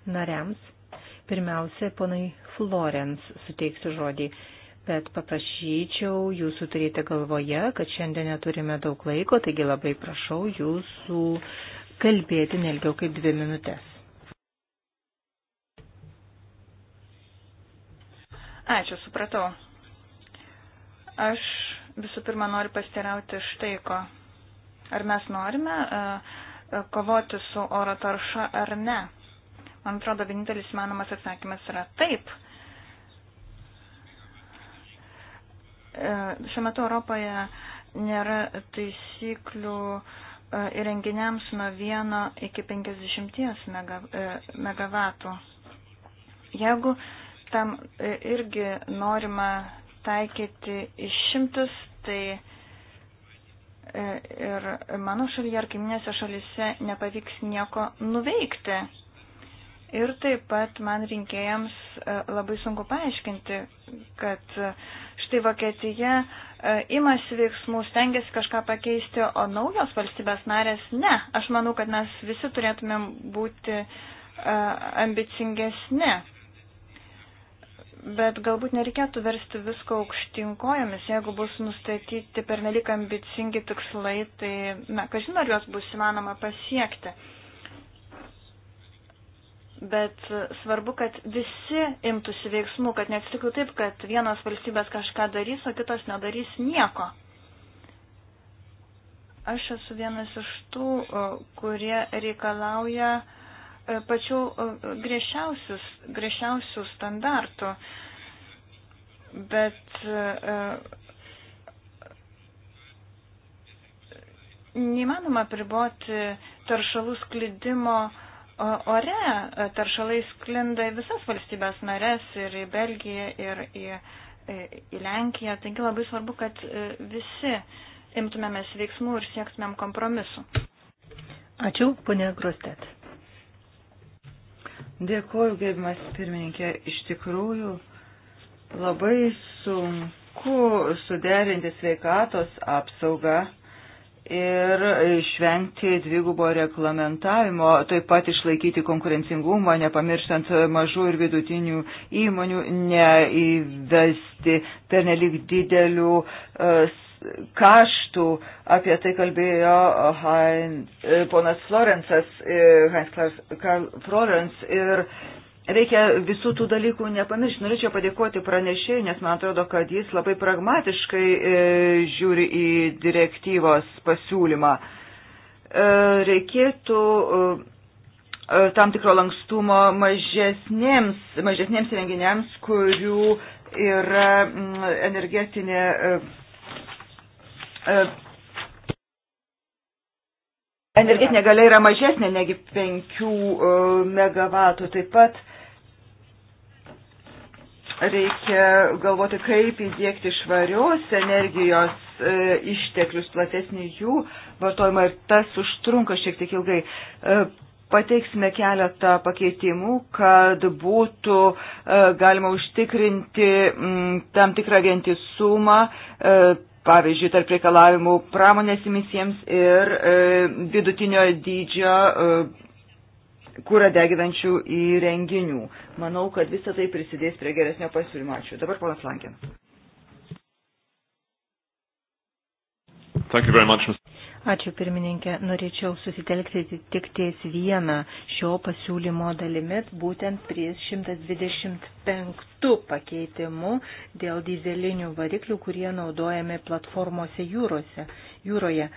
nariams. Pirmiausia, ponai Florence suteiksiu žodį. Uh, bet paprašyčiau jūsų turėti galvoje, kad šiandien neturime daug laiko, taigi labai prašau jūsų kalbėti nelgiau kaip dvi minutės. Ačiū, supratau. Aš visų pirma noriu pasiterauti štai ko. Ar mes norime e, kovoti su oro tarša ar ne? Man atrodo, vienintelis manomas atsakymas yra taip. E, šiuo metu Europoje nėra taisyklių e, įrenginiams nuo 1 iki 50 e, megavatų. Jeigu tam irgi norima taikyti išimtis, tai ir mano šalyje ar kaiminėse šalyse nepavyks nieko nuveikti. Ir taip pat man rinkėjams e, labai sunku paaiškinti, kad e, štai Vokietija e, imasi veiksmų, stengiasi kažką pakeisti, o naujos valstybės narės ne. Aš manau, kad mes visi turėtumėm būti ambicingesni. Bet galbūt nereikėtų versti visko aukštinkojomis, jeigu bus nustatyti pernelik ambicingi tikslai, tai, na, kažin ar juos bus įmanoma pasiekti. Uh, bet svarbu, kad visi imtųsi veiksmų, kad neatsitiktų taip, kad vienos valstybės kažką darys, o kitos nedarys nieko. Aš esu vienas iš tų, kurie reikalauja e, pačių griežčiausių standartų, bet e, e, neįmanoma priboti taršalų sklidimo ore taršalai sklinda į visas valstybės narės ir į Belgiją ir į, e, į Lenkiją. Taigi labai svarbu, kad e, visi imtumėmės veiksmų ir siektumėm kompromisu. Ačiū, ponė Grostet. Dėkuoju, gerbimas pirmininkė. Iš tikrųjų, labai sunku suderinti sveikatos apsaugą ir išvengti dvigubo reglamentavimo, taip pat išlaikyti konkurencingumą, nepamirštant mažų ir vidutinių įmonių, neįvesti pernelik didelių e, kaštų. Apie tai kalbėjo Hein, e, ponas Florensas, e, Heinz Karl Florens ir reikia visų tų dalykų nepamiršti. Norėčiau padėkoti pranešėjai, nes man atrodo, kad jis labai pragmatiškai e, žiūri į direktyvos pasiūlymą. E, reikėtų e, tam tikro lankstumo mažesnėms, mažesnėms renginiams, kurių yra mm, energetinė Energetinė galia yra mažesnė negi 5 MW. Taip pat Reikia galvoti, kaip įdėkti švarios energijos e, išteklius, platesnį jų vartojimą ir tas užtrunka šiek tiek ilgai. E, pateiksime keletą pakeitimų, kad būtų e, galima užtikrinti mm, tam tikrą vientisumą, e, pavyzdžiui, tarp reikalavimų pramonės emisijams ir e, vidutinio dydžio kūrą deginančių įrenginių. Manau, kad visą tai prisidės prie geresnio pasiūlymo. Ačiū. Dabar ponas Lankė. Ačiū pirmininkė. Norėčiau susitelkti tik ties vieną šio pasiūlymo dalimis, būtent prie 125 pakeitimų dėl dizelinių variklių, kurie naudojami platformose jūrose, jūroje.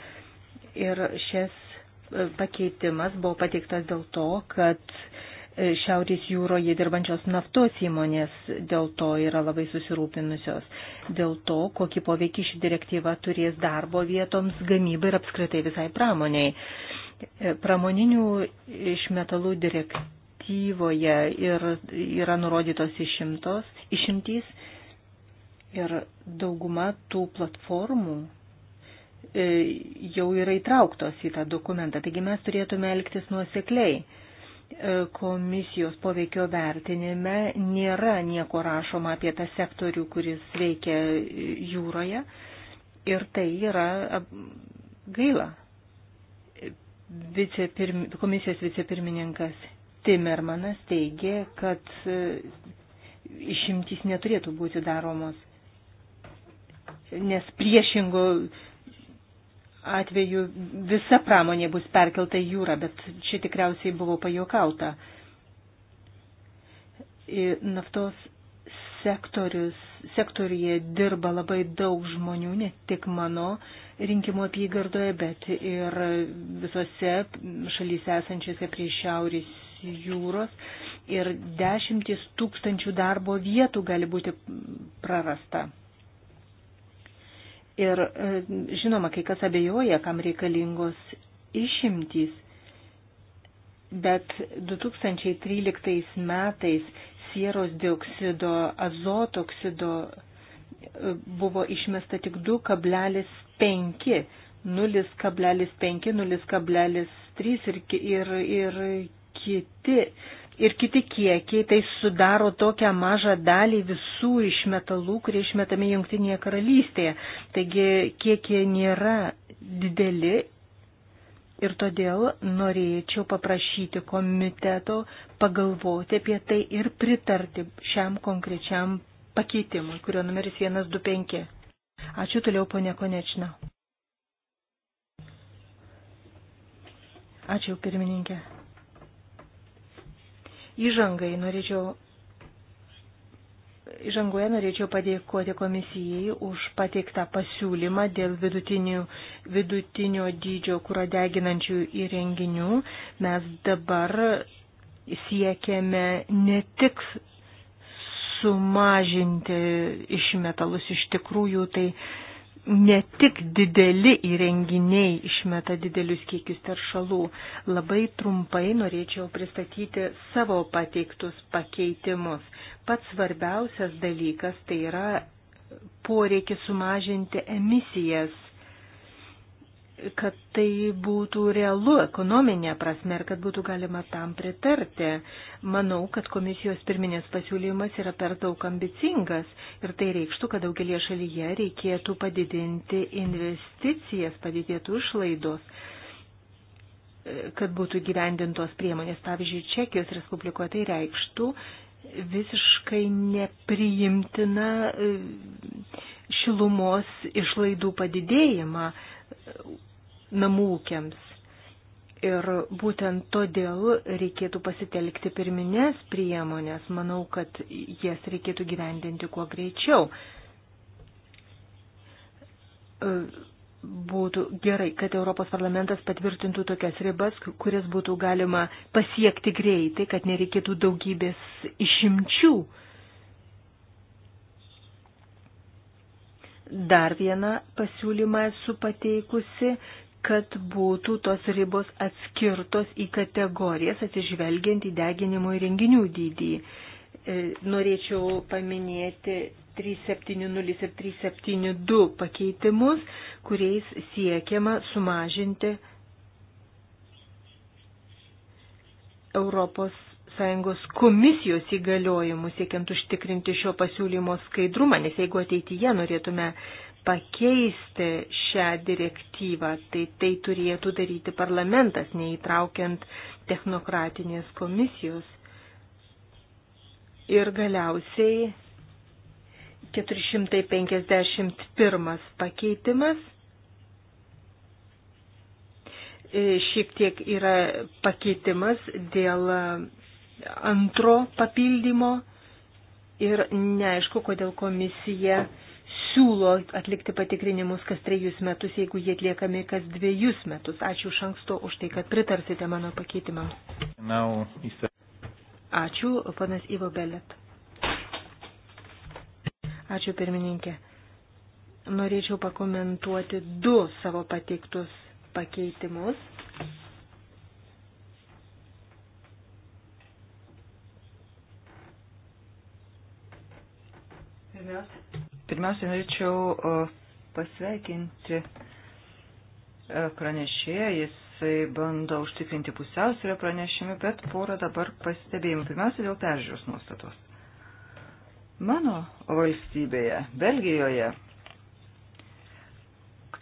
Ir šias pakeitimas buvo pateiktas dėl to, kad e, Šiaurės jūroje dirbančios naftos įmonės dėl to yra labai susirūpinusios, dėl to, kokį poveikį ši direktyva turės darbo vietoms, gamybai ir apskritai visai pramoniai. E, pramoninių išmetalų direktyvoje ir yra nurodytos išimtos, išimtys ir dauguma tų platformų E, jau yra įtrauktos į tą dokumentą. Taigi mes turėtume elgtis nuosekliai. E, komisijos poveikio vertinime nėra nieko rašoma apie tą sektorių, kuris veikia jūroje. Ir tai yra gaila. Vicepirmi, komisijos vicepirmininkas Timermanas teigė, kad e, išimtys neturėtų būti daromos, nes priešingo atveju visa pramonė bus perkelta į jūrą, bet čia tikriausiai buvo pajokauta. Naftos sektorius, sektorija dirba labai daug žmonių, ne tik mano rinkimo apygardoje, bet ir visose šalyse esančiose prie šiaurės jūros. Ir dešimtis tūkstančių darbo vietų gali būti prarasta. Ir e, žinoma, kai kas abejoja, kam reikalingos išimtys, bet 2013 metais sieros dioksido, azotoksido e, buvo išmesta tik 2,5, 0,5, 0,3 ir, ir, ir kiti ir kiti kiekiai, tai sudaro tokią mažą dalį visų išmetalų, kurie išmetami Junktinėje karalystėje. Taigi kiekiai nėra dideli ir todėl norėčiau paprašyti komiteto pagalvoti apie tai ir pritarti šiam konkrečiam pakeitimui, kurio numeris 125. Ačiū toliau, ponė Konečna. Ačiū, pirmininkė. Įžangai norėčiau. Žangoje norėčiau padėkoti komisijai už pateiktą pasiūlymą dėl vidutinių, vidutinio dydžio kūro deginančių įrenginių. Mes dabar siekiame ne tik sumažinti išmetalus, iš tikrųjų tai ne tik dideli įrenginiai išmeta didelius kiekius teršalų. Labai trumpai norėčiau pristatyti savo pateiktus pakeitimus. Pats svarbiausias dalykas tai yra poreikis sumažinti emisijas kad tai būtų realu ekonominė prasme ir kad būtų galima tam pritarti. Manau, kad komisijos pirminės pasiūlymas yra per daug ambicingas ir tai reikštų, kad daugelie šalyje reikėtų padidinti investicijas, padidėtų išlaidos kad būtų gyvendintos priemonės. Pavyzdžiui, Čekijos Respublikoje tai reikštų visiškai nepriimtina e, šilumos išlaidų padidėjimą namų ūkiams. Ir būtent todėl reikėtų pasitelkti pirminės priemonės. Manau, kad jas reikėtų gyvendinti kuo greičiau. E, būtų gerai, kad Europos parlamentas patvirtintų tokias ribas, kurias būtų galima pasiekti greitai, kad nereikėtų daugybės išimčių Dar vieną pasiūlymą esu pateikusi, kad būtų tos ribos atskirtos į kategorijas atsižvelgiant į deginimo įrenginių dydį. E, norėčiau paminėti 370 ir 372 pakeitimus, kuriais siekiama sumažinti Europos ES komisijos įgaliojimų, siekiant užtikrinti šio pasiūlymo skaidrumą, nes jeigu ateityje norėtume pakeisti šią direktyvą, tai tai turėtų daryti parlamentas, neįtraukiant technokratinės komisijos. Ir galiausiai 451 pakeitimas e, šiek tiek yra pakeitimas dėl antro papildymo ir neaišku, kodėl komisija siūlo atlikti patikrinimus kas trejus metus, jeigu jie atliekami kas dviejus metus. Ačiū iš anksto už tai, kad pritarsite mano pakeitimams. Ačiū, panas Ivo Belet. Ačiū, pirmininkė. Norėčiau pakomentuoti du savo pateiktus pakeitimus Pirmiausia, pirmiausia norėčiau pasveikinti e, pranešėją, jisai bando užtikrinti pusiausvyrą pranešimį, bet porą dabar pastebėjimų. Pirmiausia, dėl peržiūros nuostatos. Mano valstybėje, Belgijoje,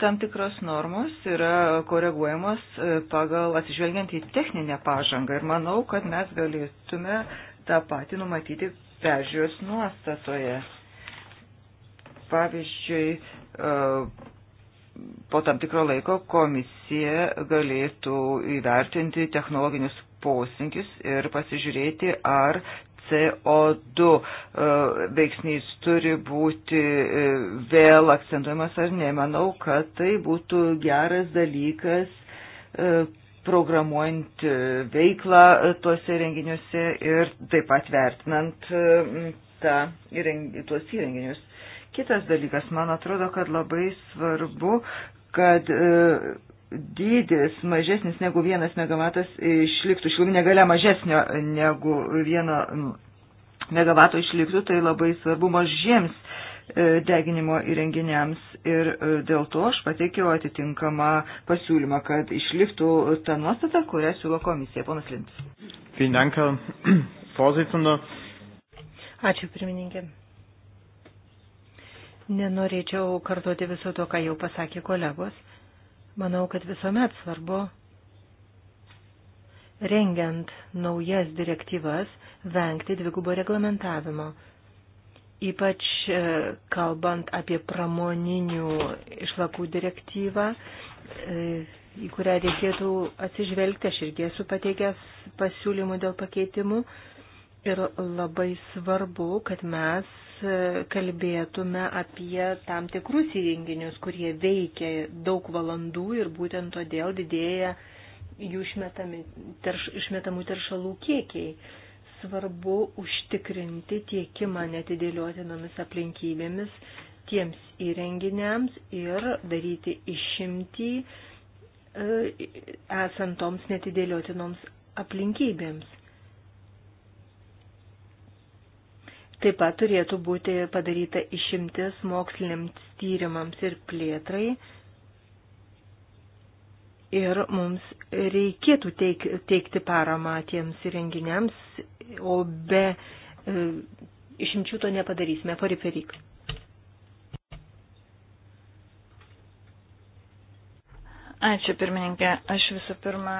tam tikros normos yra koreguojamos e, pagal atsižvelgiant į techninę pažangą ir manau, kad mes galėtume tą patį numatyti peržiūros nuostatoje. Pavyzdžiui, e, po tam tikro laiko komisija galėtų įvertinti technologinius posinkius ir pasižiūrėti, ar CO2 e, veiksnys turi būti e, vėl akcentuojamas ar ne. Manau, kad tai būtų geras dalykas programuojant veiklą tuose renginiuose ir taip pat vertinant ta, tuos įrenginius Kitas dalykas, man atrodo, kad labai svarbu, kad e, dydis mažesnis negu vienas megavatas išliktų, šiluminė galia mažesnio negu vieno megavato išliktų, tai labai svarbu mažiems e, deginimo įrenginiams ir e, dėl to aš pateikiau atitinkamą pasiūlymą, kad išliktų ta nuostata, kurią siūlo komisija. Ponas Lintis. Ačiū, pirmininkė. Nenorėčiau kartuoti viso to, ką jau pasakė kolegos. Manau, kad visuomet svarbu, rengiant naujas direktyvas, vengti dvigubo reglamentavimo. Ypač e, kalbant apie pramoninių išlakų direktyvą, e, į kurią reikėtų atsižvelgti, aš irgi esu pateikęs pasiūlymų dėl pakeitimų. Ir labai svarbu, kad mes kalbėtume apie tam tikrus įrenginius, kurie veikia daug valandų ir būtent todėl didėja jų išmetami, terš, išmetamų teršalų kiekiai. Svarbu užtikrinti tiekimą netidėliotinomis aplinkybėmis tiems įrenginiams ir daryti išimtį e, esant toms netidėliotinoms aplinkybėms. Taip pat turėtų būti padaryta išimtis moksliniams tyrimams ir plėtrai. Ir mums reikėtų teik, teikti paramą tiems įrenginiams, o be e, išimčių to nepadarysime. Pariperyk. Ačiū pirmininkė. Aš visų pirma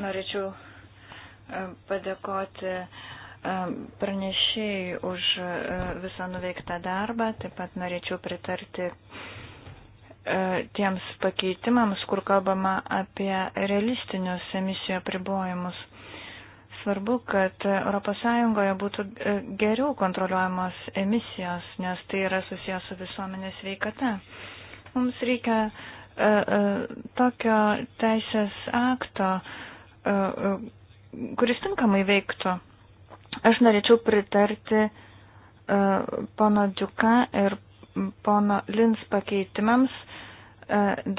norėčiau e, padėkoti Um, pranešėjai už uh, visą nuveiktą darbą. Taip pat norėčiau pritarti uh, tiems pakeitimams, kur kalbama apie realistinius emisijų apribojimus. Svarbu, kad ES būtų uh, geriau kontroliuojamos emisijos, nes tai yra susijęs su visuomenės veikata. Mums reikia tokio teisės akto, kuris tinkamai veiktų Aš norėčiau pritarti e, pono Džiuka ir pono Lins pakeitimams e,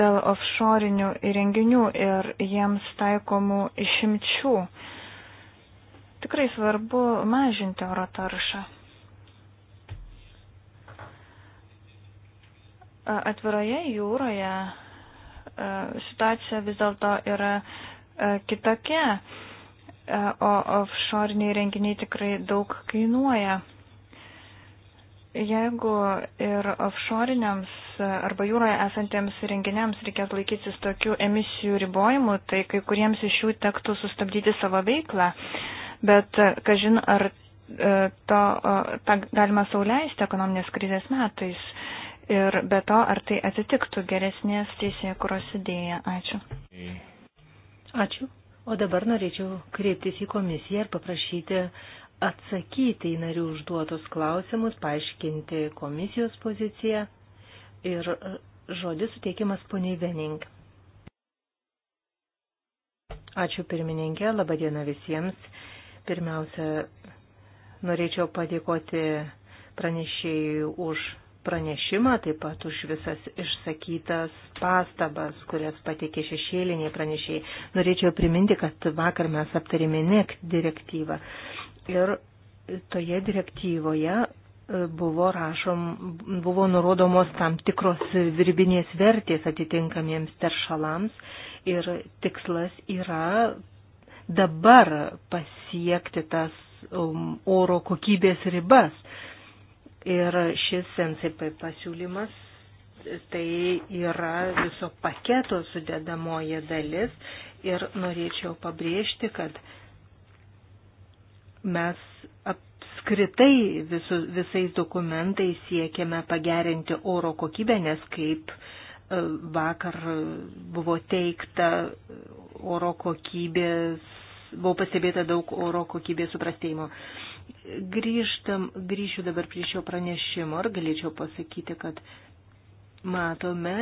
dėl offshore'inių įrenginių ir jiems taikomų išimčių. Tikrai svarbu mažinti oro taršą. Atviroje jūroje e, situacija vis dėlto yra kitokia E, o offshoriniai renginiai tikrai daug kainuoja. Jeigu ir offshoriniams e, arba jūroje esantiems renginiams reikės laikytis tokių emisijų ribojimų, tai kai kuriems iš jų tektų sustabdyti savo veiklą. Bet, e, kažin, ar to, tą galima sauliaisti ekonominės krizės metais. Ir be to, ar tai atitiktų geresnės teisėkuros idėją. Ačiū. Ačiū. O dabar norėčiau kreiptis į komisiją ir paprašyti atsakyti į narių užduotus klausimus, paaiškinti komisijos poziciją ir e, žodis suteikiamas poniai Vening. Ačiū pirmininkė, laba diena visiems. Pirmiausia, norėčiau padėkoti pranešėjui už pranešimą, taip pat už visas išsakytas pastabas, kurias pateikė šešėliniai pranešėjai. Norėčiau priminti, kad vakar mes aptarėme NEC direktyvą. Ir toje direktyvoje e, buvo rašom, buvo nurodomos tam tikros virbinės vertės atitinkamiems teršalams ir tikslas yra dabar pasiekti tas um, oro kokybės ribas. Ir šis NCP pasiūlymas tai yra viso paketo sudėdamoji dalis ir norėčiau pabrėžti, kad mes apskritai visu, visais dokumentais siekiame pagerinti oro kokybę, nes kaip e, vakar buvo teikta oro kokybės, buvo pastebėta daug oro kokybės suprastėjimo. Grįžtam, grįšiu dabar prie šio pranešimo ir galėčiau pasakyti, kad matome,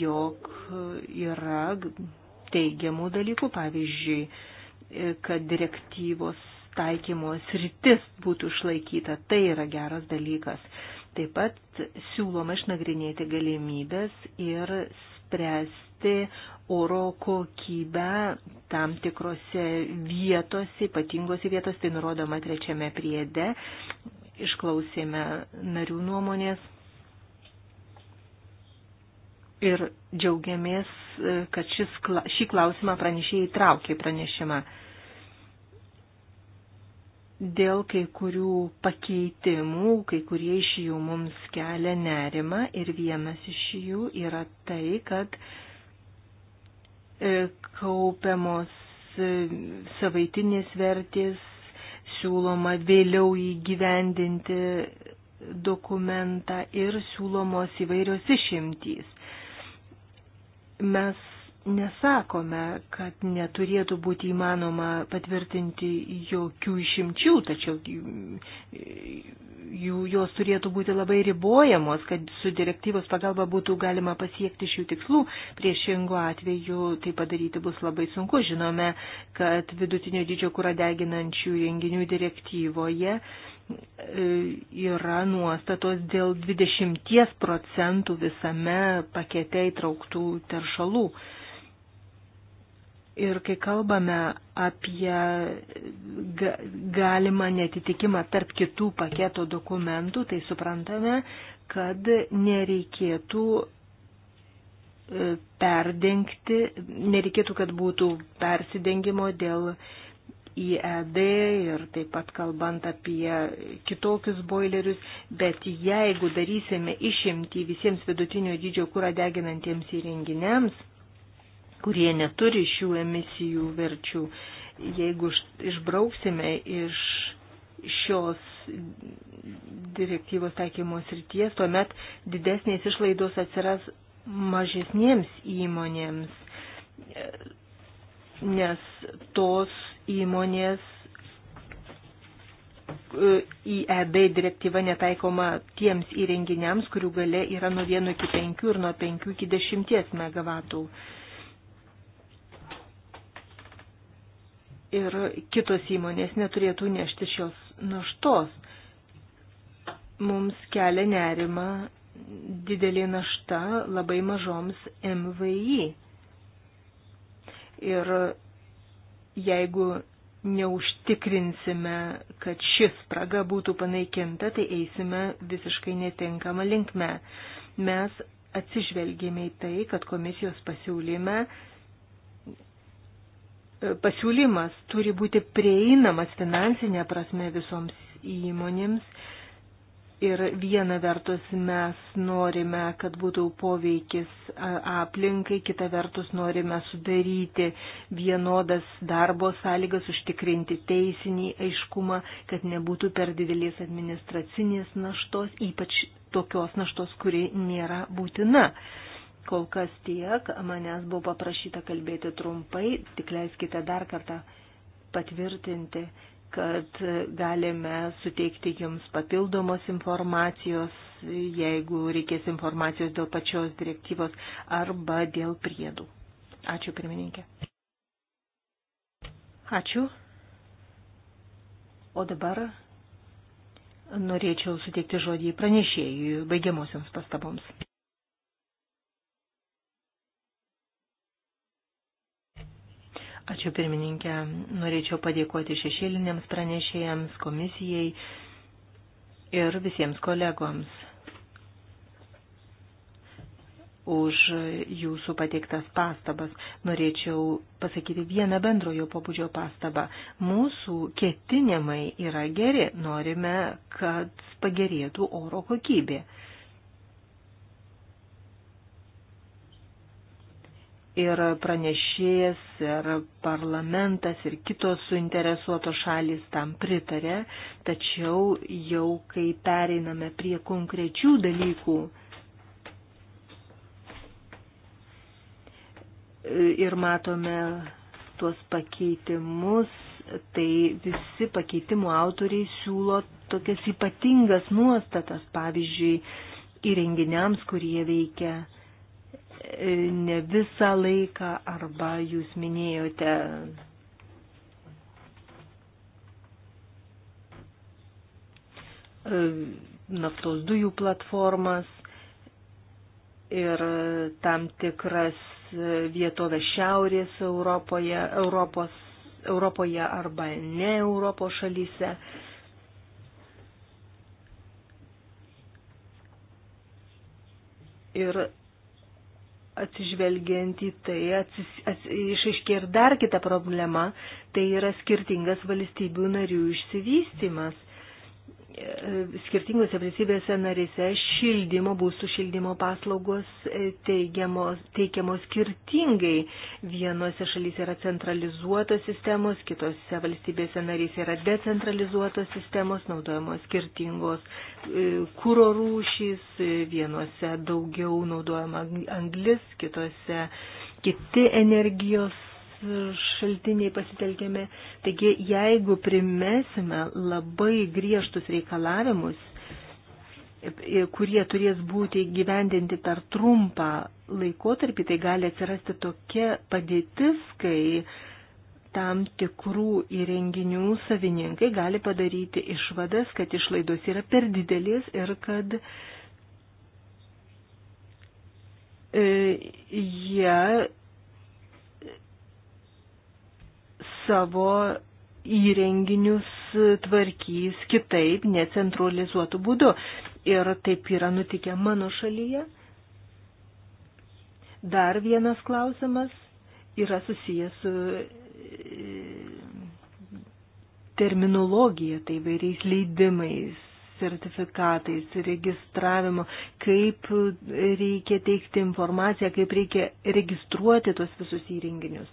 jog yra teigiamų dalykų, pavyzdžiui, kad direktyvos taikymo sritis būtų išlaikyta, tai yra geras dalykas. Taip pat siūloma išnagrinėti galimybės ir spręsti oro kokybę tam tikrose vietose, ypatingose vietose, tai nurodoma trečiame priede. Išklausėme narių nuomonės ir džiaugiamės, kad šis, šį klausimą pranešėjai traukė pranešimą. Dėl kai kurių pakeitimų, kai kurie iš jų mums kelia nerima ir vienas iš jų yra tai, kad uh, E, kaupiamos e, savaitinės vertės, siūloma vėliau įgyvendinti dokumentą ir siūlomos įvairios išimtys. Mes nesakome, kad neturėtų būti įmanoma patvirtinti jokių išimčių, tačiau jų, jos turėtų būti labai ribojamos, kad su direktyvos pagalba būtų galima pasiekti šių tikslų. Priešingų atveju tai padaryti bus labai sunku. Žinome, kad vidutinio dydžio kūra deginančių renginių direktyvoje e, yra nuostatos dėl 20 procentų visame pakete įtrauktų teršalų. Ir kai kalbame apie galimą netitikimą tarp kitų paketo dokumentų, tai suprantame, kad nereikėtų e, perdengti, nereikėtų, kad būtų persidengimo dėl IED ir taip pat kalbant apie kitokius boilerius, bet jeigu darysime išimtį visiems vidutinio dydžio kūrą deginantiems įrenginiams, kurie neturi šių emisijų verčių. Jeigu išbrauksime iš šios direktyvos taikymos ryties, tuomet didesnės išlaidos atsiras mažesniems įmonėms, nes tos įmonės e, IED direktyva netaikoma tiems įrenginiams, kurių gale yra nuo 1 iki 5 ir nuo 5 iki 10 MW. ir kitos įmonės neturėtų nešti šios naštos. Mums kelia nerima didelė našta labai mažoms MVI. Ir jeigu neužtikrinsime, kad šis spraga būtų panaikinta, tai eisime visiškai netinkamą linkmę. Mes atsižvelgėme į tai, kad komisijos pasiūlyme pasiūlymas turi būti prieinamas finansinė prasme visoms įmonėms. Ir viena vertus mes norime, kad būtų poveikis aplinkai, kita vertus norime sudaryti vienodas darbo sąlygas, užtikrinti teisinį aiškumą, kad nebūtų per didelės administracinės naštos, ypač tokios naštos, kuri nėra būtina. Uh, Kol kas tiek, manęs buvo paprašyta kalbėti trumpai, tik leiskite dar kartą patvirtinti, kad galime suteikti jums papildomos informacijos, jeigu reikės informacijos dėl pačios direktyvos arba dėl priedų. Ačiū, pirmininkė. Ačiū. O dabar norėčiau suteikti žodį pranešėjui baigiamosioms pastaboms. Ačiū pirmininkė. Norėčiau padėkoti šešėliniams pranešėjams, komisijai ir visiems kolegoms už jūsų pateiktas pastabas. Norėčiau pasakyti vieną bendrojo pobūdžio pastabą. Mūsų ketinimai yra geri. Norime, kad pagerėtų oro kokybė. ir pranešėjas, ir parlamentas, ir kitos suinteresuotos šalys tam pritarė, tačiau jau kai pereiname prie konkrečių dalykų ir matome tuos pakeitimus, tai visi pakeitimų autoriai siūlo tokias ypatingas nuostatas, pavyzdžiui, įrenginiams, kurie veikia ne visą laiką arba jūs minėjote e, naftos dujų platformas ir tam tikras vietovės šiaurės Europoje, Europos, Europoje arba ne Europos šalyse. Ir atsižvelgiant į tai, atsis, ats, išaiškė ir dar kita problema, tai yra skirtingas valstybių narių išsivystimas skirtingose valstybėse narėse šildymo, būstų šildymo paslaugos e, teigiamos, teikiamos skirtingai. Vienose šalyse yra centralizuotos sistemos, kitose valstybėse narėse yra decentralizuotos sistemos, naudojamos skirtingos e, kūro rūšys, e, vienose daugiau naudojama anglis, kitose kiti energijos šaltiniai pasitelkiami. Taigi, jeigu primesime labai griežtus reikalavimus, kurie turės būti gyvendinti per trumpą laikotarpį, tai gali atsirasti tokia padėtis, kai tam tikrų įrenginių savininkai gali padaryti išvadas, kad išlaidos yra per didelis ir kad e, jie savo įrenginius tvarkys kitaip, necentralizuotų būdu. Ir taip yra nutikę mano šalyje. Dar vienas klausimas yra susijęs su e, terminologija, tai vairiais leidimais, sertifikatais, registravimo, kaip reikia teikti informaciją, kaip reikia registruoti tos visus įrenginius.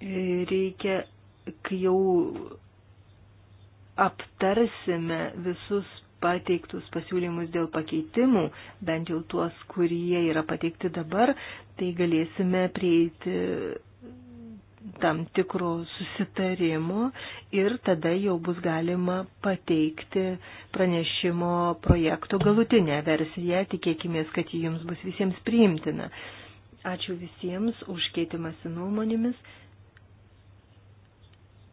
reikia, kai jau aptarsime visus pateiktus pasiūlymus dėl pakeitimų, bent jau tuos, kurie yra pateikti dabar, tai galėsime prieiti tam tikro susitarimo ir tada jau bus galima pateikti pranešimo projekto galutinę versiją. Tikėkime, kad ji jums bus visiems priimtina. Ačiū visiems už keitimąsi nuomonėmis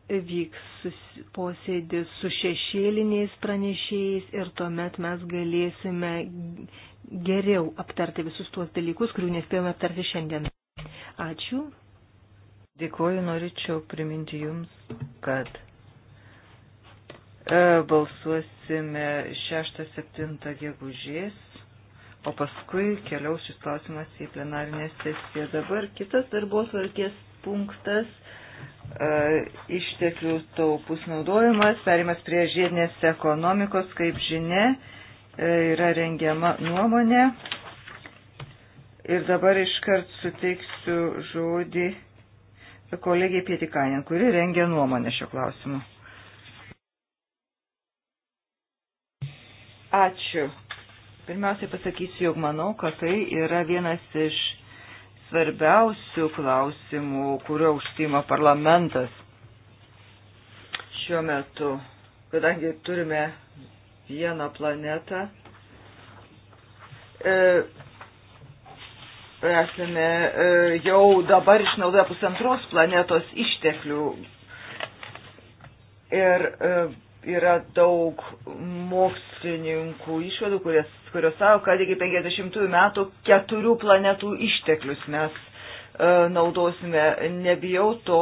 vyks posėdis su šešėliniais pranešėjais ir tuomet mes galėsime geriau aptarti visus tuos dalykus, kurių nespėjome aptarti šiandien. Ačiū. Dėkuoju, norėčiau priminti Jums, kad e, balsuosime 6-7 gegužės, o paskui keliaus šis klausimas į plenarinę sesiją. Dabar kitas darbo tvarkės punktas E, išteklių taupus naudojimas, perimas prie žiedinės ekonomikos, kaip žinia, e, yra rengiama nuomonė. Ir dabar iškart suteiksiu žodį kolegiai Pietikainen, kuri rengia nuomonę šio klausimu. Ačiū. Pirmiausiai pasakysiu, jog manau, kad tai yra vienas iš svarbiausių klausimų, kurio užsima parlamentas šiuo metu, kadangi turime vieną planetą. E, esame e, jau dabar išnaudoję pusantros planetos išteklių ir e, yra daug mokslininkų išvadų, kurios, kurios savo, kad iki 50 metų keturių planetų išteklius mes e, naudosime. Nebijau to,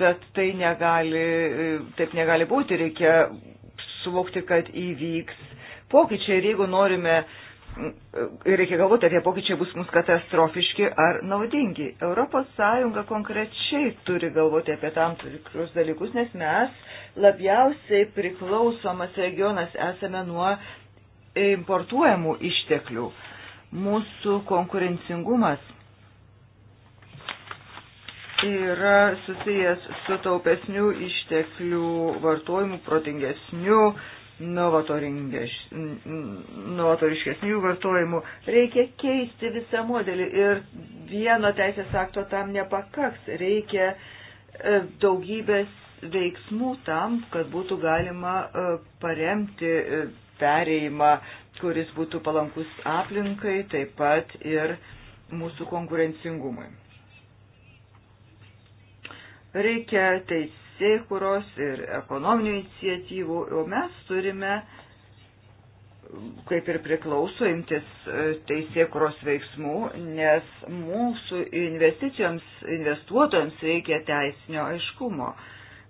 bet tai negali, e, taip negali būti. Reikia suvokti, kad įvyks pokyčiai ir jeigu norime e, reikia galvoti, ar tie pokyčiai bus mums katastrofiški ar naudingi. ES konkrečiai turi galvoti apie tam tikrus dalykus, nes mes labiausiai priklausomas regionas esame nuo importuojamų išteklių. Mūsų konkurencingumas yra susijęs su taupesnių išteklių vartojimu, protingesniu novatoriškesnių vartojimų. Reikia keisti visą modelį ir vieno teisės akto tam nepakaks. Reikia e, daugybės veiksmų tam, kad būtų galima e, paremti e, perėjimą, kuris būtų palankus aplinkai, taip pat ir mūsų konkurencingumui. Reikia teis teisėkuros ir ekonominių iniciatyvų, o mes turime, kaip ir priklauso, imtis e, teisėkuros veiksmų, nes mūsų investicijoms, investuotojams reikia teisinio aiškumo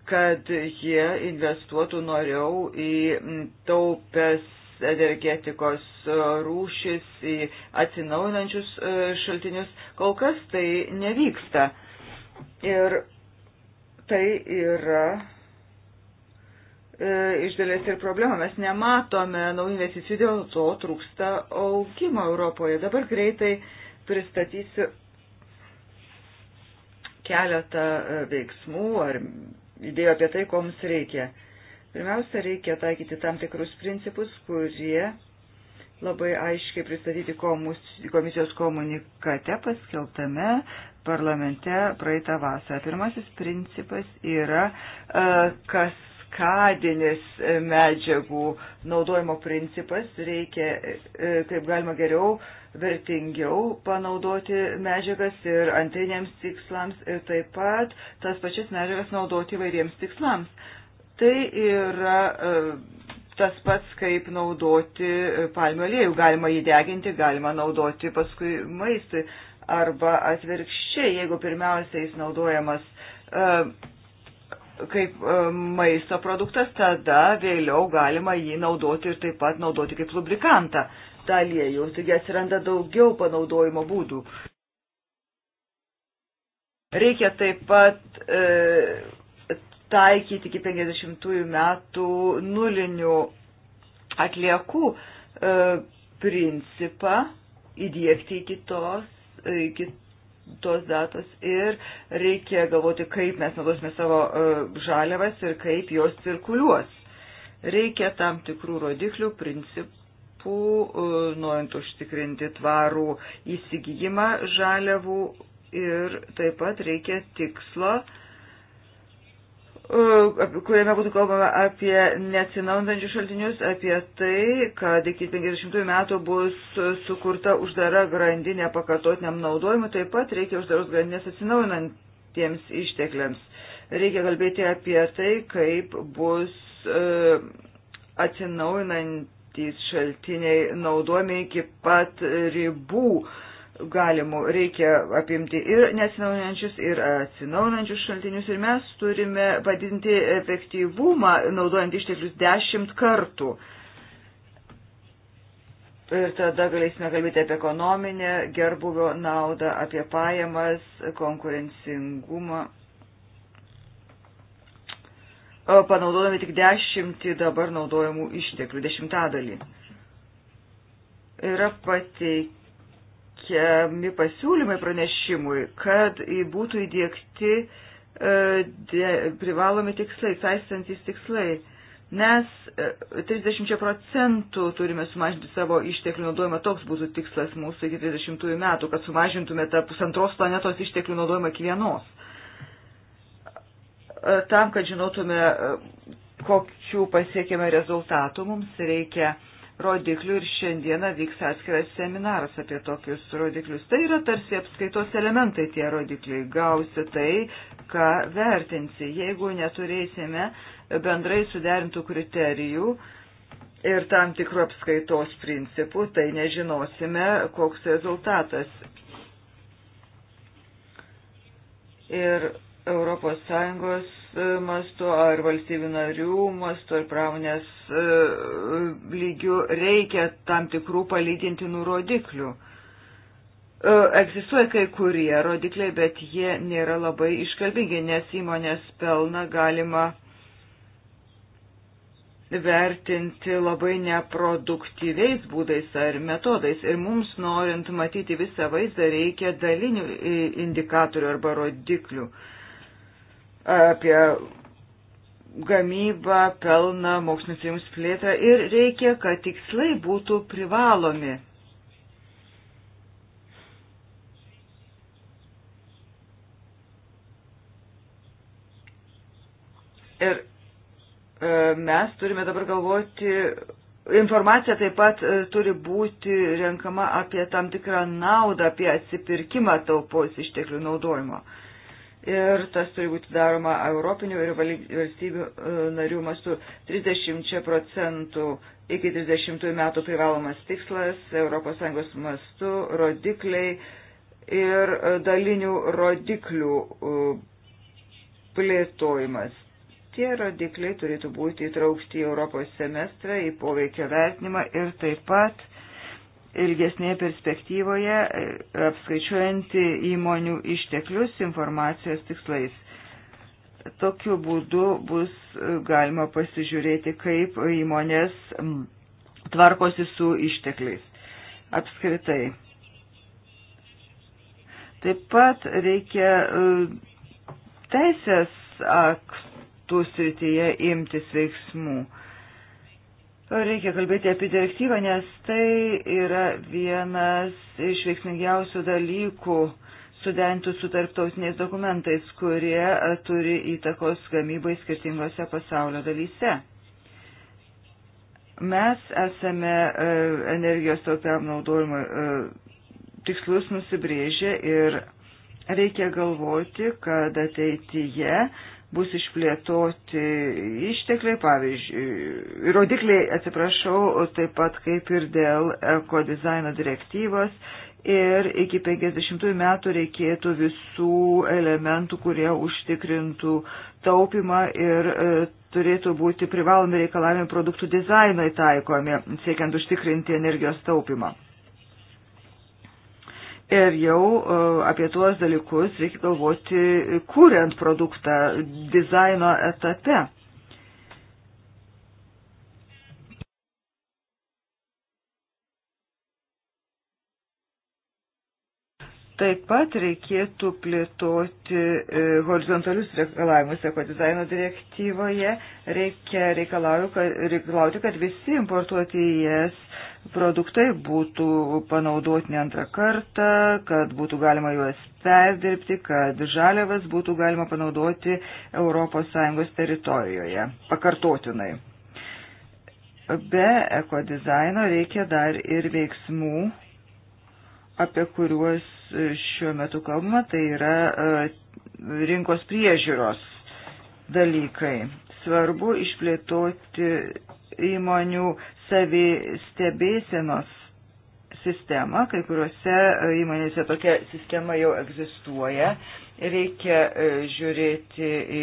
kad jie investuotų noriau į taupęs energetikos rūšis, į atsinaujinančius e, šaltinius. Kol kas tai nevyksta. Ir tai yra e, iš dalies ir problema. Mes nematome naujų investicijų, dėl to trūksta augimo Europoje. Dabar greitai pristatysiu keletą e, veiksmų ar idėjų apie tai, ko mums reikia. Pirmiausia, reikia taikyti tam tikrus principus, kurie labai aiškiai pristatyti komisijos komunikate paskeltame parlamente praeitą vasarą. Pirmasis principas yra e, kas kadinis medžiagų naudojimo principas reikia, e, kaip galima geriau, vertingiau panaudoti medžiagas ir antriniams tikslams ir taip pat tas pačias medžiagas naudoti įvairiems tikslams. Tai yra e, tas pats, kaip naudoti palmių aliejų. Galima jį deginti, galima naudoti paskui maistui arba atvirkščiai, jeigu pirmiausia jis naudojamas e, kaip e, maisto produktas, tada vėliau galima jį naudoti ir taip pat naudoti kaip lubrikantą tą aliejų. Taigi atsiranda daugiau panaudojimo būdų. Reikia taip pat e, taikyti iki 50 metų nulinių atliekų e, principą, įdėkti iki tos iki e, tos datos ir reikia galvoti, kaip mes naudosime savo e, žaliavas ir kaip jos cirkuliuos. Reikia tam tikrų rodiklių, principų, e, norint užtikrinti tvarų įsigijimą žaliavų ir taip pat reikia tikslo, kuriame būtų kalbama apie neatsinaujančius šaltinius, apie tai, kad iki 50 metų bus sukurta uždara grandinė pakartotiniam naudojimui, taip pat reikia uždaros grandinės atsinaujinantiems ištekliams. Reikia kalbėti apie tai, kaip bus e, atsinaujinantys šaltiniai naudojami iki pat ribų galimų reikia apimti ir neatsinaujančius, ir atsinaujančius šaltinius, ir mes turime padinti efektyvumą, naudojant išteklius dešimt kartų. Ir tada galėsime kalbėti apie ekonominę gerbuvio naudą, apie pajamas, konkurencingumą. Panaudodami tik dešimtį dabar naudojamų išteklių, dešimtadalį. Yra pateikti pateikiami pasiūlymai pranešimui, kad būtų įdėkti e, privalomi tikslai, saistantis tikslai. Mes 30 e, procentų turime sumažinti savo išteklių naudojimą, toks būtų tikslas mūsų iki 30 metų, kad sumažintume tą pusantros planetos išteklių naudojimą iki vienos. E, tam, kad žinotume, kokių pasiekėme rezultatų, mums reikia uh, rodiklių ir šiandieną vyks atskiras seminaras apie tokius rodiklius. Tai yra tarsi apskaitos elementai tie rodikliai. Gausi tai, ką vertinsi. Jeigu neturėsime bendrai suderintų kriterijų, ir tam tikrų apskaitos principų, tai nežinosime, koks rezultatas. Ir ES E, mastu ar valstybių narių mastu ar pramonės e, lygių reikia tam tikrų palygintinų rodiklių. E, egzistuoja kai kurie rodikliai, bet jie nėra labai iškalbingi, nes įmonės pelną galima vertinti labai neproduktyviais būdais ar metodais. Ir mums, norint matyti visą vaizdą, reikia dalinių indikatorių arba rodiklių. Uh, apie gamybą, pelną, mokslinius tyrimus plėtrą ir reikia, kad tikslai būtų privalomi. Ir e, mes turime dabar galvoti, informacija taip pat e, turi būti renkama apie tam tikrą naudą, apie atsipirkimą taupos išteklių naudojimo. Uh, ir tas turi būti daroma europinių ir valstybių e, narių mastu 30 procentų iki 30 metų privalomas tikslas ES mastu, rodikliai ir e, dalinių rodiklių e, plėtojimas. Tie rodikliai turėtų būti įtraukti į Europos semestrą, į poveikio vertinimą ir taip pat ilgesnėje perspektyvoje, e, apskaičiuojanti įmonių išteklius informacijos tikslais. Tokiu būdu bus e, galima pasižiūrėti, kaip įmonės tvarkosi su ištekliais apskritai. Taip pat reikia e, teisės aktų srityje imtis veiksmų. Reikia kalbėti apie direktyvą, nes tai yra vienas iš veiksmingiausių dalykų sudentų su tarptautiniais dokumentais, kurie turi įtakos gamybai skirtingose pasaulio dalyse. Mes esame energijos taupiam naudojimo tikslus nusibrėžę ir reikia galvoti, kad ateityje bus išplėtoti ištekliai, pavyzdžiui, rodikliai, atsiprašau, taip pat kaip ir dėl ekodizaino direktyvos. Ir iki 50 metų reikėtų visų elementų, kurie užtikrintų taupimą ir e, turėtų būti privalomi reikalavimai produktų dizainui taikomi, siekiant užtikrinti energijos taupimą. Ir jau e, apie tuos dalykus reikia galvoti, kuriant produktą dizaino etape. Taip pat reikėtų plėtoti e, horizontalius reikalavimus ekodizaino direktyvoje. Reikia reikalauti, kad visi importuoti į jas produktai būtų panaudotini antrą kartą, kad būtų galima juos perdirbti, kad žaliavas būtų galima panaudoti ES teritorijoje pakartotinai. Be ekodizaino reikia dar ir veiksmų apie kuriuos e, šiuo metu kalbama, tai yra e, rinkos priežiūros dalykai. Svarbu išplėtoti įmonių savi stebėsenos sistemą, kai kuriuose e, įmonėse tokia sistema jau egzistuoja. Reikia žiūrėti į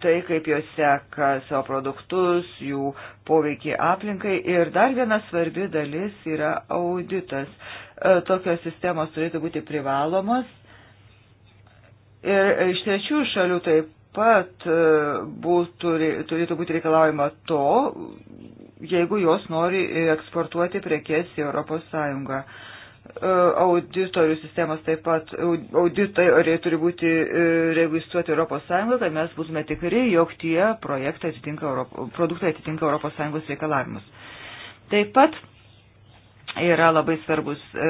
tai, kaip jos seka savo produktus, jų poveikį aplinkai. Ir dar viena svarbi dalis yra auditas. E, tokios sistemos turėtų būti privalomos. Ir iš trečių šalių taip pat e, būtų, turėtų būti reikalaujama to, jeigu jos nori eksportuoti prekes į Europos Sąjungą. E, auditorių sistemos taip pat, auditoriai turi būti registruoti Europos Sąjungą, kad mes būtume tikri, jog tie projektai atitinka, produktai atitinka Europos Sąjungos reikalavimus. Taip pat yra labai svarbus e,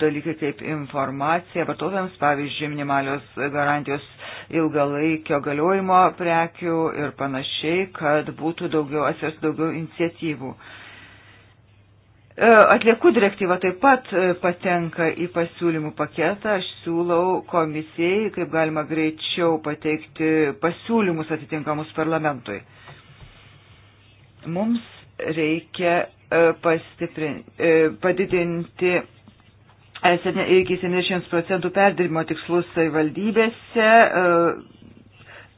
dalykai kaip informacija vartotojams, pavyzdžiui, minimalios garantijos ilgalaikio galiojimo prekių ir panašiai, kad būtų daugiau, atsiras daugiau iniciatyvų. E, atliekų direktyva taip pat e, patenka į pasiūlymų paketą. Aš siūlau komisijai, kaip galima greičiau pateikti pasiūlymus atitinkamus parlamentui. Mums reikia E, e, padidinti e, iki 70 procentų perdirimo tikslus savivaldybėse.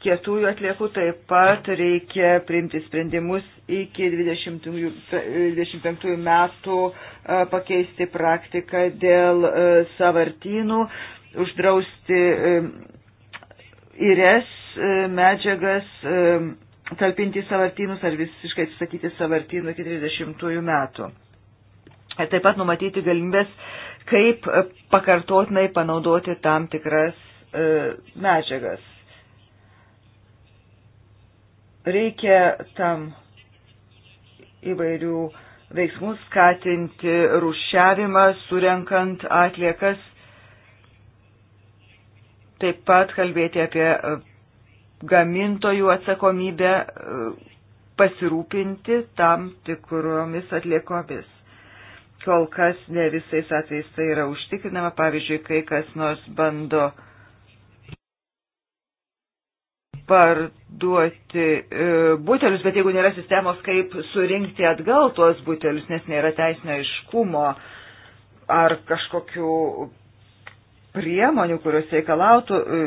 Kietųjų atliekų taip pat reikia priimti sprendimus iki 20, 25 metų pakeisti praktiką dėl savartynų, uždrausti įres medžiagas talpinti savartynus ar visiškai atsisakyti savartynų iki 30 metų. Taip pat numatyti galimybės, kaip e, pakartotinai panaudoti tam tikras e, medžiagas. Reikia tam įvairių veiksmų skatinti rušiavimą, surenkant atliekas, taip pat kalbėti apie gamintojų atsakomybę e, pasirūpinti tam tikromis atliekomis. Kol kas ne visais atvejais tai yra užtikrinama, pavyzdžiui, kai kas nors bando parduoti e, butelius, bet jeigu nėra sistemos, kaip surinkti atgal tuos butelius, nes nėra teisinio iškumo ar kažkokių priemonių, kurios reikalautų, e,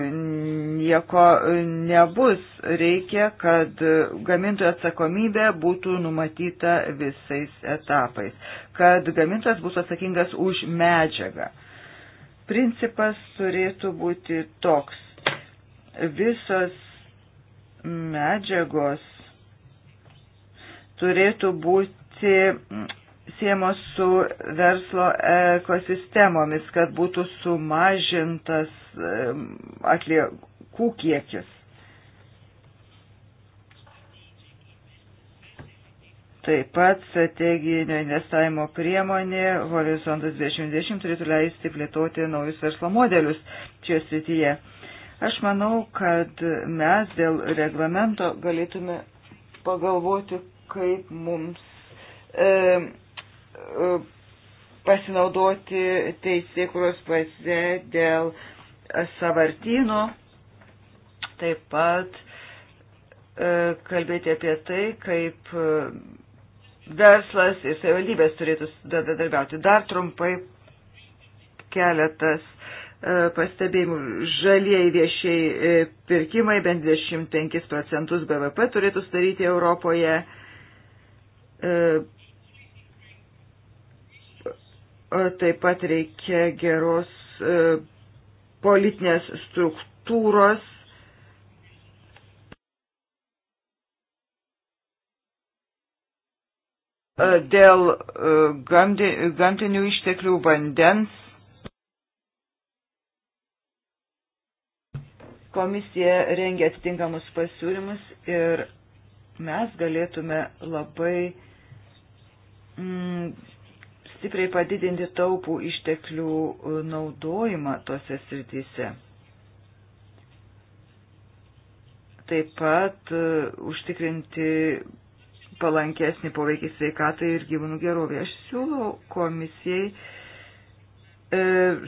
nieko e, nebus. Reikia, kad gamintojo atsakomybė būtų numatyta visais etapais, kad gamintojas bus atsakingas už medžiagą. Principas turėtų būti toks. Visos medžiagos turėtų būti siemos su verslo ekosistemomis, kad būtų sumažintas atliekų kiekis. Taip pat strateginio investavimo priemonė Horizontas 2020 turėtų leisti plėtoti naujus verslo modelius čia srityje. Aš manau, kad mes dėl reglamento galėtume pagalvoti, kaip mums e, E, pasinaudoti teisėkuros pase dėl savartynų, taip pat e, kalbėti apie tai, kaip e, verslas ir savivaldybės turėtų bendradarbiauti. Dar trumpai keletas pastebėjimų. Žalieji viešiai pirkimai bent 25 procentus BVP turėtų sudaryti Europoje E, taip pat reikia geros e, politinės struktūros. E, dėl gamtinių išteklių vandens komisija rengia atitinkamus pasiūlymus ir mes galėtume labai mm, stipriai padidinti taupų išteklių e, naudojimą tose srityse. Taip pat e, užtikrinti palankesnį poveikį sveikatai ir gyvūnų gerovė. Aš siūlau komisijai e,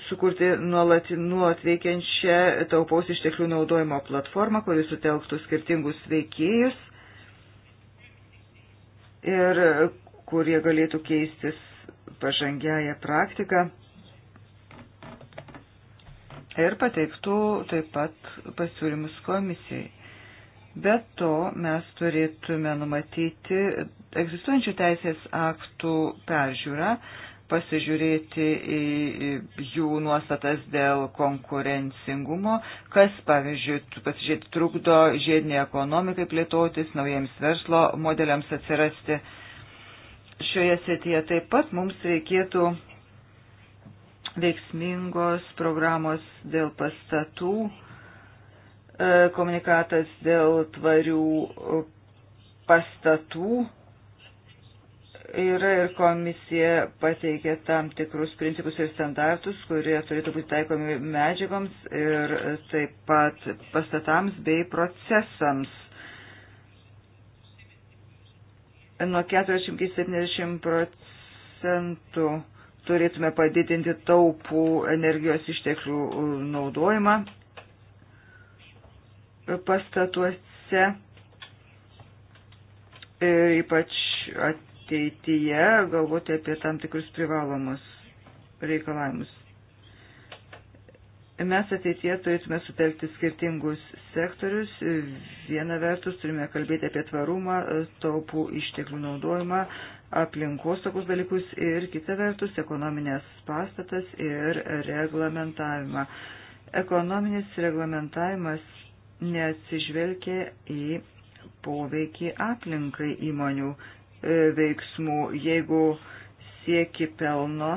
sukurti nuolat, nuolat veikiančią taupaus išteklių naudojimo platformą, kuris sutelktų skirtingus veikėjus ir kurie galėtų keistis pažangiają praktiką ir pateiktų taip pat pasiūlymus komisijai. Be to, mes turėtume numatyti egzistuojančių teisės aktų peržiūrą, pasižiūrėti į jų nuostatas dėl konkurencingumo, kas, pavyzdžiui, pasižiūrėti trukdo žiedinė ekonomikai plėtotis, naujiems verslo modeliams atsirasti šioje srityje taip pat mums reikėtų veiksmingos programos dėl pastatų, e, komunikatas dėl tvarių e, pastatų yra ir komisija pateikė tam tikrus principus ir standartus, kurie turėtų būti taikomi medžiagoms ir taip pat pastatams bei procesams. nuo 40 iki 70 procentų turėtume padidinti taupų energijos išteklių naudojimą pastatuose, e, ypač ateityje, galvoti apie tam tikrus privalomus reikalavimus. Mes ateitie turėtume sutelkti skirtingus sektorius. Viena vertus turime kalbėti apie tvarumą, taupų išteklių naudojimą, aplinkos tokius dalykus ir kita vertus ekonominės pastatas ir reglamentavimą. Ekonominis reglamentavimas neatsižvelgia į poveikį aplinkai įmonių e, veiksmų. Jeigu sieki pelno,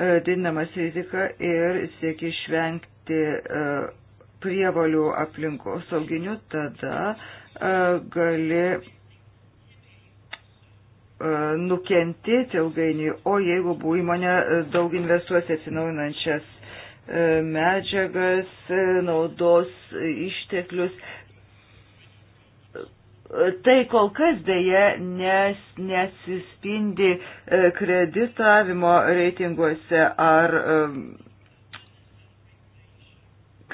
E, didinamas rizika ir siekia išvengti e, prievalių aplinkos sauginių, tada e, gali nukentėti ilgainiui, o jeigu buvo įmonė daug investuos atsinaujinančias medžiagas, naudos išteklius, Tai kol kas dėje nes, nesispindi e, kreditavimo reitinguose ar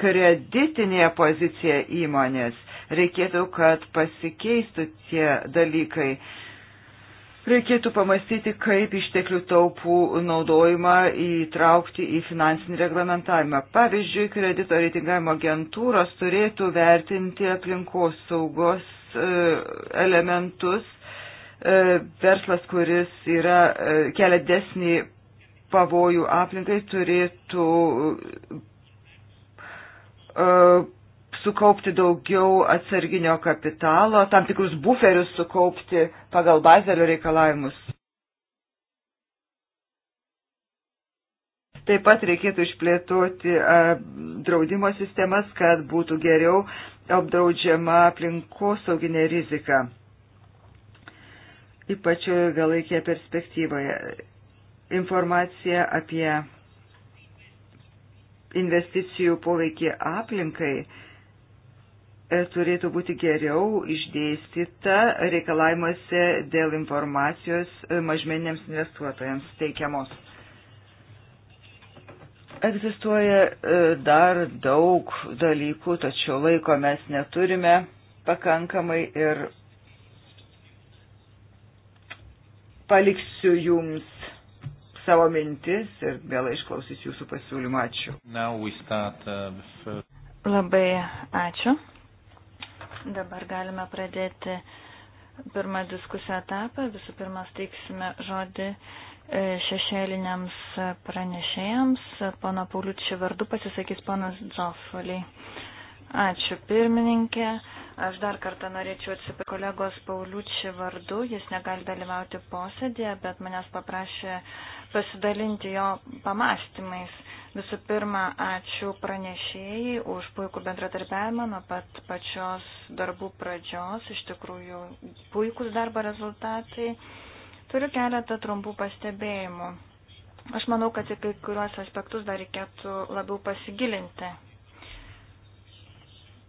kreditinėje pozicija įmonės. Reikėtų, kad pasikeistų tie dalykai. Reikėtų pamastyti, kaip išteklių taupų naudojimą įtraukti į finansinį reglamentavimą. Pavyzdžiui, kredito reitingavimo agentūros turėtų vertinti aplinkos saugos E, elementus. E, verslas, kuris yra e, kelia desnį pavojų aplinkai, turėtų sukaupti daugiau atsarginio kapitalo, tam tikrus buferius sukaupti pagal bazelio reikalavimus. Taip pat reikėtų išplėtoti draudimo sistemas, kad būtų geriau apdraudžiama aplinkosauginė rizika, ypač ilgalaikėje perspektyvoje. Informacija apie investicijų poveikį aplinkai e, turėtų būti geriau išdėstyta reikalavimuose dėl informacijos e, mažmeniniams investuotojams teikiamos. Egzistuoja e, dar daug dalykų, tačiau laiko mes neturime pakankamai ir paliksiu jums savo mintis ir vėl išklausys jūsų pasiūlymą. Ačiū. Start, uh, Labai ačiū. Dabar galime pradėti pirmą diskusijų etapą. Visų pirma, steiksime žodį uh, E, šešėliniams pranešėjams. Pono Pauliučio vardu pasisakys ponas Dzofoliai. Ačiū pirmininkė. Aš dar kartą norėčiau atsiprašyti kolegos Pauliučio vardu. Jis negali dalyvauti posėdėje, bet manęs paprašė pasidalinti jo pamastymais. Visų pirma, ačiū pranešėjai už puikų bendradarbiavimą nuo pat pačios darbų pradžios. Iš tikrųjų, puikus darbo rezultatai. Turiu keletą trumpų pastebėjimų. Aš manau, kad į kai kuriuos aspektus dar reikėtų labiau pasigilinti.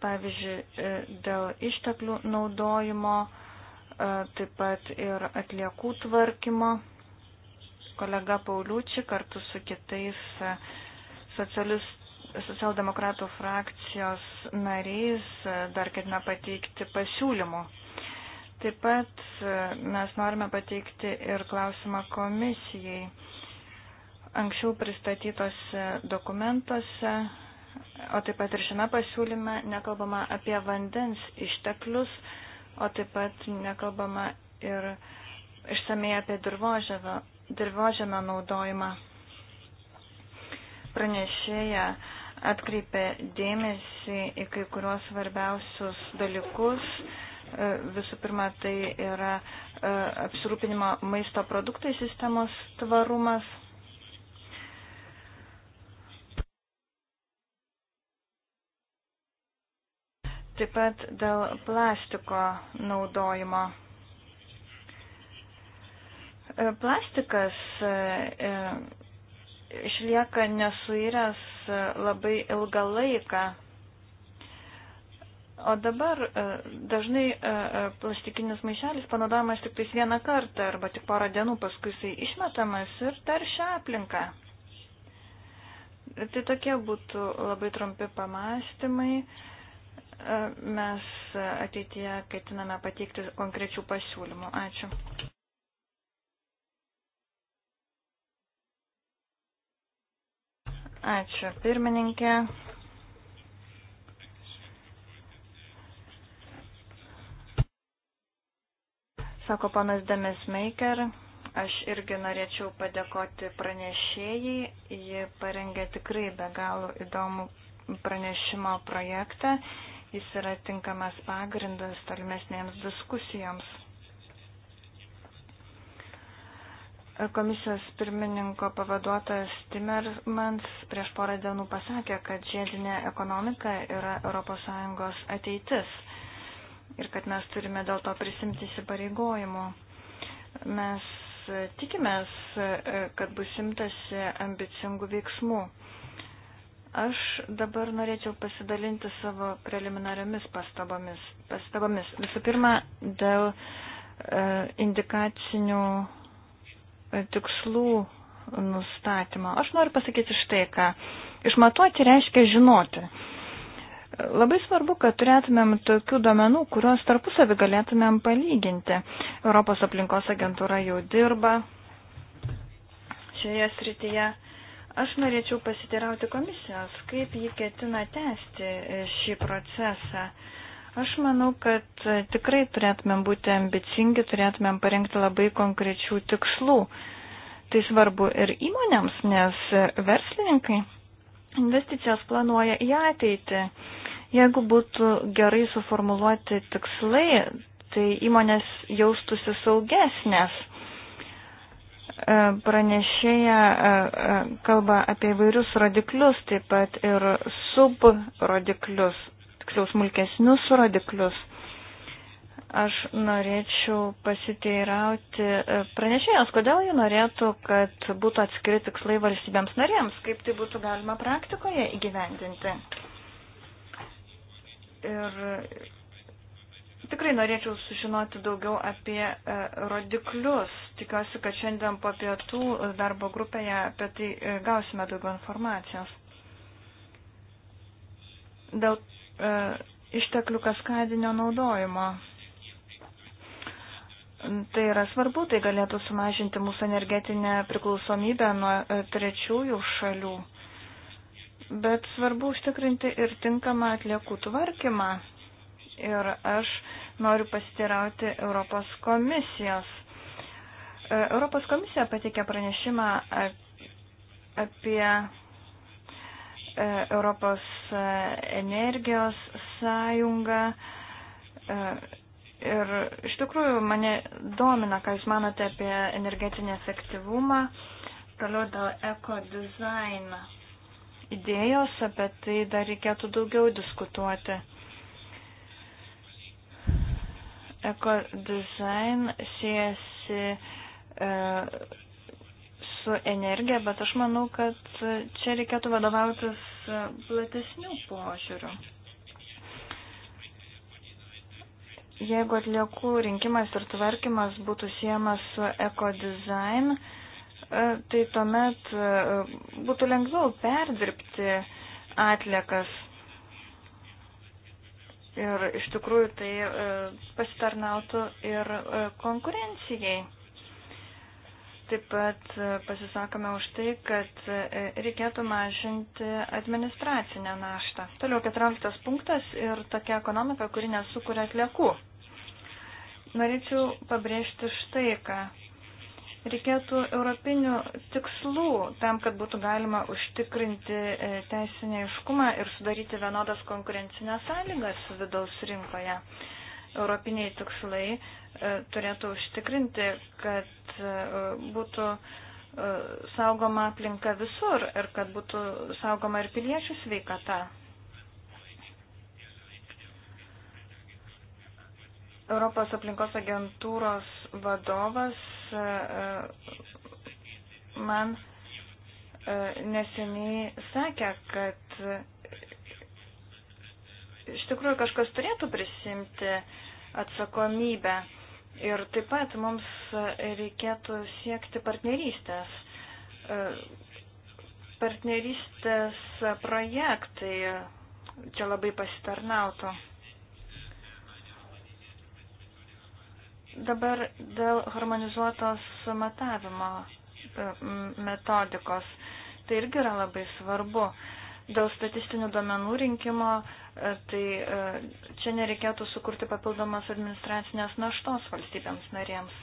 Pavyzdžiui, e, dėl išteklių naudojimo, e, taip pat ir atliekų tvarkymo. Kolega Pauliučiai kartu su kitais e, socialdemokratų frakcijos nariais dar ketina pateikti pasiūlymų Taip pat e, mes norime pateikti ir klausimą komisijai. Anksčiau pristatytose dokumentuose, o taip pat ir šiame pasiūlyme nekalbama apie vandens išteklius, o taip pat nekalbama ir išsamei apie dirbožėvę, dirbožėmę naudojimą. Pranešėja atkreipė dėmesį į kai kuriuos svarbiausius dalykus E, visų pirma, tai yra e, apsirūpinimo maisto produktai sistemos tvarumas. Taip pat dėl plastiko naudojimo. E, plastikas išlieka nesuiręs labai ilgą laiką O dabar e, dažnai e, e, plastikinis maišelis panaudojamas tik tais vieną kartą arba tik porą dienų, paskui jisai išmetamas ir teršia aplinką. Tai tokie būtų labai trumpi pamastymai. Mes ateityje ketiname pateikti konkrečių pasiūlymų. Ačiū. Ačiū pirmininkė. Sako panas Demesmaker, aš irgi norėčiau padėkoti pranešėjai, ji parengė tikrai be galo įdomų pranešimo projektą, jis yra tinkamas pagrindas tolimesnėms diskusijoms. Komisijos pirmininko pavaduotojas Timmermans prieš porą dienų pasakė, kad žiedinė ekonomika yra ES ateitis ir kad mes turime dėl to prisimti įsipareigojimų. Mes tikimės, kad bus imtasi ambicingų veiksmų. Aš dabar norėčiau pasidalinti savo preliminariomis pastabomis. pastabomis. Visų pirma, dėl e, indikacinių e, tikslų nustatymą. Aš noriu pasakyti štai ką. Išmatuoti reiškia žinoti. Labai svarbu, kad turėtumėm tokių domenų, kuriuos tarpusavį galėtumėm palyginti. Europos aplinkos agentūra jau dirba šioje srityje. Aš norėčiau pasitirauti komisijos, kaip jį ketina tęsti šį procesą. Aš manau, kad tikrai turėtumėm būti ambicingi, turėtumėm parengti labai konkrečių tikslų. Tai svarbu ir įmonėms, nes verslininkai investicijas planuoja į ateitį. Jeigu būtų gerai suformuluoti tikslai, tai įmonės jaustųsi saugesnės. E, pranešėja e, e, kalba apie vairius rodiklius, taip pat ir subrodiklius, tiksliau smulkesnius rodiklius. Aš norėčiau pasiteirauti pranešėjos, kodėl jį norėtų, kad būtų atskiri tikslai valstybėms narėms, kaip tai būtų galima praktikoje įgyvendinti. Ir tikrai norėčiau sužinoti daugiau apie e, rodiklius. Tikiuosi, kad šiandien po pietų darbo grupėje apie tai e, gausime daugiau informacijos. Dėl e, išteklių kaskadinio naudojimo. Tai yra svarbu, tai galėtų sumažinti mūsų energetinę priklausomybę nuo e, trečiųjų šalių bet svarbu užtikrinti ir tinkamą atliekų tvarkymą. Ir aš noriu pasiteirauti Europos komisijos. E, Europos komisija pateikė pranešimą apie e, Europos e, energijos sąjungą. Ir iš tikrųjų mane domina, ką Jūs manote apie energetinį efektyvumą, toliau dėl ekodizaino idėjos, apie tai dar reikėtų daugiau diskutuoti. Eko design siejasi e, su energija, bet aš manau, kad čia reikėtų vadovautis e, platesnių požiūrių. Jeigu atliekų rinkimas ir tvarkymas būtų siejamas su ekodizain, e, E, tai tuomet e, būtų lengviau perdirbti atliekas. Ir iš tikrųjų tai e, pasitarnautų ir konkurencijai. Taip pat pasisakome už tai, kad reikėtų mažinti administracinę naštą. Toliau 14 punktas ir tokia ekonomika, kuri nesukuria atliekų. Norėčiau pabrėžti štai ką. Reikėtų europinių tikslų tam, kad būtų galima užtikrinti e, teisinę iškumą ir sudaryti vienodas konkurencinės sąlygas vidaus rinkoje. Europiniai tikslai e, turėtų užtikrinti, kad e, būtų saugoma aplinka visur ir kad būtų saugoma ir piliečių sveikata. Europos aplinkos agentūros vadovas Uh, man uh, neseniai sakė, kad iš tikrųjų kažkas turėtų prisimti atsakomybę. Ir taip pat mums reikėtų siekti partnerystės. Uh, partnerystės projektai čia labai pasitarnautų. Dabar dėl harmonizuotos matavimo e, metodikos. Tai irgi yra labai svarbu. Dėl statistinių duomenų rinkimo, e, tai e, čia nereikėtų sukurti papildomas administracinės naštos valstybėms narėms.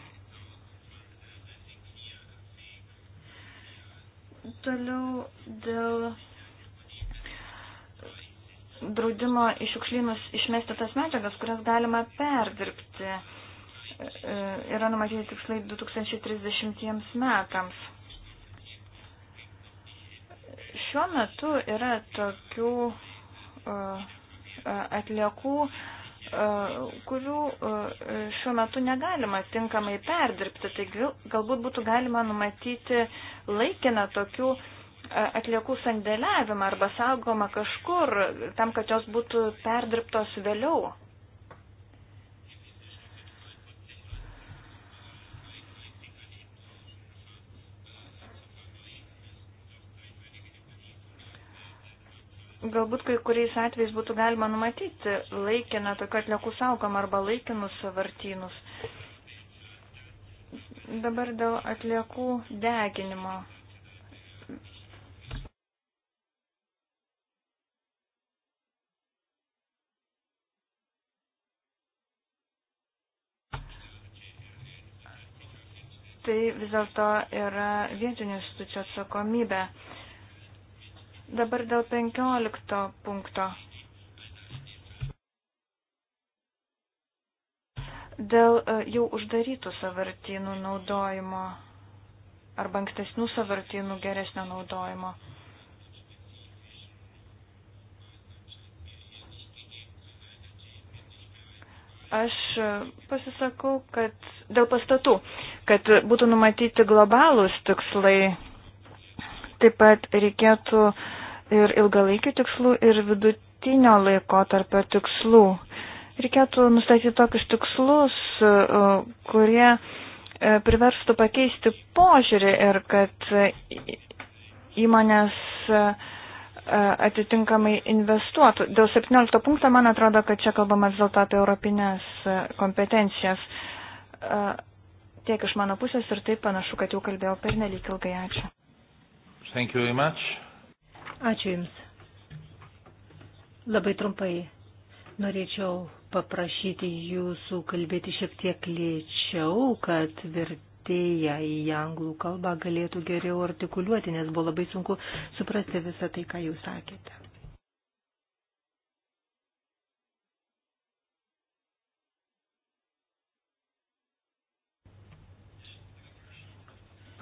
Toliau dėl draudimo iš šiukšlynus išmesti tas medžiagas, kurias galima perdirbti yra numatyti tikslai 2030 metams. Šiuo metu yra tokių e, atliekų, e, kurių e, šiuo metu negalima tinkamai perdirbti. Taigi galbūt būtų galima numatyti laikiną tokių atliekų sandėliavimą arba saugoma kažkur, tam, kad jos būtų perdirbtos vėliau. Galbūt kai kuriais atvejais būtų galima numatyti laikiną tokių atliekų saugomą arba laikinus savartynus. Dabar dėl atliekų deginimo. tai vis dėlto yra vietinių institucijų atsakomybė. Dabar dėl 15 punkto. Dėl e, jau uždarytų savartynų naudojimo arba ankstesnių savartynų geresnio naudojimo. Aš e, pasisakau, kad dėl pastatų, kad būtų numatyti globalūs tikslai, taip pat reikėtų uh, ir ilgalaikių tikslų, ir vidutinio laiko tarp tikslų. Reikėtų nustatyti tokius tikslus, e, kurie e, priverstų pakeisti požiūrį ir kad įmonės e, atitinkamai investuotų. Dėl 17 punkto man atrodo, kad čia kalbama vis dėlto apie europinės kompetencijas. Tiek iš mano pusės ir taip panašu, kad jau kalbėjau per nelik ilgai. Ačiū. Thank you very much. Ačiū Jums. Labai trumpai norėčiau paprašyti Jūsų kalbėti šiek tiek lėčiau, kad vertėja į anglų kalbą galėtų geriau artikuliuoti, nes buvo labai sunku suprasti visą tai, ką Jūs sakėte.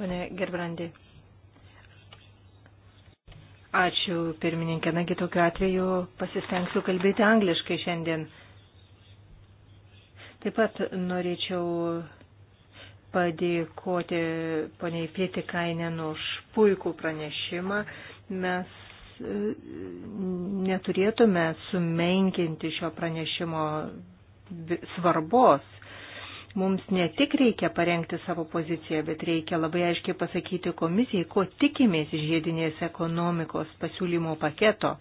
Pane Gerbrandi. Ačiū, pirmininkė. Nagi, tokiu atveju pasistengsiu kalbėti angliškai šiandien. Taip pat norėčiau padėkoti poniai Pietikainen už puikų pranešimą. Mes e, neturėtume sumenkinti šio pranešimo svarbos mums ne tik reikia parengti savo poziciją, bet reikia labai aiškiai pasakyti komisijai, ko tikimės iš žiedinės ekonomikos pasiūlymo paketo.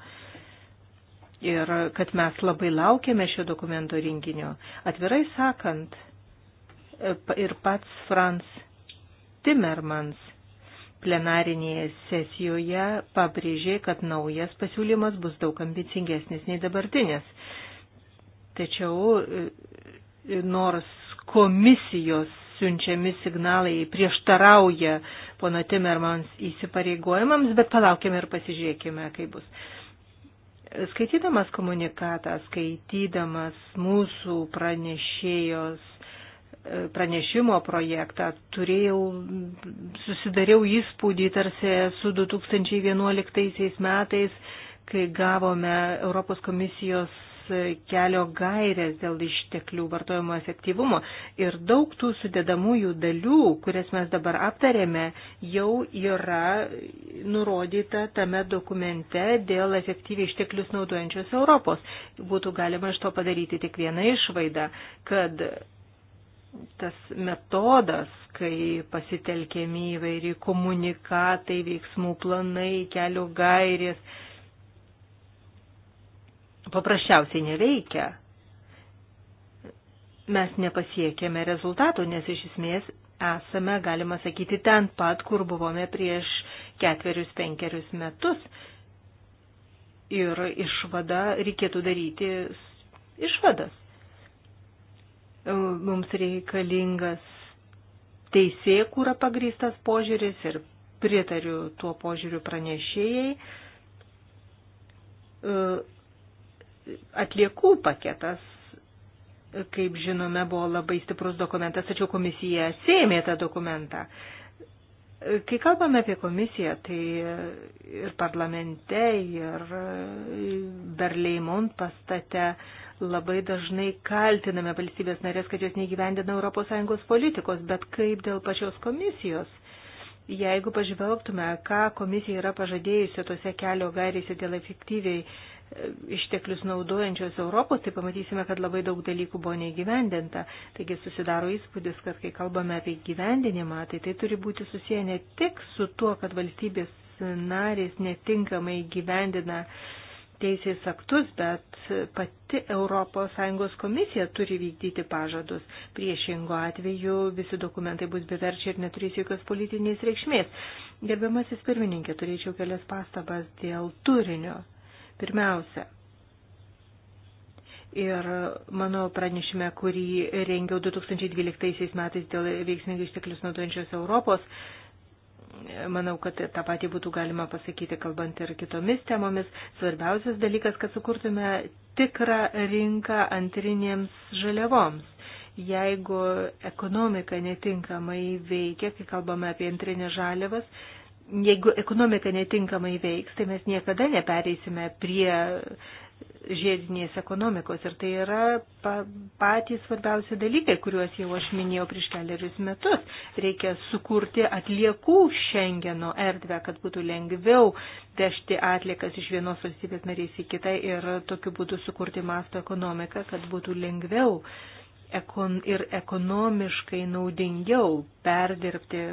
Ir kad mes labai laukiame šio dokumento rinkinio. Atvirai sakant, e, ir pats Franz Timmermans plenarinėje sesijoje pabrėžė, kad naujas pasiūlymas bus daug ambicingesnis nei dabartinis. Tačiau e, nors komisijos siunčiami signalai prieštarauja pono Timermans įsipareigojimams, bet palaukime ir pasižiūrėkime, kaip bus. Skaitydamas komunikatą, skaitydamas mūsų pranešėjos pranešimo projektą, turėjau, susidariau įspūdį tarsi su 2011 metais, kai gavome Europos komisijos kelio gairės dėl išteklių vartojimo efektyvumo. Ir daug tų sudėdamųjų dalių, kurias mes dabar aptarėme, jau yra nurodyta tame dokumente dėl efektyviai išteklius naudojančios Europos. Būtų galima iš to padaryti tik vieną išvaidą, kad tas metodas, kai pasitelkėmi įvairiai komunikatai, veiksmų planai, kelių gairės, paprasčiausiai neveikia. Mes nepasiekėme rezultatų, nes iš esmės esame, galima sakyti, ten pat, kur buvome prieš ketverius, penkerius metus. Ir išvada reikėtų daryti išvadas. E, mums reikalingas teisėkūra pagrįstas požiūris ir pritariu tuo požiūriu pranešėjai e, atliekų paketas, kaip žinome, buvo labai stiprus dokumentas, tačiau komisija sėmė tą dokumentą. Kai kalbame apie komisiją, tai ir parlamente, ir Berleimont pastate labai dažnai kaltiname valstybės narės, kad jos negyvendina ES politikos, bet kaip dėl pačios komisijos? Jeigu pažvelgtume, ką komisija yra pažadėjusi tose kelio gairėse dėl efektyviai išteklius naudojančios Europos, tai pamatysime, kad labai daug dalykų buvo neįgyvendinta. Taigi susidaro įspūdis, kad kai kalbame apie gyvendinimą, tai tai turi būti susiję ne tik su tuo, kad valstybės narės netinkamai gyvendina teisės aktus, bet pati ES komisija turi vykdyti pažadus. Priešingo atveju visi dokumentai bus beverčiai ir neturės jokios politinės reikšmės. Gerbiamasis pirmininkė, turėčiau kelias pastabas dėl turinio Pirmiausia, ir mano pranešime, kurį rengiau 2012 metais dėl veiksmingai išteklius naudojančios Europos, manau, kad tą patį būtų galima pasakyti, kalbant ir kitomis temomis. Svarbiausias dalykas, kad sukurtume tikrą rinką antrinėms žaliavoms. Jeigu ekonomika netinkamai veikia, kai kalbame apie antrinės žaliavas, jeigu ekonomika netinkamai veiks, tai mes niekada nepereisime prie žiedinės ekonomikos. Ir tai yra pa, patys svarbiausi dalykai, kuriuos jau aš minėjau prieš keliarius metus. Reikia sukurti atliekų šengeno erdvę, kad būtų lengviau vežti atliekas iš vienos valstybės narės į kitą ir tokiu būdu sukurti masto ekonomiką, kad būtų lengviau ekon, ir ekonomiškai naudingiau perdirbti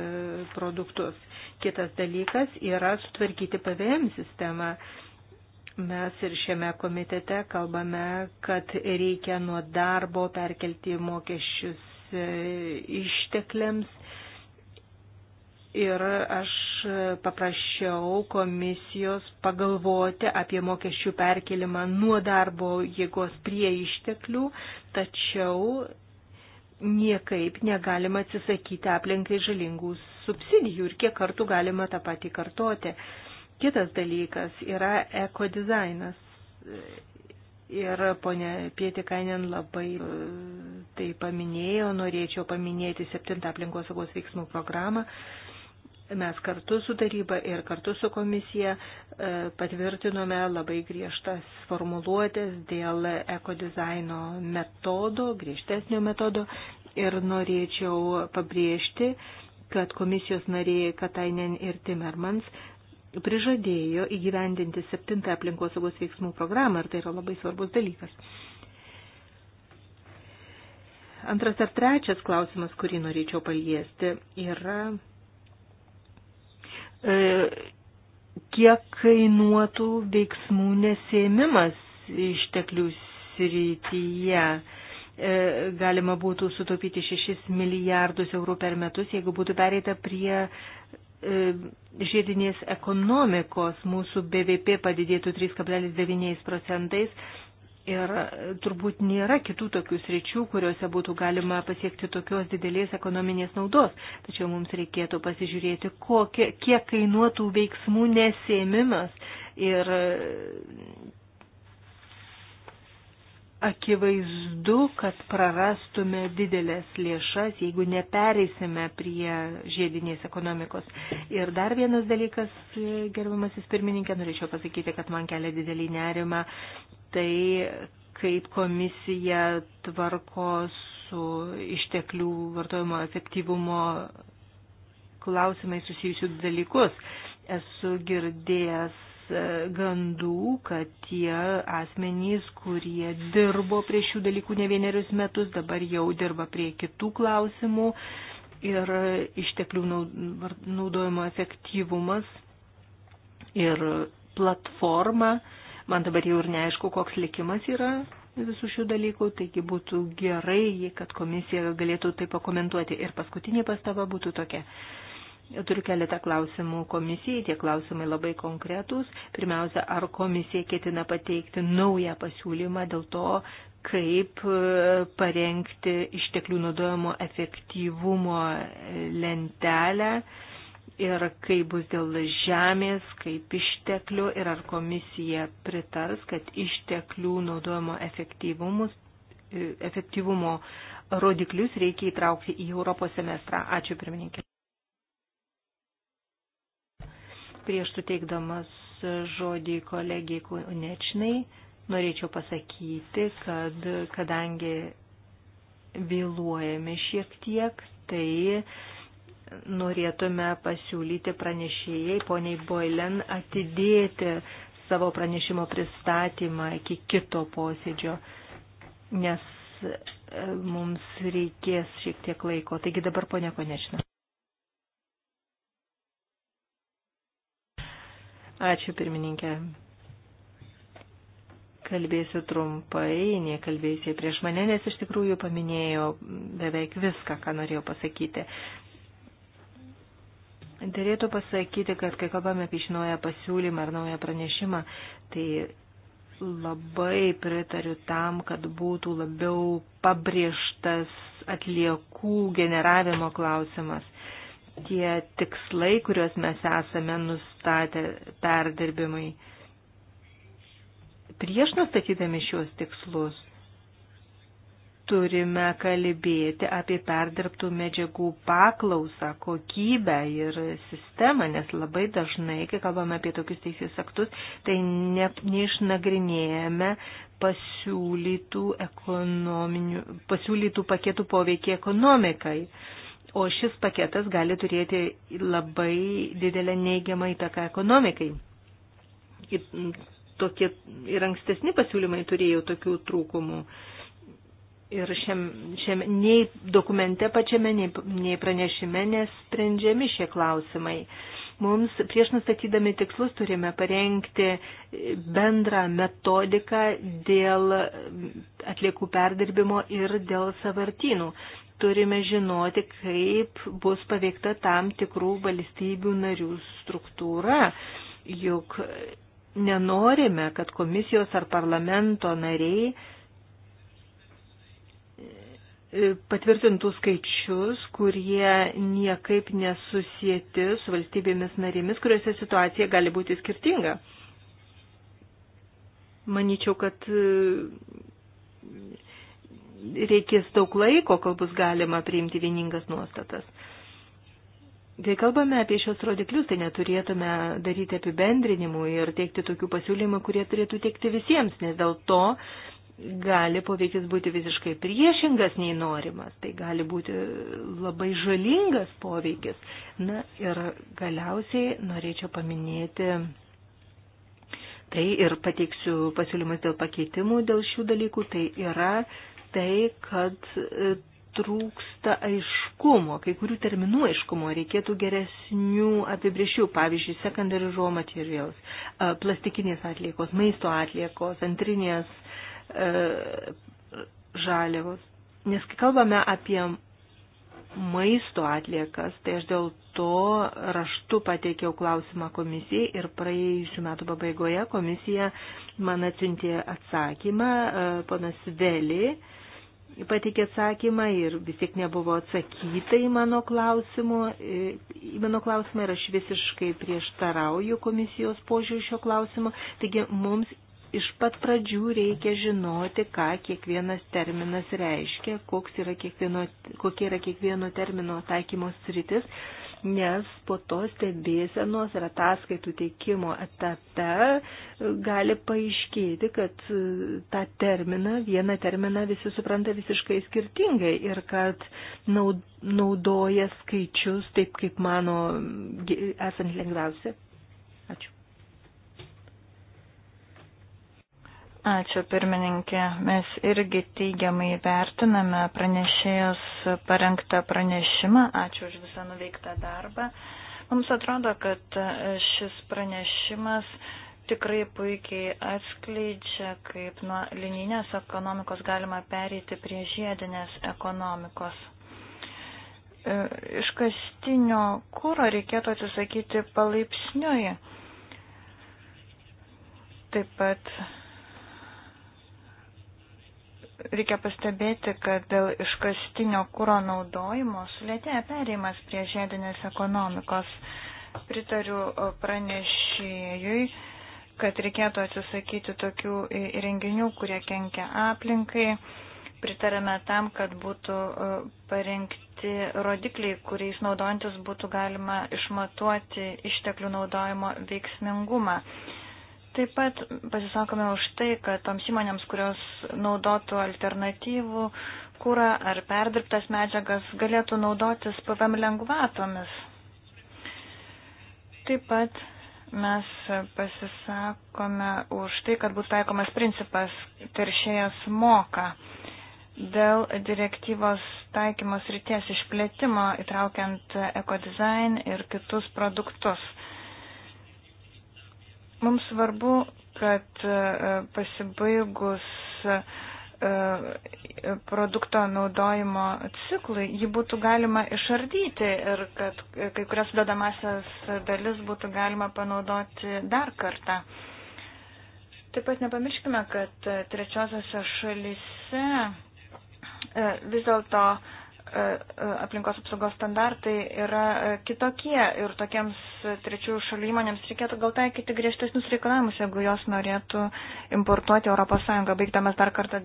produktus. Kitas dalykas yra sutvarkyti PVM sistemą. Mes ir šiame komitete kalbame, kad reikia nuo darbo perkelti mokesčius e, ištekliams. Ir aš paprašiau komisijos pagalvoti apie mokesčių perkelimą nuo darbo jėgos prie išteklių, tačiau niekaip negalima atsisakyti aplinkai žalingus subsidijų ir kiek kartų galima tą patį kartoti. Kitas dalykas yra ekodizainas. Ir ponė Pietikainen labai tai paminėjo, norėčiau paminėti septintą aplinkosaugos veiksmų programą. Mes kartu su taryba ir kartu su komisija e, patvirtinome labai griežtas formuluotės dėl ekodizaino metodo, griežtesnio metodo ir norėčiau pabrėžti, kad komisijos nariai Katainen ir Timmermans prižadėjo įgyvendinti septintą aplinkosaugos veiksmų programą ir tai yra labai svarbus dalykas. Antras ar trečias klausimas, kurį norėčiau paliesti, yra e, kiek kainuotų veiksmų nesėmimas išteklių srityje. E, E, galima būtų sutaupyti 6 milijardus eurų per metus, jeigu būtų pereita prie e, žiedinės ekonomikos, mūsų BVP padidėtų 3,9 procentais ir turbūt nėra kitų tokių sričių, kuriuose būtų galima pasiekti tokios didelės ekonominės naudos. Tačiau mums reikėtų pasižiūrėti, kokie, kiek kainuotų veiksmų nesėmimas ir akivaizdu, kad prarastume didelės lėšas, jeigu nepereisime prie žiedinės ekonomikos. Ir dar vienas dalykas, gerbiamasis pirmininkė, norėčiau pasakyti, kad man kelia didelį nerimą, tai kaip komisija tvarko su išteklių vartojimo efektyvumo klausimai susijusių dalykus. Esu girdėjęs E, gandų, kad tie asmenys, kurie dirbo prie šių dalykų ne vienerius metus, dabar jau dirba prie kitų klausimų ir išteklių naudojimo efektyvumas ir platforma. Man dabar jau ir neaišku, koks likimas yra visų šių dalykų, taigi būtų gerai, kad komisija galėtų tai pakomentuoti. Ir paskutinė pastaba būtų tokia. Turiu keletą klausimų komisijai, tie klausimai labai konkretūs. Pirmiausia, ar komisija ketina pateikti naują pasiūlymą dėl to, kaip e, parengti išteklių naudojimo efektyvumo e, lentelę ir kaip bus dėl žemės, kaip išteklių ir ar komisija pritars, kad išteklių naudojimo e, efektyvumo rodiklius reikia įtraukti į Europos semestrą. Ačiū pirmininkė. Prieš suteikdamas žodį kolegijai Kunečnai, norėčiau pasakyti, kad kadangi vėluojame šiek tiek, tai norėtume pasiūlyti pranešėjai poniai Boilen atidėti savo pranešimo pristatymą iki kito posėdžio, nes mums reikės šiek tiek laiko. Taigi dabar ponia Konečina. Ačiū pirmininkė. Kalbėsiu trumpai, nekalbėsiu prieš mane, nes iš tikrųjų paminėjo beveik viską, ką norėjau pasakyti. Dėlėtų pasakyti, kad kai kalbame apie šį naują pasiūlymą ar naują pranešimą, tai labai pritariu tam, kad būtų labiau pabrėžtas atliekų generavimo klausimas tie tikslai, kuriuos mes esame nustatę perdirbimai. Prieš nustatydami šios tikslus turime kalbėti apie perdirbtų medžiagų paklausą, kokybę ir sistemą, nes labai dažnai, kai kalbame apie tokius teisės aktus, tai ne, neišnagrinėjame pasiūlytų, pasiūlytų paketų poveikį ekonomikai. E, o šis paketas gali turėti labai didelę neigiamą įtaką ekonomikai. Ir tokie ir ankstesni pasiūlymai turėjo tokių trūkumų. Ir šiam, šiam, nei dokumente pačiame, nei, nei pranešime nesprendžiami šie klausimai. Mums prieš nustatydami tikslus turime parengti bendrą metodiką dėl atliekų perdirbimo ir dėl savartynų turime žinoti, kaip bus paveikta tam tikrų valstybių narių struktūra. Juk nenorime, kad komisijos ar parlamento nariai e, patvirtintų skaičius, kurie niekaip nesusijęti su valstybėmis narėmis, kuriuose situacija gali būti skirtinga. Manyčiau, kad reikės daug laiko, kol bus galima priimti vieningas nuostatas. Kai kalbame apie šios rodiklius, tai neturėtume daryti apibendrinimų ir teikti tokių pasiūlymų, kurie turėtų teikti visiems, nes dėl to gali poveikis būti visiškai priešingas nei norimas, tai gali būti labai žalingas poveikis. Na ir galiausiai norėčiau paminėti tai ir pateiksiu pasiūlymus dėl pakeitimų dėl šių dalykų, tai yra tai, kad e, trūksta aiškumo, kai kurių terminų aiškumo, reikėtų geresnių apibriešių, pavyzdžiui, secondary raw materials, e, plastikinės atliekos, maisto atliekos, antrinės e, žaliavos. Nes kai kalbame apie maisto atliekas, tai aš dėl to raštu pateikiau klausimą komisijai ir praėjusiu metu pabaigoje komisija man atsiuntė atsakymą, ponas Veli, pateikė atsakymą ir vis tiek nebuvo atsakyta į mano klausimą. Į mano klausimą ir aš visiškai prieštarauju komisijos požiūrį šio klausimo. Taigi mums iš pat pradžių reikia žinoti, ką kiekvienas terminas reiškia, koks yra kiekvieno, kokie yra kiekvieno termino taikymos sritis nes po to stebėsenos ir ataskaitų teikimo etape gali paaiškėti, kad e, tą terminą, vieną terminą visi supranta visiškai skirtingai ir kad naudoja skaičius taip, kaip mano esant lengviausia. Ačiū. Ačiū pirmininkė. Mes irgi teigiamai vertiname pranešėjos parengtą pranešimą. Ačiū už visą nuveiktą darbą. Mums atrodo, kad šis pranešimas tikrai puikiai atskleidžia, kaip nuo linijinės ekonomikos galima pereiti prie žiedinės ekonomikos. Iškastinio kūro reikėtų atsisakyti palaipsniui. Taip pat reikia pastebėti, kad dėl iškastinio kūro naudojimo sulėtėja perėjimas prie žiedinės ekonomikos. Pritariu e, pranešėjui, kad reikėtų atsisakyti tokių e, įrenginių, kurie kenkia aplinkai. Pritarėme tam, kad būtų e, parengti rodikliai, kuriais naudojantis būtų galima išmatuoti išteklių naudojimo veiksmingumą. Taip pat pasisakome už tai, kad toms įmonėms, kurios naudotų alternatyvų kūrą ar perdirbtas medžiagas, galėtų naudotis PVM lengvatomis. Taip pat mes pasisakome už tai, kad būtų taikomas principas teršėjas moka dėl direktyvos taikymos ryties išplėtimo įtraukiant ekodizain ir kitus produktus. Mums svarbu, kad e, pasibaigus e, e, produkto naudojimo ciklui jį būtų galima išardyti ir kad kai kurias sudedamasias dalis būtų galima panaudoti dar kartą. Taip pat nepamirškime, kad trečiosiose šalise vis dėlto uh, E, e, aplinkos apsaugos standartai yra e, kitokie ir tokiems trečiųjų šalių įmonėms reikėtų gal taikyti griežtesnius reikalavimus, jeigu jos norėtų importuoti ES. Baigdamas dar kartą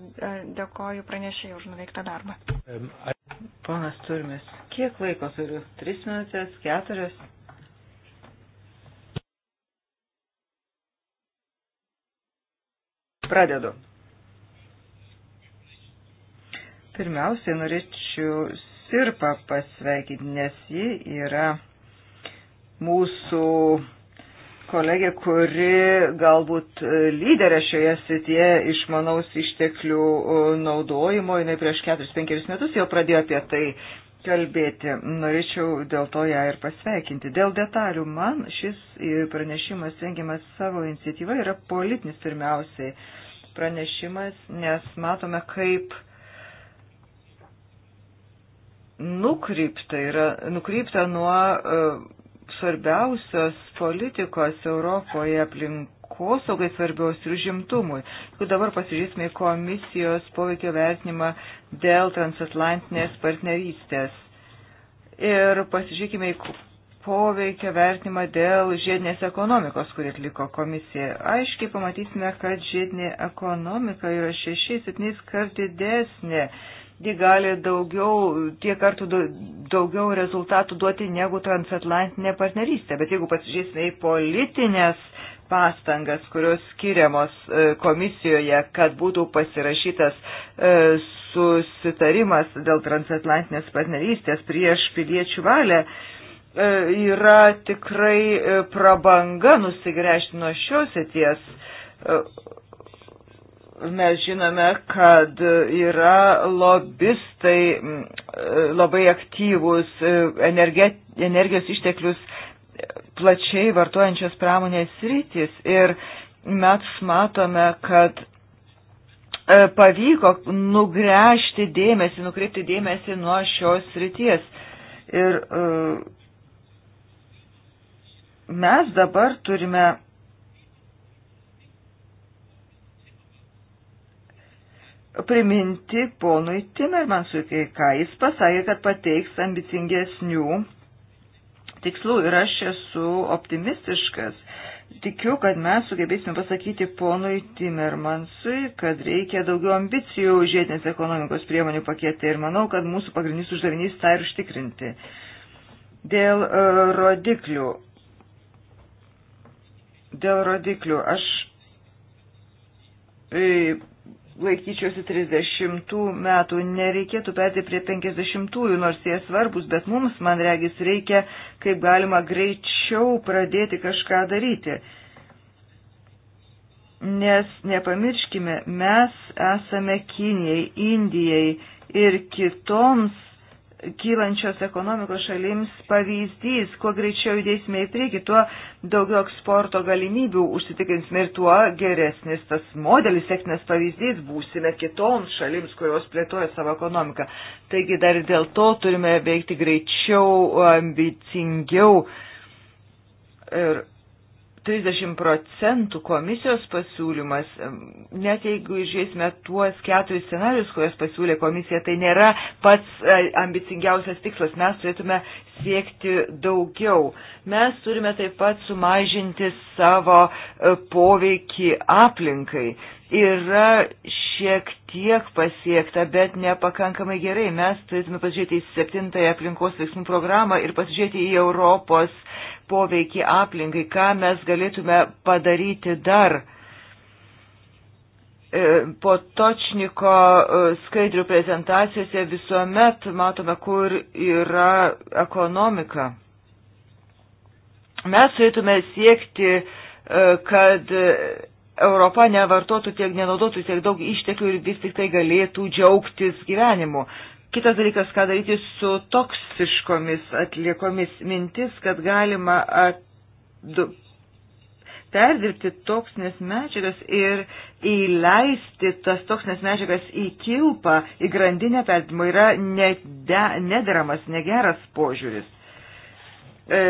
dėkoju pranešėjai už nuveiktą darbą. Ponas Turmis, kiek laiko turiu? Tris minutės, keturias? Pradedu. Pirmiausiai norėčiau Sirpą pasveikinti, nes ji yra mūsų kolegė, kuri galbūt lyderė šioje srityje išmanaus išteklių e, naudojimo. Jis prieš 4-5 metus jau pradėjo apie tai kalbėti. Norėčiau dėl to ją ir pasveikinti. Dėl detalių man šis pranešimas rengiamas savo iniciatyva yra politinis pirmiausiai pranešimas, nes matome, kaip nukrypta, yra nukrypta nuo e, svarbiausios politikos Europoje aplinkosaugai svarbiaus ir žimtumui. Jeigu dabar pasižiūrėsime į komisijos poveikio vertinimą dėl transatlantinės partnerystės ir pasižiūrėkime į poveikio vertinimą dėl žiedinės ekonomikos, kurį atliko komisija. Aiškiai pamatysime, kad žiedinė ekonomika yra 6-7 kart didesnė ji gali daugiau, tiek kartų daugiau rezultatų duoti negu transatlantinė partnerystė. Bet jeigu pasižiūrėsime į politinės pastangas, kurios skiriamos e, komisijoje, kad būtų pasirašytas e, susitarimas dėl transatlantinės partnerystės prieš piliečių valią, e, yra tikrai prabanga nusigręžti nuo šios sėties Mes žinome, kad yra lobistai labai aktyvus e, energijos išteklius plačiai vartojančios pramonės rytis ir mes matome, kad e, pavyko nugręžti dėmesį, nukreipti dėmesį nuo šios ryties. Ir e, mes dabar turime priminti ponui Timermansui, ką jis pasakė, kad pateiks ambicingesnių tikslų ir aš esu optimistiškas. Tikiu, kad mes sugebėsime pasakyti ponui Timermansui, kad reikia daugiau ambicijų žiedinės ekonomikos priemonių pakete ir manau, kad mūsų pagrindinis uždavinys tą ir užtikrinti. Dėl uh, rodiklių. Dėl rodiklių. Aš e, laikyčiausi 30 metų, nereikėtų perėti prie 50-ųjų, nors jie svarbus, bet mums, man regis, reikia kaip galima greičiau pradėti kažką daryti. Nes nepamirškime, mes esame Kinijai, Indijai ir kitoms kylančios ekonomikos šalims pavyzdys, kuo greičiau judėsime į priekį, tuo daugiau eksporto galimybių užsitikrinsime ir tuo geresnis tas modelis, sėkmės pavyzdys būsime kitoms šalims, kurios plėtoja savo ekonomiką. Taigi dar ir dėl to turime veikti greičiau, ambicingiau ir 30 procentų komisijos pasiūlymas, net jeigu žiūrėsime tuos keturis scenarius, kuriuos pasiūlė komisija, tai nėra pats e, ambicingiausias tikslas. Mes turėtume siekti daugiau. Mes turime taip pat sumažinti savo e, poveikį aplinkai yra šiek tiek pasiekta, bet nepakankamai gerai. Mes turėtume pasižiūrėti į septintąją aplinkos veiksmų programą ir pasižiūrėti į Europos poveikį aplinkai, ką mes galėtume padaryti dar. E, po Točniko e, skaidrių prezentacijose visuomet matome, kur yra ekonomika. Mes turėtume siekti, e, kad Europa nevartotų tiek, nenaudotų tiek daug išteklių ir vis tik tai galėtų džiaugtis gyvenimu. Kitas dalykas, ką daryti su toksiškomis atliekomis mintis, kad galima at, du, perdirbti toksinės medžiagas ir įleisti tas toksinės medžiagas į kilpą, į grandinę perdimo yra nederamas, negeras požiūris. E,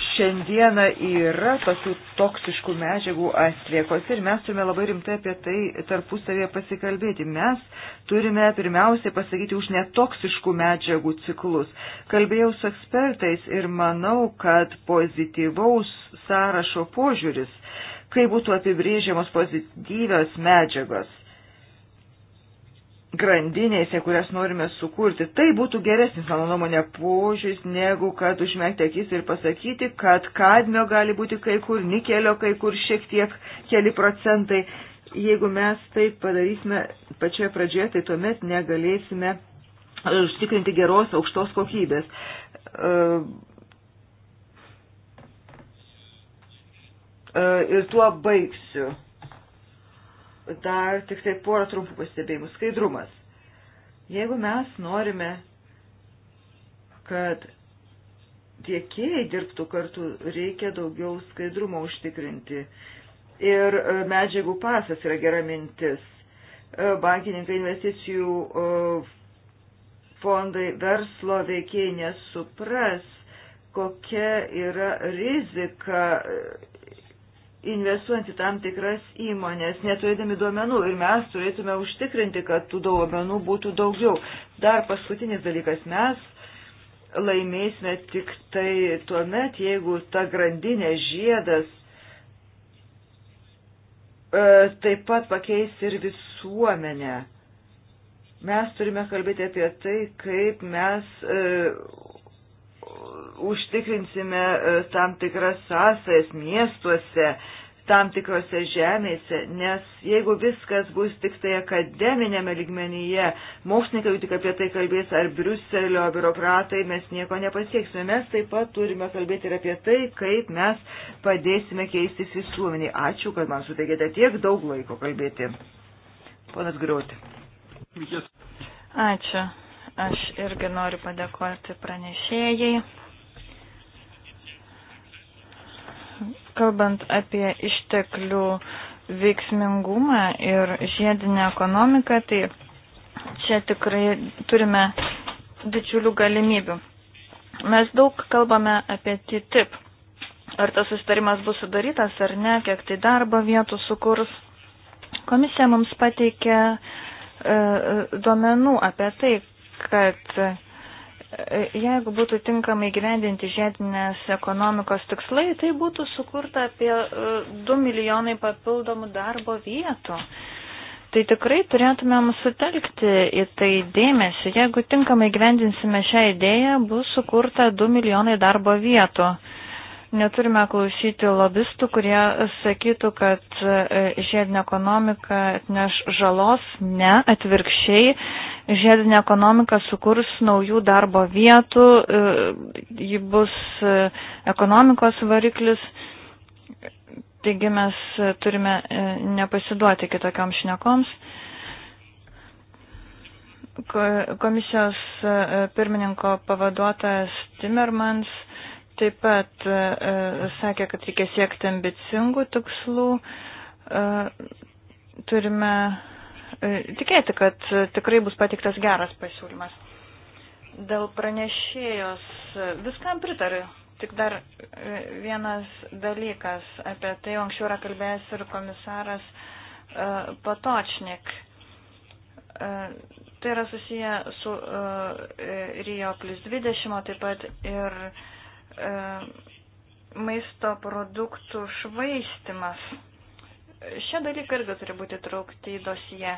šiandieną yra tokių toksiškų medžiagų atliekos ir mes turime labai rimtai apie tai tarpusavėje pasikalbėti. Mes turime pirmiausiai pasakyti už netoksiškų medžiagų ciklus. Kalbėjau su ekspertais ir manau, kad pozityvaus sąrašo požiūris, kai būtų apibrėžiamos pozityvios medžiagos grandinėse, kurias norime sukurti. Tai būtų geresnis, mano nuomonė, požiūris, negu kad užmėgti akis ir pasakyti, kad kadmio gali būti kai kur, nikelio kai kur šiek tiek keli procentai. Jeigu mes tai padarysime pačioje pradžioje, tai tuomet negalėsime e, užtikrinti geros aukštos kokybės. E, e, ir tuo baigsiu. Dar tik tai porą trumpų pastebėjimų. Skaidrumas. Jeigu mes norime, kad tiekėjai dirbtų kartu, reikia daugiau skaidrumo užtikrinti. Ir e, medžiagų pasas yra gera mintis. E, bankininkai investicijų e, fondai verslo veikėjai nesupras, kokia yra rizika investuojant į tam tikras įmonės, neturėdami duomenų ir mes turėtume užtikrinti, kad tų duomenų būtų daugiau. Dar paskutinis dalykas, mes laimėsime tik tai tuo met, jeigu ta grandinė žiedas e, taip pat pakeis ir visuomenę. Mes turime kalbėti apie tai, kaip mes e, užtikrinsime e, tam tikras sąsajas miestuose, tam tikrose žemėse, nes jeigu viskas bus tik tai akademinėme ligmenyje, mokslininkai jau tik apie tai kalbės, ar Briuselio biurokratai, mes nieko nepasieksime. Mes taip pat turime kalbėti ir apie tai, kaip mes padėsime keistis visuomenį. Ačiū, kad man suteikėte tiek daug laiko kalbėti. Ponas Griauti. Ačiū. Aš irgi noriu padėkoti pranešėjai. Kalbant apie išteklių veiksmingumą ir žiedinę ekonomiką, tai čia tikrai turime didžiulių galimybių. Mes daug kalbame apie TTIP. Ar tas sustarimas bus sudarytas ar ne, kiek tai darbo vietų sukurs. Komisija mums pateikė e, e duomenų apie tai, kad Jeigu būtų tinkamai gyvendinti žiedinės ekonomikos tikslai, tai būtų sukurta apie 2 e, milijonai papildomų darbo vietų. Tai tikrai turėtumėm sutelkti į tai dėmesį. Jeigu tinkamai gyvendinsime šią idėją, bus sukurta 2 milijonai darbo vietų. Neturime klausyti lobistų, kurie sakytų, kad e, žiedinė ekonomika neš žalos. Ne, atvirkščiai, Žiedinė ekonomika sukurs naujų darbo vietų, e, ji bus e, ekonomikos variklis. Taigi mes turime e, nepasiduoti kitokiam šnekoms. Komisijos pirmininko pavaduotojas Timmermans taip pat sakė, kad reikia siekti ambicingų tikslų. Turime E, tikėti, kad e, tikrai bus patiktas geras pasiūlymas. Dėl pranešėjos e, viskam pritariu. Tik dar vienas dalykas, apie tai anksčiau yra kalbėjęs ir komisaras Patočnik. Tai yra susiję su Rio plus 20, o taip pat ir maisto produktų švaistimas Šie dalykai irgi turi būti traukti į dosiją.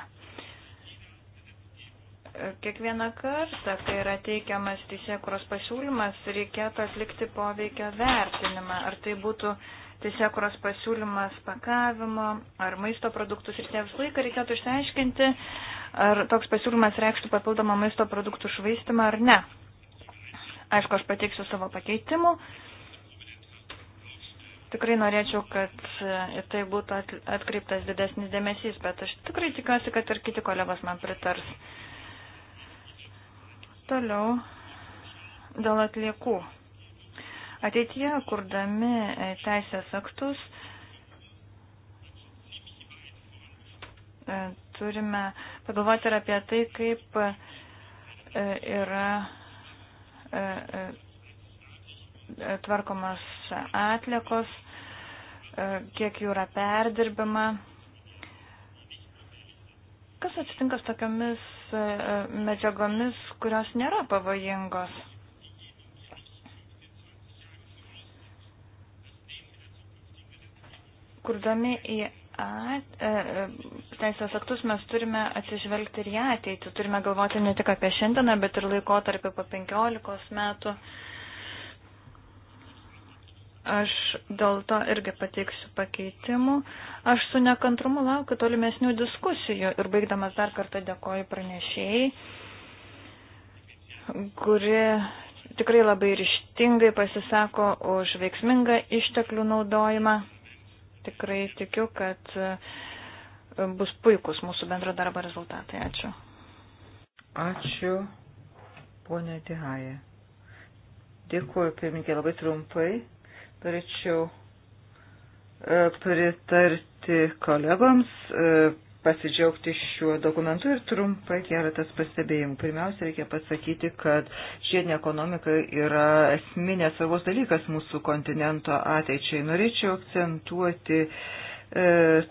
Kiekvieną kartą, kai yra teikiamas teisėkuros pasiūlymas, reikėtų atlikti poveikio vertinimą. Ar tai būtų teisėkuros pasiūlymas pakavimo ar maisto produktus ir tie visą laiką reikėtų išsiaiškinti, ar toks pasiūlymas reikštų papildomą maisto produktų švaistimą ar ne. Aišku, aš pateiksiu savo pakeitimų Tikrai norėčiau, kad ir tai būtų atkreiptas didesnis dėmesys, bet aš tikrai tikiuosi, kad ir kiti kolegos man pritars. Toliau dėl atliekų. Ateityje, kurdami teisės aktus, e, turime pagalvoti ir apie tai, kaip e, yra e, tvarkomas atliekos, e, kiek jų yra perdirbama. Kas atsitinka su tokiamis e, medžiagomis, kurios nėra pavojingos? Kurdami į at, e, teisės aktus mes turime atsižvelgti ir į ateitį. Turime galvoti ne tik apie šiandieną, bet ir laikotarpį po 15 metų. E, Aš dėl to irgi pateiksiu pakeitimų. Aš su nekantrumu laukiu tolimesnių diskusijų ir baigdamas dar kartą dėkoju pranešėjai, kuri tikrai labai ryštingai pasisako už veiksmingą išteklių naudojimą. Tikrai tikiu, kad e, bus puikus mūsų bendro darbo rezultatai. Ačiū. Ačiū, ponė Tihaja. Dėkuoju, pirmininkė, labai trumpai. Norėčiau e, pritarti kolegoms, e, pasidžiaugti šiuo dokumentu ir trumpai keletas pastebėjimų. Pirmiausia, reikia pasakyti, kad žiedinė ekonomika yra esminė svarbus dalykas mūsų kontinento ateičiai. Norėčiau akcentuoti e,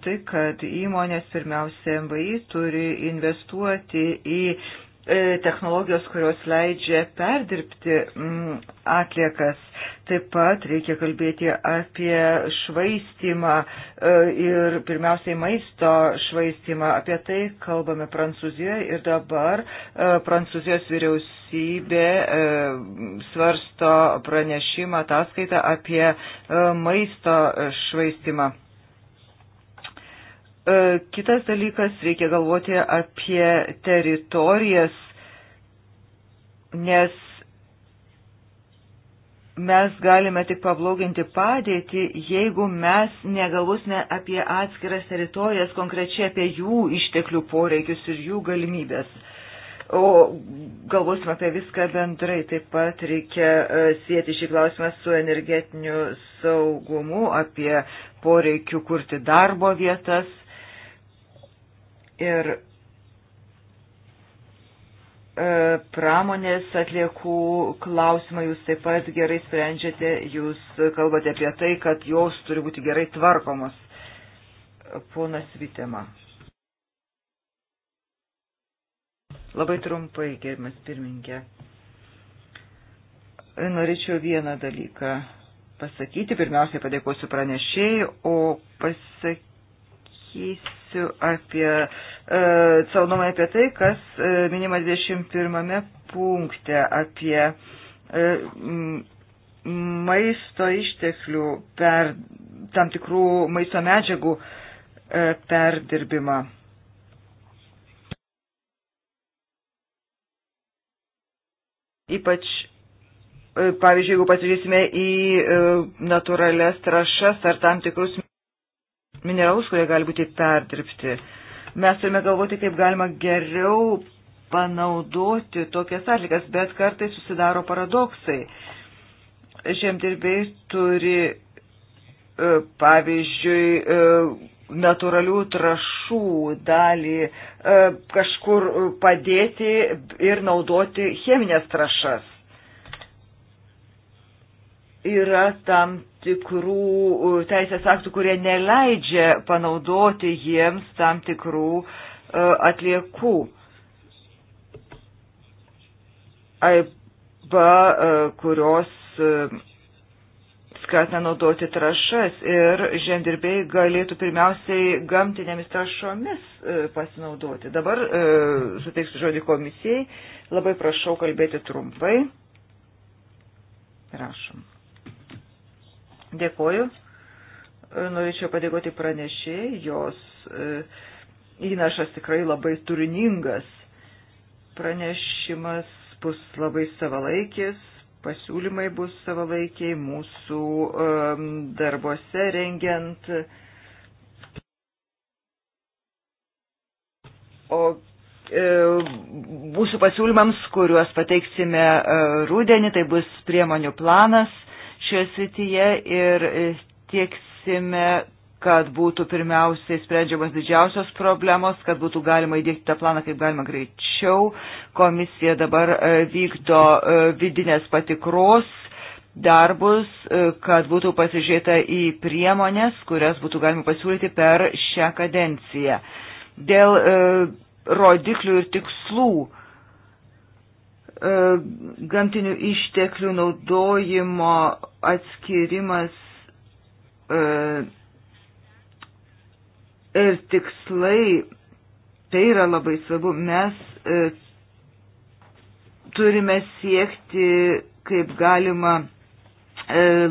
tai, kad įmonės pirmiausia MVI turi investuoti į E, technologijos, kurios leidžia perdirbti mm, atliekas. Taip pat reikia kalbėti apie švaistimą e, ir pirmiausiai maisto švaistimą. Apie tai kalbame Prancūzijoje ir dabar e, Prancūzijos vyriausybė svarsto pranešimą ataskaitą apie maisto švaistimą. E, kitas dalykas, reikia galvoti apie teritorijas, nes mes galime tik pabloginti padėtį, jeigu mes negalvosime apie atskiras teritorijas, konkrečiai apie jų išteklių poreikius ir jų galimybės. O galvosime apie viską bendrai, taip pat reikia e, sieti šį klausimą su energetiniu saugumu, apie poreikiu kurti darbo vietas ir e, pramonės atliekų klausimą jūs taip pat gerai sprendžiate, jūs kalbate apie tai, kad jos turi būti gerai tvarkomos. Ponas Vitema. Labai trumpai, gerbimas pirmininkė. Norėčiau vieną dalyką pasakyti. Pirmiausiai padėkosiu pranešėjai, o pasakysiu kalbėsiu apie e, savo nuomonę apie tai, kas e, minima 21 punkte apie e, maisto išteklių per tam tikrų maisto medžiagų e, perdirbimą. Ypač e, pavyzdžiui, jeigu pasižiūrėsime į e, natūrales trašas ar tam tikrus mineralus, kurie gali būti perdirbti. Mes turime galvoti, kaip galima geriau panaudoti tokias atlikas, bet kartais susidaro paradoksai. Žemdirbiai turi, e, pavyzdžiui, e, natūralių trašų dalį e, kažkur padėti ir naudoti cheminės trašas yra tam tikrų teisės aktų, kurie neleidžia panaudoti jiems tam tikrų e, atliekų. Arba e, kurios e, skatina naudoti trašas ir žemdirbėjai galėtų pirmiausiai gamtinėmis trašomis pasinaudoti. Dabar suteiksiu žodį komisijai. Labai prašau kalbėti trumpai. Prašom. Dėkoju. E, norėčiau padėkoti pranešėjai, jos e, įnašas tikrai labai turiningas. Pranešimas bus labai savalaikis, pasiūlymai bus savalaikiai mūsų e, darbuose rengiant. O mūsų pasiūlymams, kuriuos pateiksime rūdienį, tai bus priemonių planas šioje srityje ir e, tieksime, kad būtų pirmiausiai sprendžiamas didžiausios problemos, kad būtų galima įdėkti tą planą kaip galima greičiau. Komisija dabar e, vykdo e, vidinės patikros darbus, kad būtų pasižiūrėta į priemonės, kurias būtų galima pasiūlyti per šią kadenciją. Dėl rodiklių ir tikslų E, gamtinių išteklių naudojimo atskirimas e, ir tikslai, tai yra labai svarbu, mes e, turime siekti kaip galima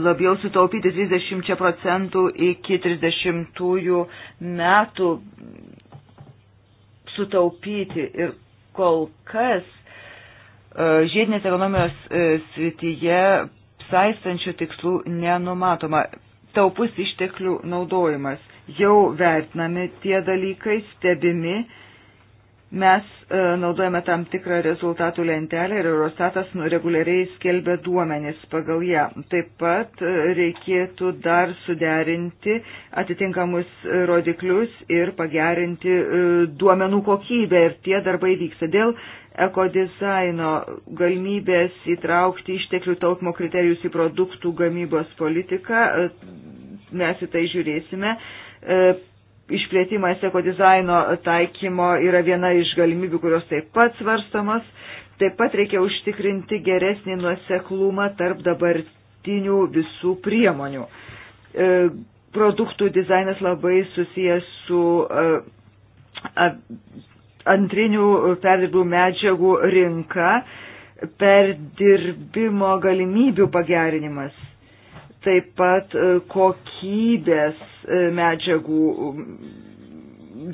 labiau sutaupyti 30 procentų iki 30 metų sutaupyti ir kol kas E, žiedinės ekonomijos e, srityje saistančių tikslų nenumatoma. Taupus išteklių naudojimas. Jau vertinami tie dalykai, stebimi. Mes e, naudojame tam tikrą rezultatų lentelę ir Eurostatas nu, reguliariai skelbia duomenis pagal ją. Taip pat reikėtų dar suderinti atitinkamus rodiklius ir pagerinti duomenų kokybę ir tie darbai vyksta. Dėl ekodizaino galimybės įtraukti išteklių taupimo kriterijus į produktų gamybos politiką. Mes į tai žiūrėsime. E, Išplėtimas ekodizaino taikymo yra viena iš galimybių, kurios taip pat svarstamos. Taip pat reikia užtikrinti geresnį nuoseklumą tarp dabartinių visų priemonių. E, produktų dizainas labai susijęs su e, antrinių perdirbimų medžiagų rinka, perdirbimo galimybių pagerinimas, taip pat e, kokybės e, medžiagų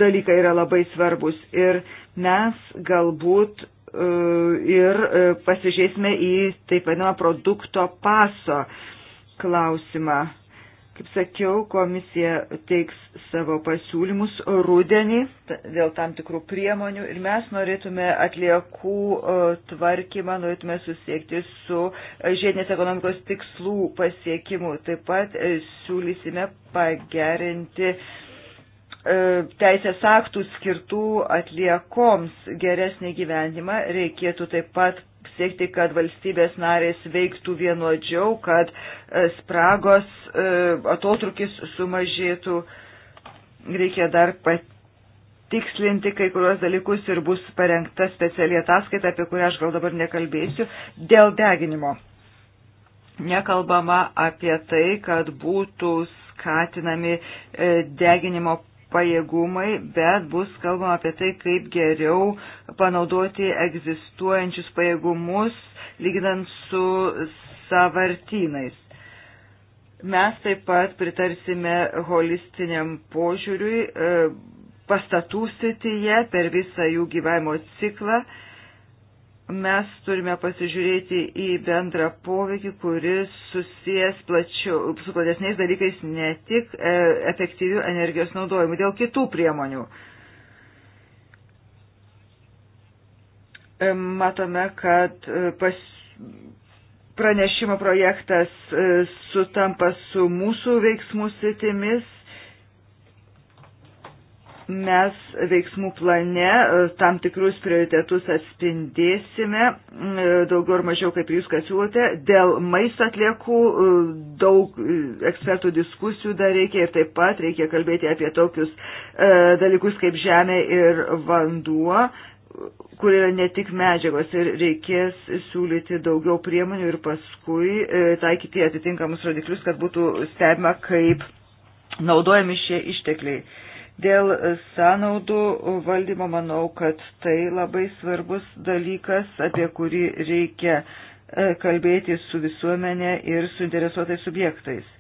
dalykai yra labai svarbus ir mes galbūt e, ir pasižiūrėsime į taip vadinamą produkto paso klausimą Kaip sakiau, komisija teiks savo pasiūlymus rudenį dėl tam tikrų priemonių ir mes norėtume atliekų tvarkymą, norėtume susiekti su žiedinės ekonomikos tikslų pasiekimu. Taip pat e, siūlysime pagerinti e, teisės aktų skirtų atliekoms geresnį gyvenimą. Reikėtų taip pat siekti, kad valstybės narės veiktų vienodžiau, kad e, spragos e, atotrukis sumažėtų. Reikia dar patikslinti kai kurios dalykus ir bus parengta speciali ataskaita, apie kurią aš gal dabar nekalbėsiu, dėl deginimo. Nekalbama apie tai, kad būtų skatinami e, deginimo pajėgumai, bet bus kalbama apie tai, kaip geriau panaudoti egzistuojančius pajėgumus, lyginant su savartynais. Mes taip pat pritarsime holistiniam požiūriui e, pastatų srityje per visą jų gyvavimo ciklą mes turime pasižiūrėti į bendrą poveikį, kuris susijęs plačiau, su platesniais dalykais ne tik e, efektyvių energijos naudojimų, dėl kitų priemonių. E, matome, kad e, pas, pranešimo projektas e, sutampa su mūsų veiksmų sritimis mes veiksmų plane e, tam tikrus prioritetus atspindėsime, e, daugiau ar mažiau kaip jūs, kad siūlote, dėl maisto atliekų e, daug ekspertų diskusijų dar reikia ir taip pat reikia kalbėti apie tokius dalykus kaip žemė ir vanduo kur yra ne tik medžiagos ir reikės siūlyti daugiau priemonių ir paskui taikyti atitinkamus rodiklius, kad būtų stebima, kaip naudojami šie ištekliai Dėl sąnaudų valdymo manau, kad tai labai svarbus dalykas, apie kurį reikia e, kalbėti su visuomenė ir su interesuotais subjektais. E,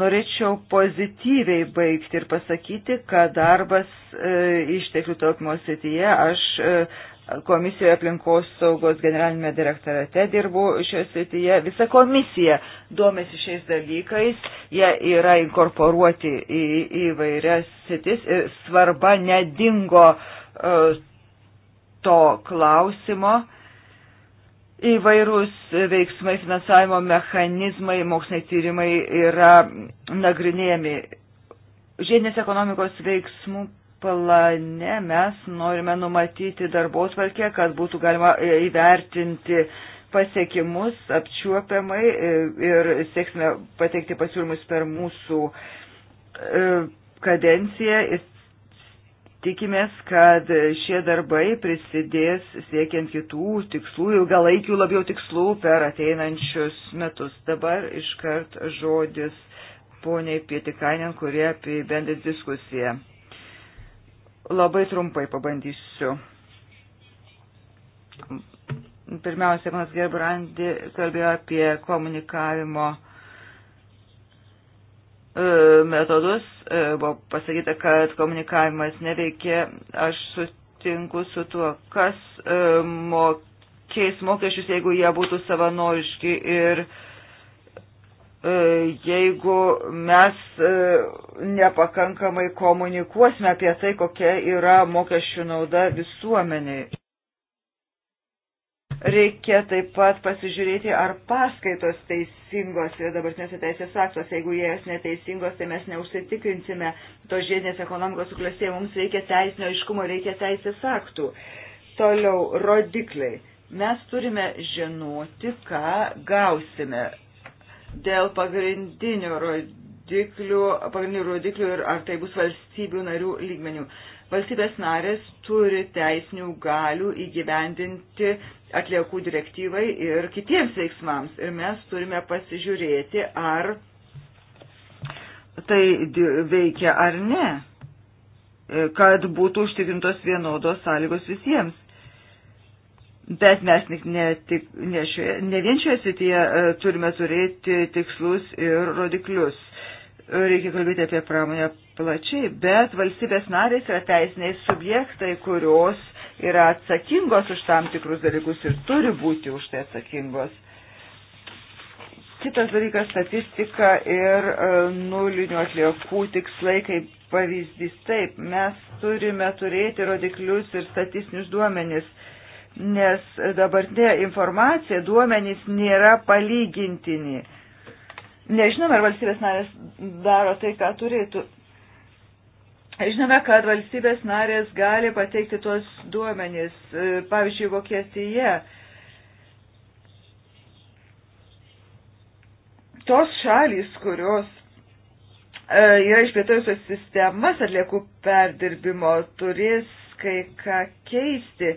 norėčiau pozityviai baigti ir pasakyti, kad darbas e, išteklių taupimo srityje aš komisijoje aplinkos saugos generalinėme direktorate dirbu šioje srityje. Visa komisija duomėsi šiais dalykais, jie yra inkorporuoti į įvairias sritis ir svarba nedingo uh, to klausimo. Įvairūs veiksmai, finansavimo mechanizmai, moksliniai tyrimai yra nagrinėjami. Žiedinės ekonomikos veiksmų plane mes norime numatyti darbos varkė, kad būtų galima e, įvertinti pasiekimus apčiuopiamai e, ir sėksime pateikti pasiūlymus per mūsų e, kadenciją ir tikimės, kad šie darbai prisidės siekiant kitų tikslų, ilgalaikių labiau tikslų per ateinančius metus. Dabar iškart žodis poniai Pietikainen, kurie apibendrins diskusiją. Labai trumpai pabandysiu. Pirmiausia, manas Gerbrandi kalbėjo apie komunikavimo e, metodus. E, buvo pasakyta, kad komunikavimas neveikia. Aš sutinku su tuo, kas e, mokės mokesčius, jeigu jie būtų savanoriški ir uh, E, jeigu mes e, nepakankamai komunikuosime apie tai, kokia yra mokesčių nauda visuomeniai. Reikia taip pat pasižiūrėti, ar paskaitos teisingos yra dabartinėse teisės aktuose. Jeigu jas neteisingos, tai mes neužsitikrinsime to žiedinės ekonomikos suklestėjimo. Mums reikia teisinio aiškumo, reikia teisės aktų. Toliau, rodikliai. Mes turime žinoti, ką gausime dėl pagrindinių rodiklių, pagrindinių rodiklių ir ar tai bus valstybių narių lygmenių. Valstybės narės turi teisinių galių įgyvendinti atliekų direktyvai ir kitiems veiksmams. Ir mes turime pasižiūrėti, ar tai veikia ar ne, kad būtų užtikrintos vienodos sąlygos visiems. Bet mes ne, tik, ne, šioje, ne vien šioje srityje e, turime turėti tikslus ir rodiklius. Reikia kalbėti apie pramonę plačiai, bet valstybės narės yra teisiniai subjektai, kurios yra atsakingos už tam tikrus dalykus ir turi būti už tai atsakingos. Kitas dalykas - statistika ir e, nulinių atliekų tikslai, kaip pavyzdys. Taip, mes turime turėti rodiklius ir statistinius duomenis nes dabartinė informacija, duomenys nėra palygintini. Nežinome, ar valstybės narės daro tai, ką turėtų. Žinome, kad valstybės narės gali pateikti tuos duomenys. E, pavyzdžiui, Vokietija. Tos šalys, kurios e, yra išplėtojusios sistemas atliekų perdirbimo, turės kai ką keisti.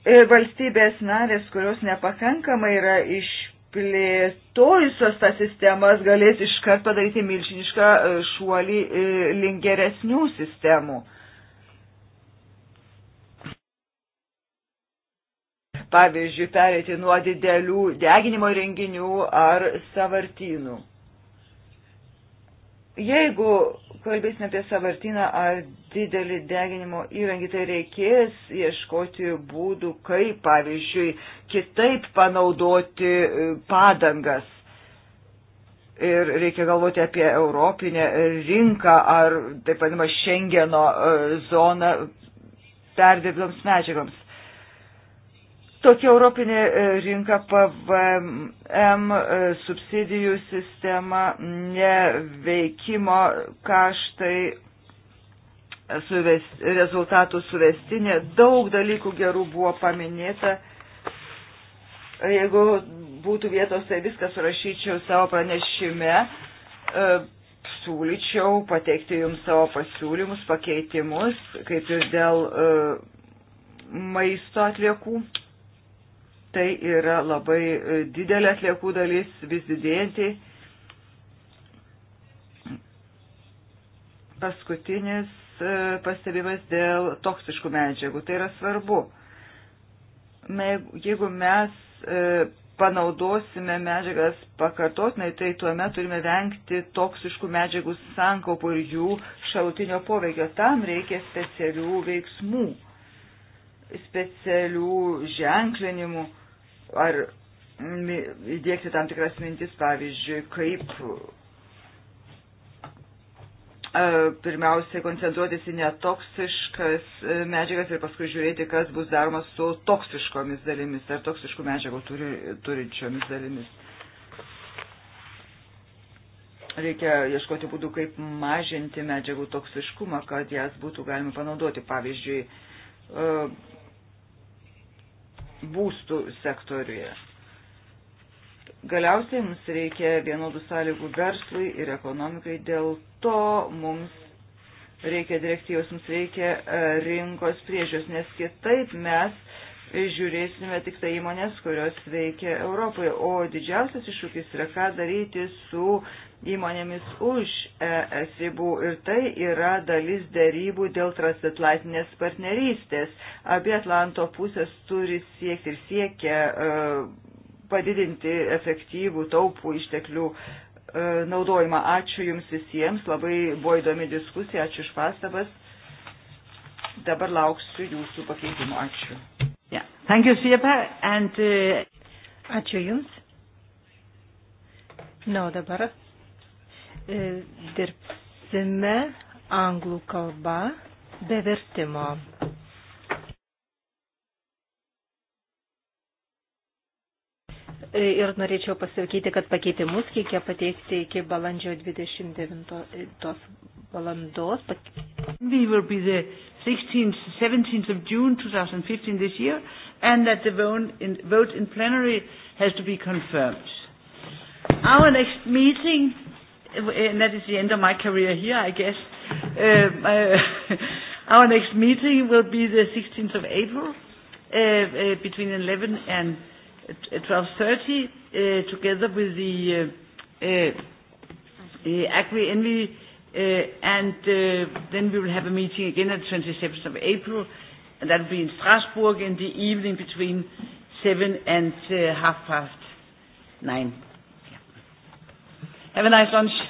E, valstybės narės, kurios nepakankamai yra išplėtojusios tą sistemas, galės iškart padaryti milžinišką e, šuolį e, link geresnių sistemų. Pavyzdžiui, perėti nuo didelių deginimo renginių ar savartynų. Jeigu kalbėsime apie savartiną ar didelį deginimo įrankį, tai reikės ieškoti būdų, kaip, pavyzdžiui, kitaip panaudoti e, padangas. Ir reikia galvoti apie europinę rinką ar, taip vadinamą, Schengeno e, zoną perdirbtoms medžiagoms. Tokia europinė e, rinka PVM e, subsidijų sistema, neveikimo kaštai, suvest, rezultatų suvestinė, daug dalykų gerų buvo paminėta. Jeigu būtų vietos, tai viską surašyčiau savo pranešime, e, siūlyčiau pateikti jums savo pasiūlymus, pakeitimus, kaip ir dėl maisto atliekų Tai yra labai e, didelė atliekų dalis, vis didėjanti. Paskutinis e, pastebimas dėl toksiškų medžiagų. Tai yra svarbu. Jeigu mes e, panaudosime medžiagas pakartotinai, tai tuomet turime vengti toksiškų medžiagų sankaupų ir jų šalutinio poveikio. Tam reikia specialių veiksmų, specialių ženklinimų ar įdėkti tam tikras mintis, pavyzdžiui, kaip e, pirmiausiai koncentruotis į netoksiškas e, medžiagas ir paskui žiūrėti, kas bus daroma su toksiškomis dalimis ar toksiškų medžiagų turi, turinčiomis dalimis. Reikia ieškoti būdų, kaip mažinti medžiagų toksiškumą, kad jas būtų galima panaudoti. Pavyzdžiui, e, būstų sektoriuje. Galiausiai mums reikia vienodų sąlygų verslui ir ekonomikai, dėl to mums reikia direktyvos, mums reikia e, rinkos priežios, nes kitaip mes žiūrėsime tik tai įmonės, kurios veikia Europoje. O didžiausias iššūkis yra, ką daryti su įmonėmis už ES ribų. Ir tai yra dalis dėrybų dėl transatlantinės partnerystės. Abi Atlanto pusės turi siekti ir siekia e, padidinti efektyvų taupų išteklių e, naudojimą. Ačiū Jums visiems, labai buvo įdomi diskusija, ačiū už pastabas. Dabar lauksiu Jūsų pakeitimų. Ačiū. Yeah. Thank you, Siepa. And, uh... Ačiū Jums. Na, o dabar e, dirbsime anglų kalba be vertimo. Ir norėčiau pasakyti, kad pakeitimus reikia pateikti iki balandžio 29 valandos. We will be the 16th, 17th of June 2015 this year and that the vote in, vote in plenary has to be confirmed. Our next meeting, and that is the end of my career here, I guess. Uh, uh, our next meeting will be the 16th of April uh, uh, between 11 and 12. 12.30 uh, together with the uh, uh, uh, Agri Envy, uh, and uh, then we will have a meeting again on 27th of April, and that will be in Strasbourg in the evening between 7 and uh, half past 9. Yeah. Have a nice lunch.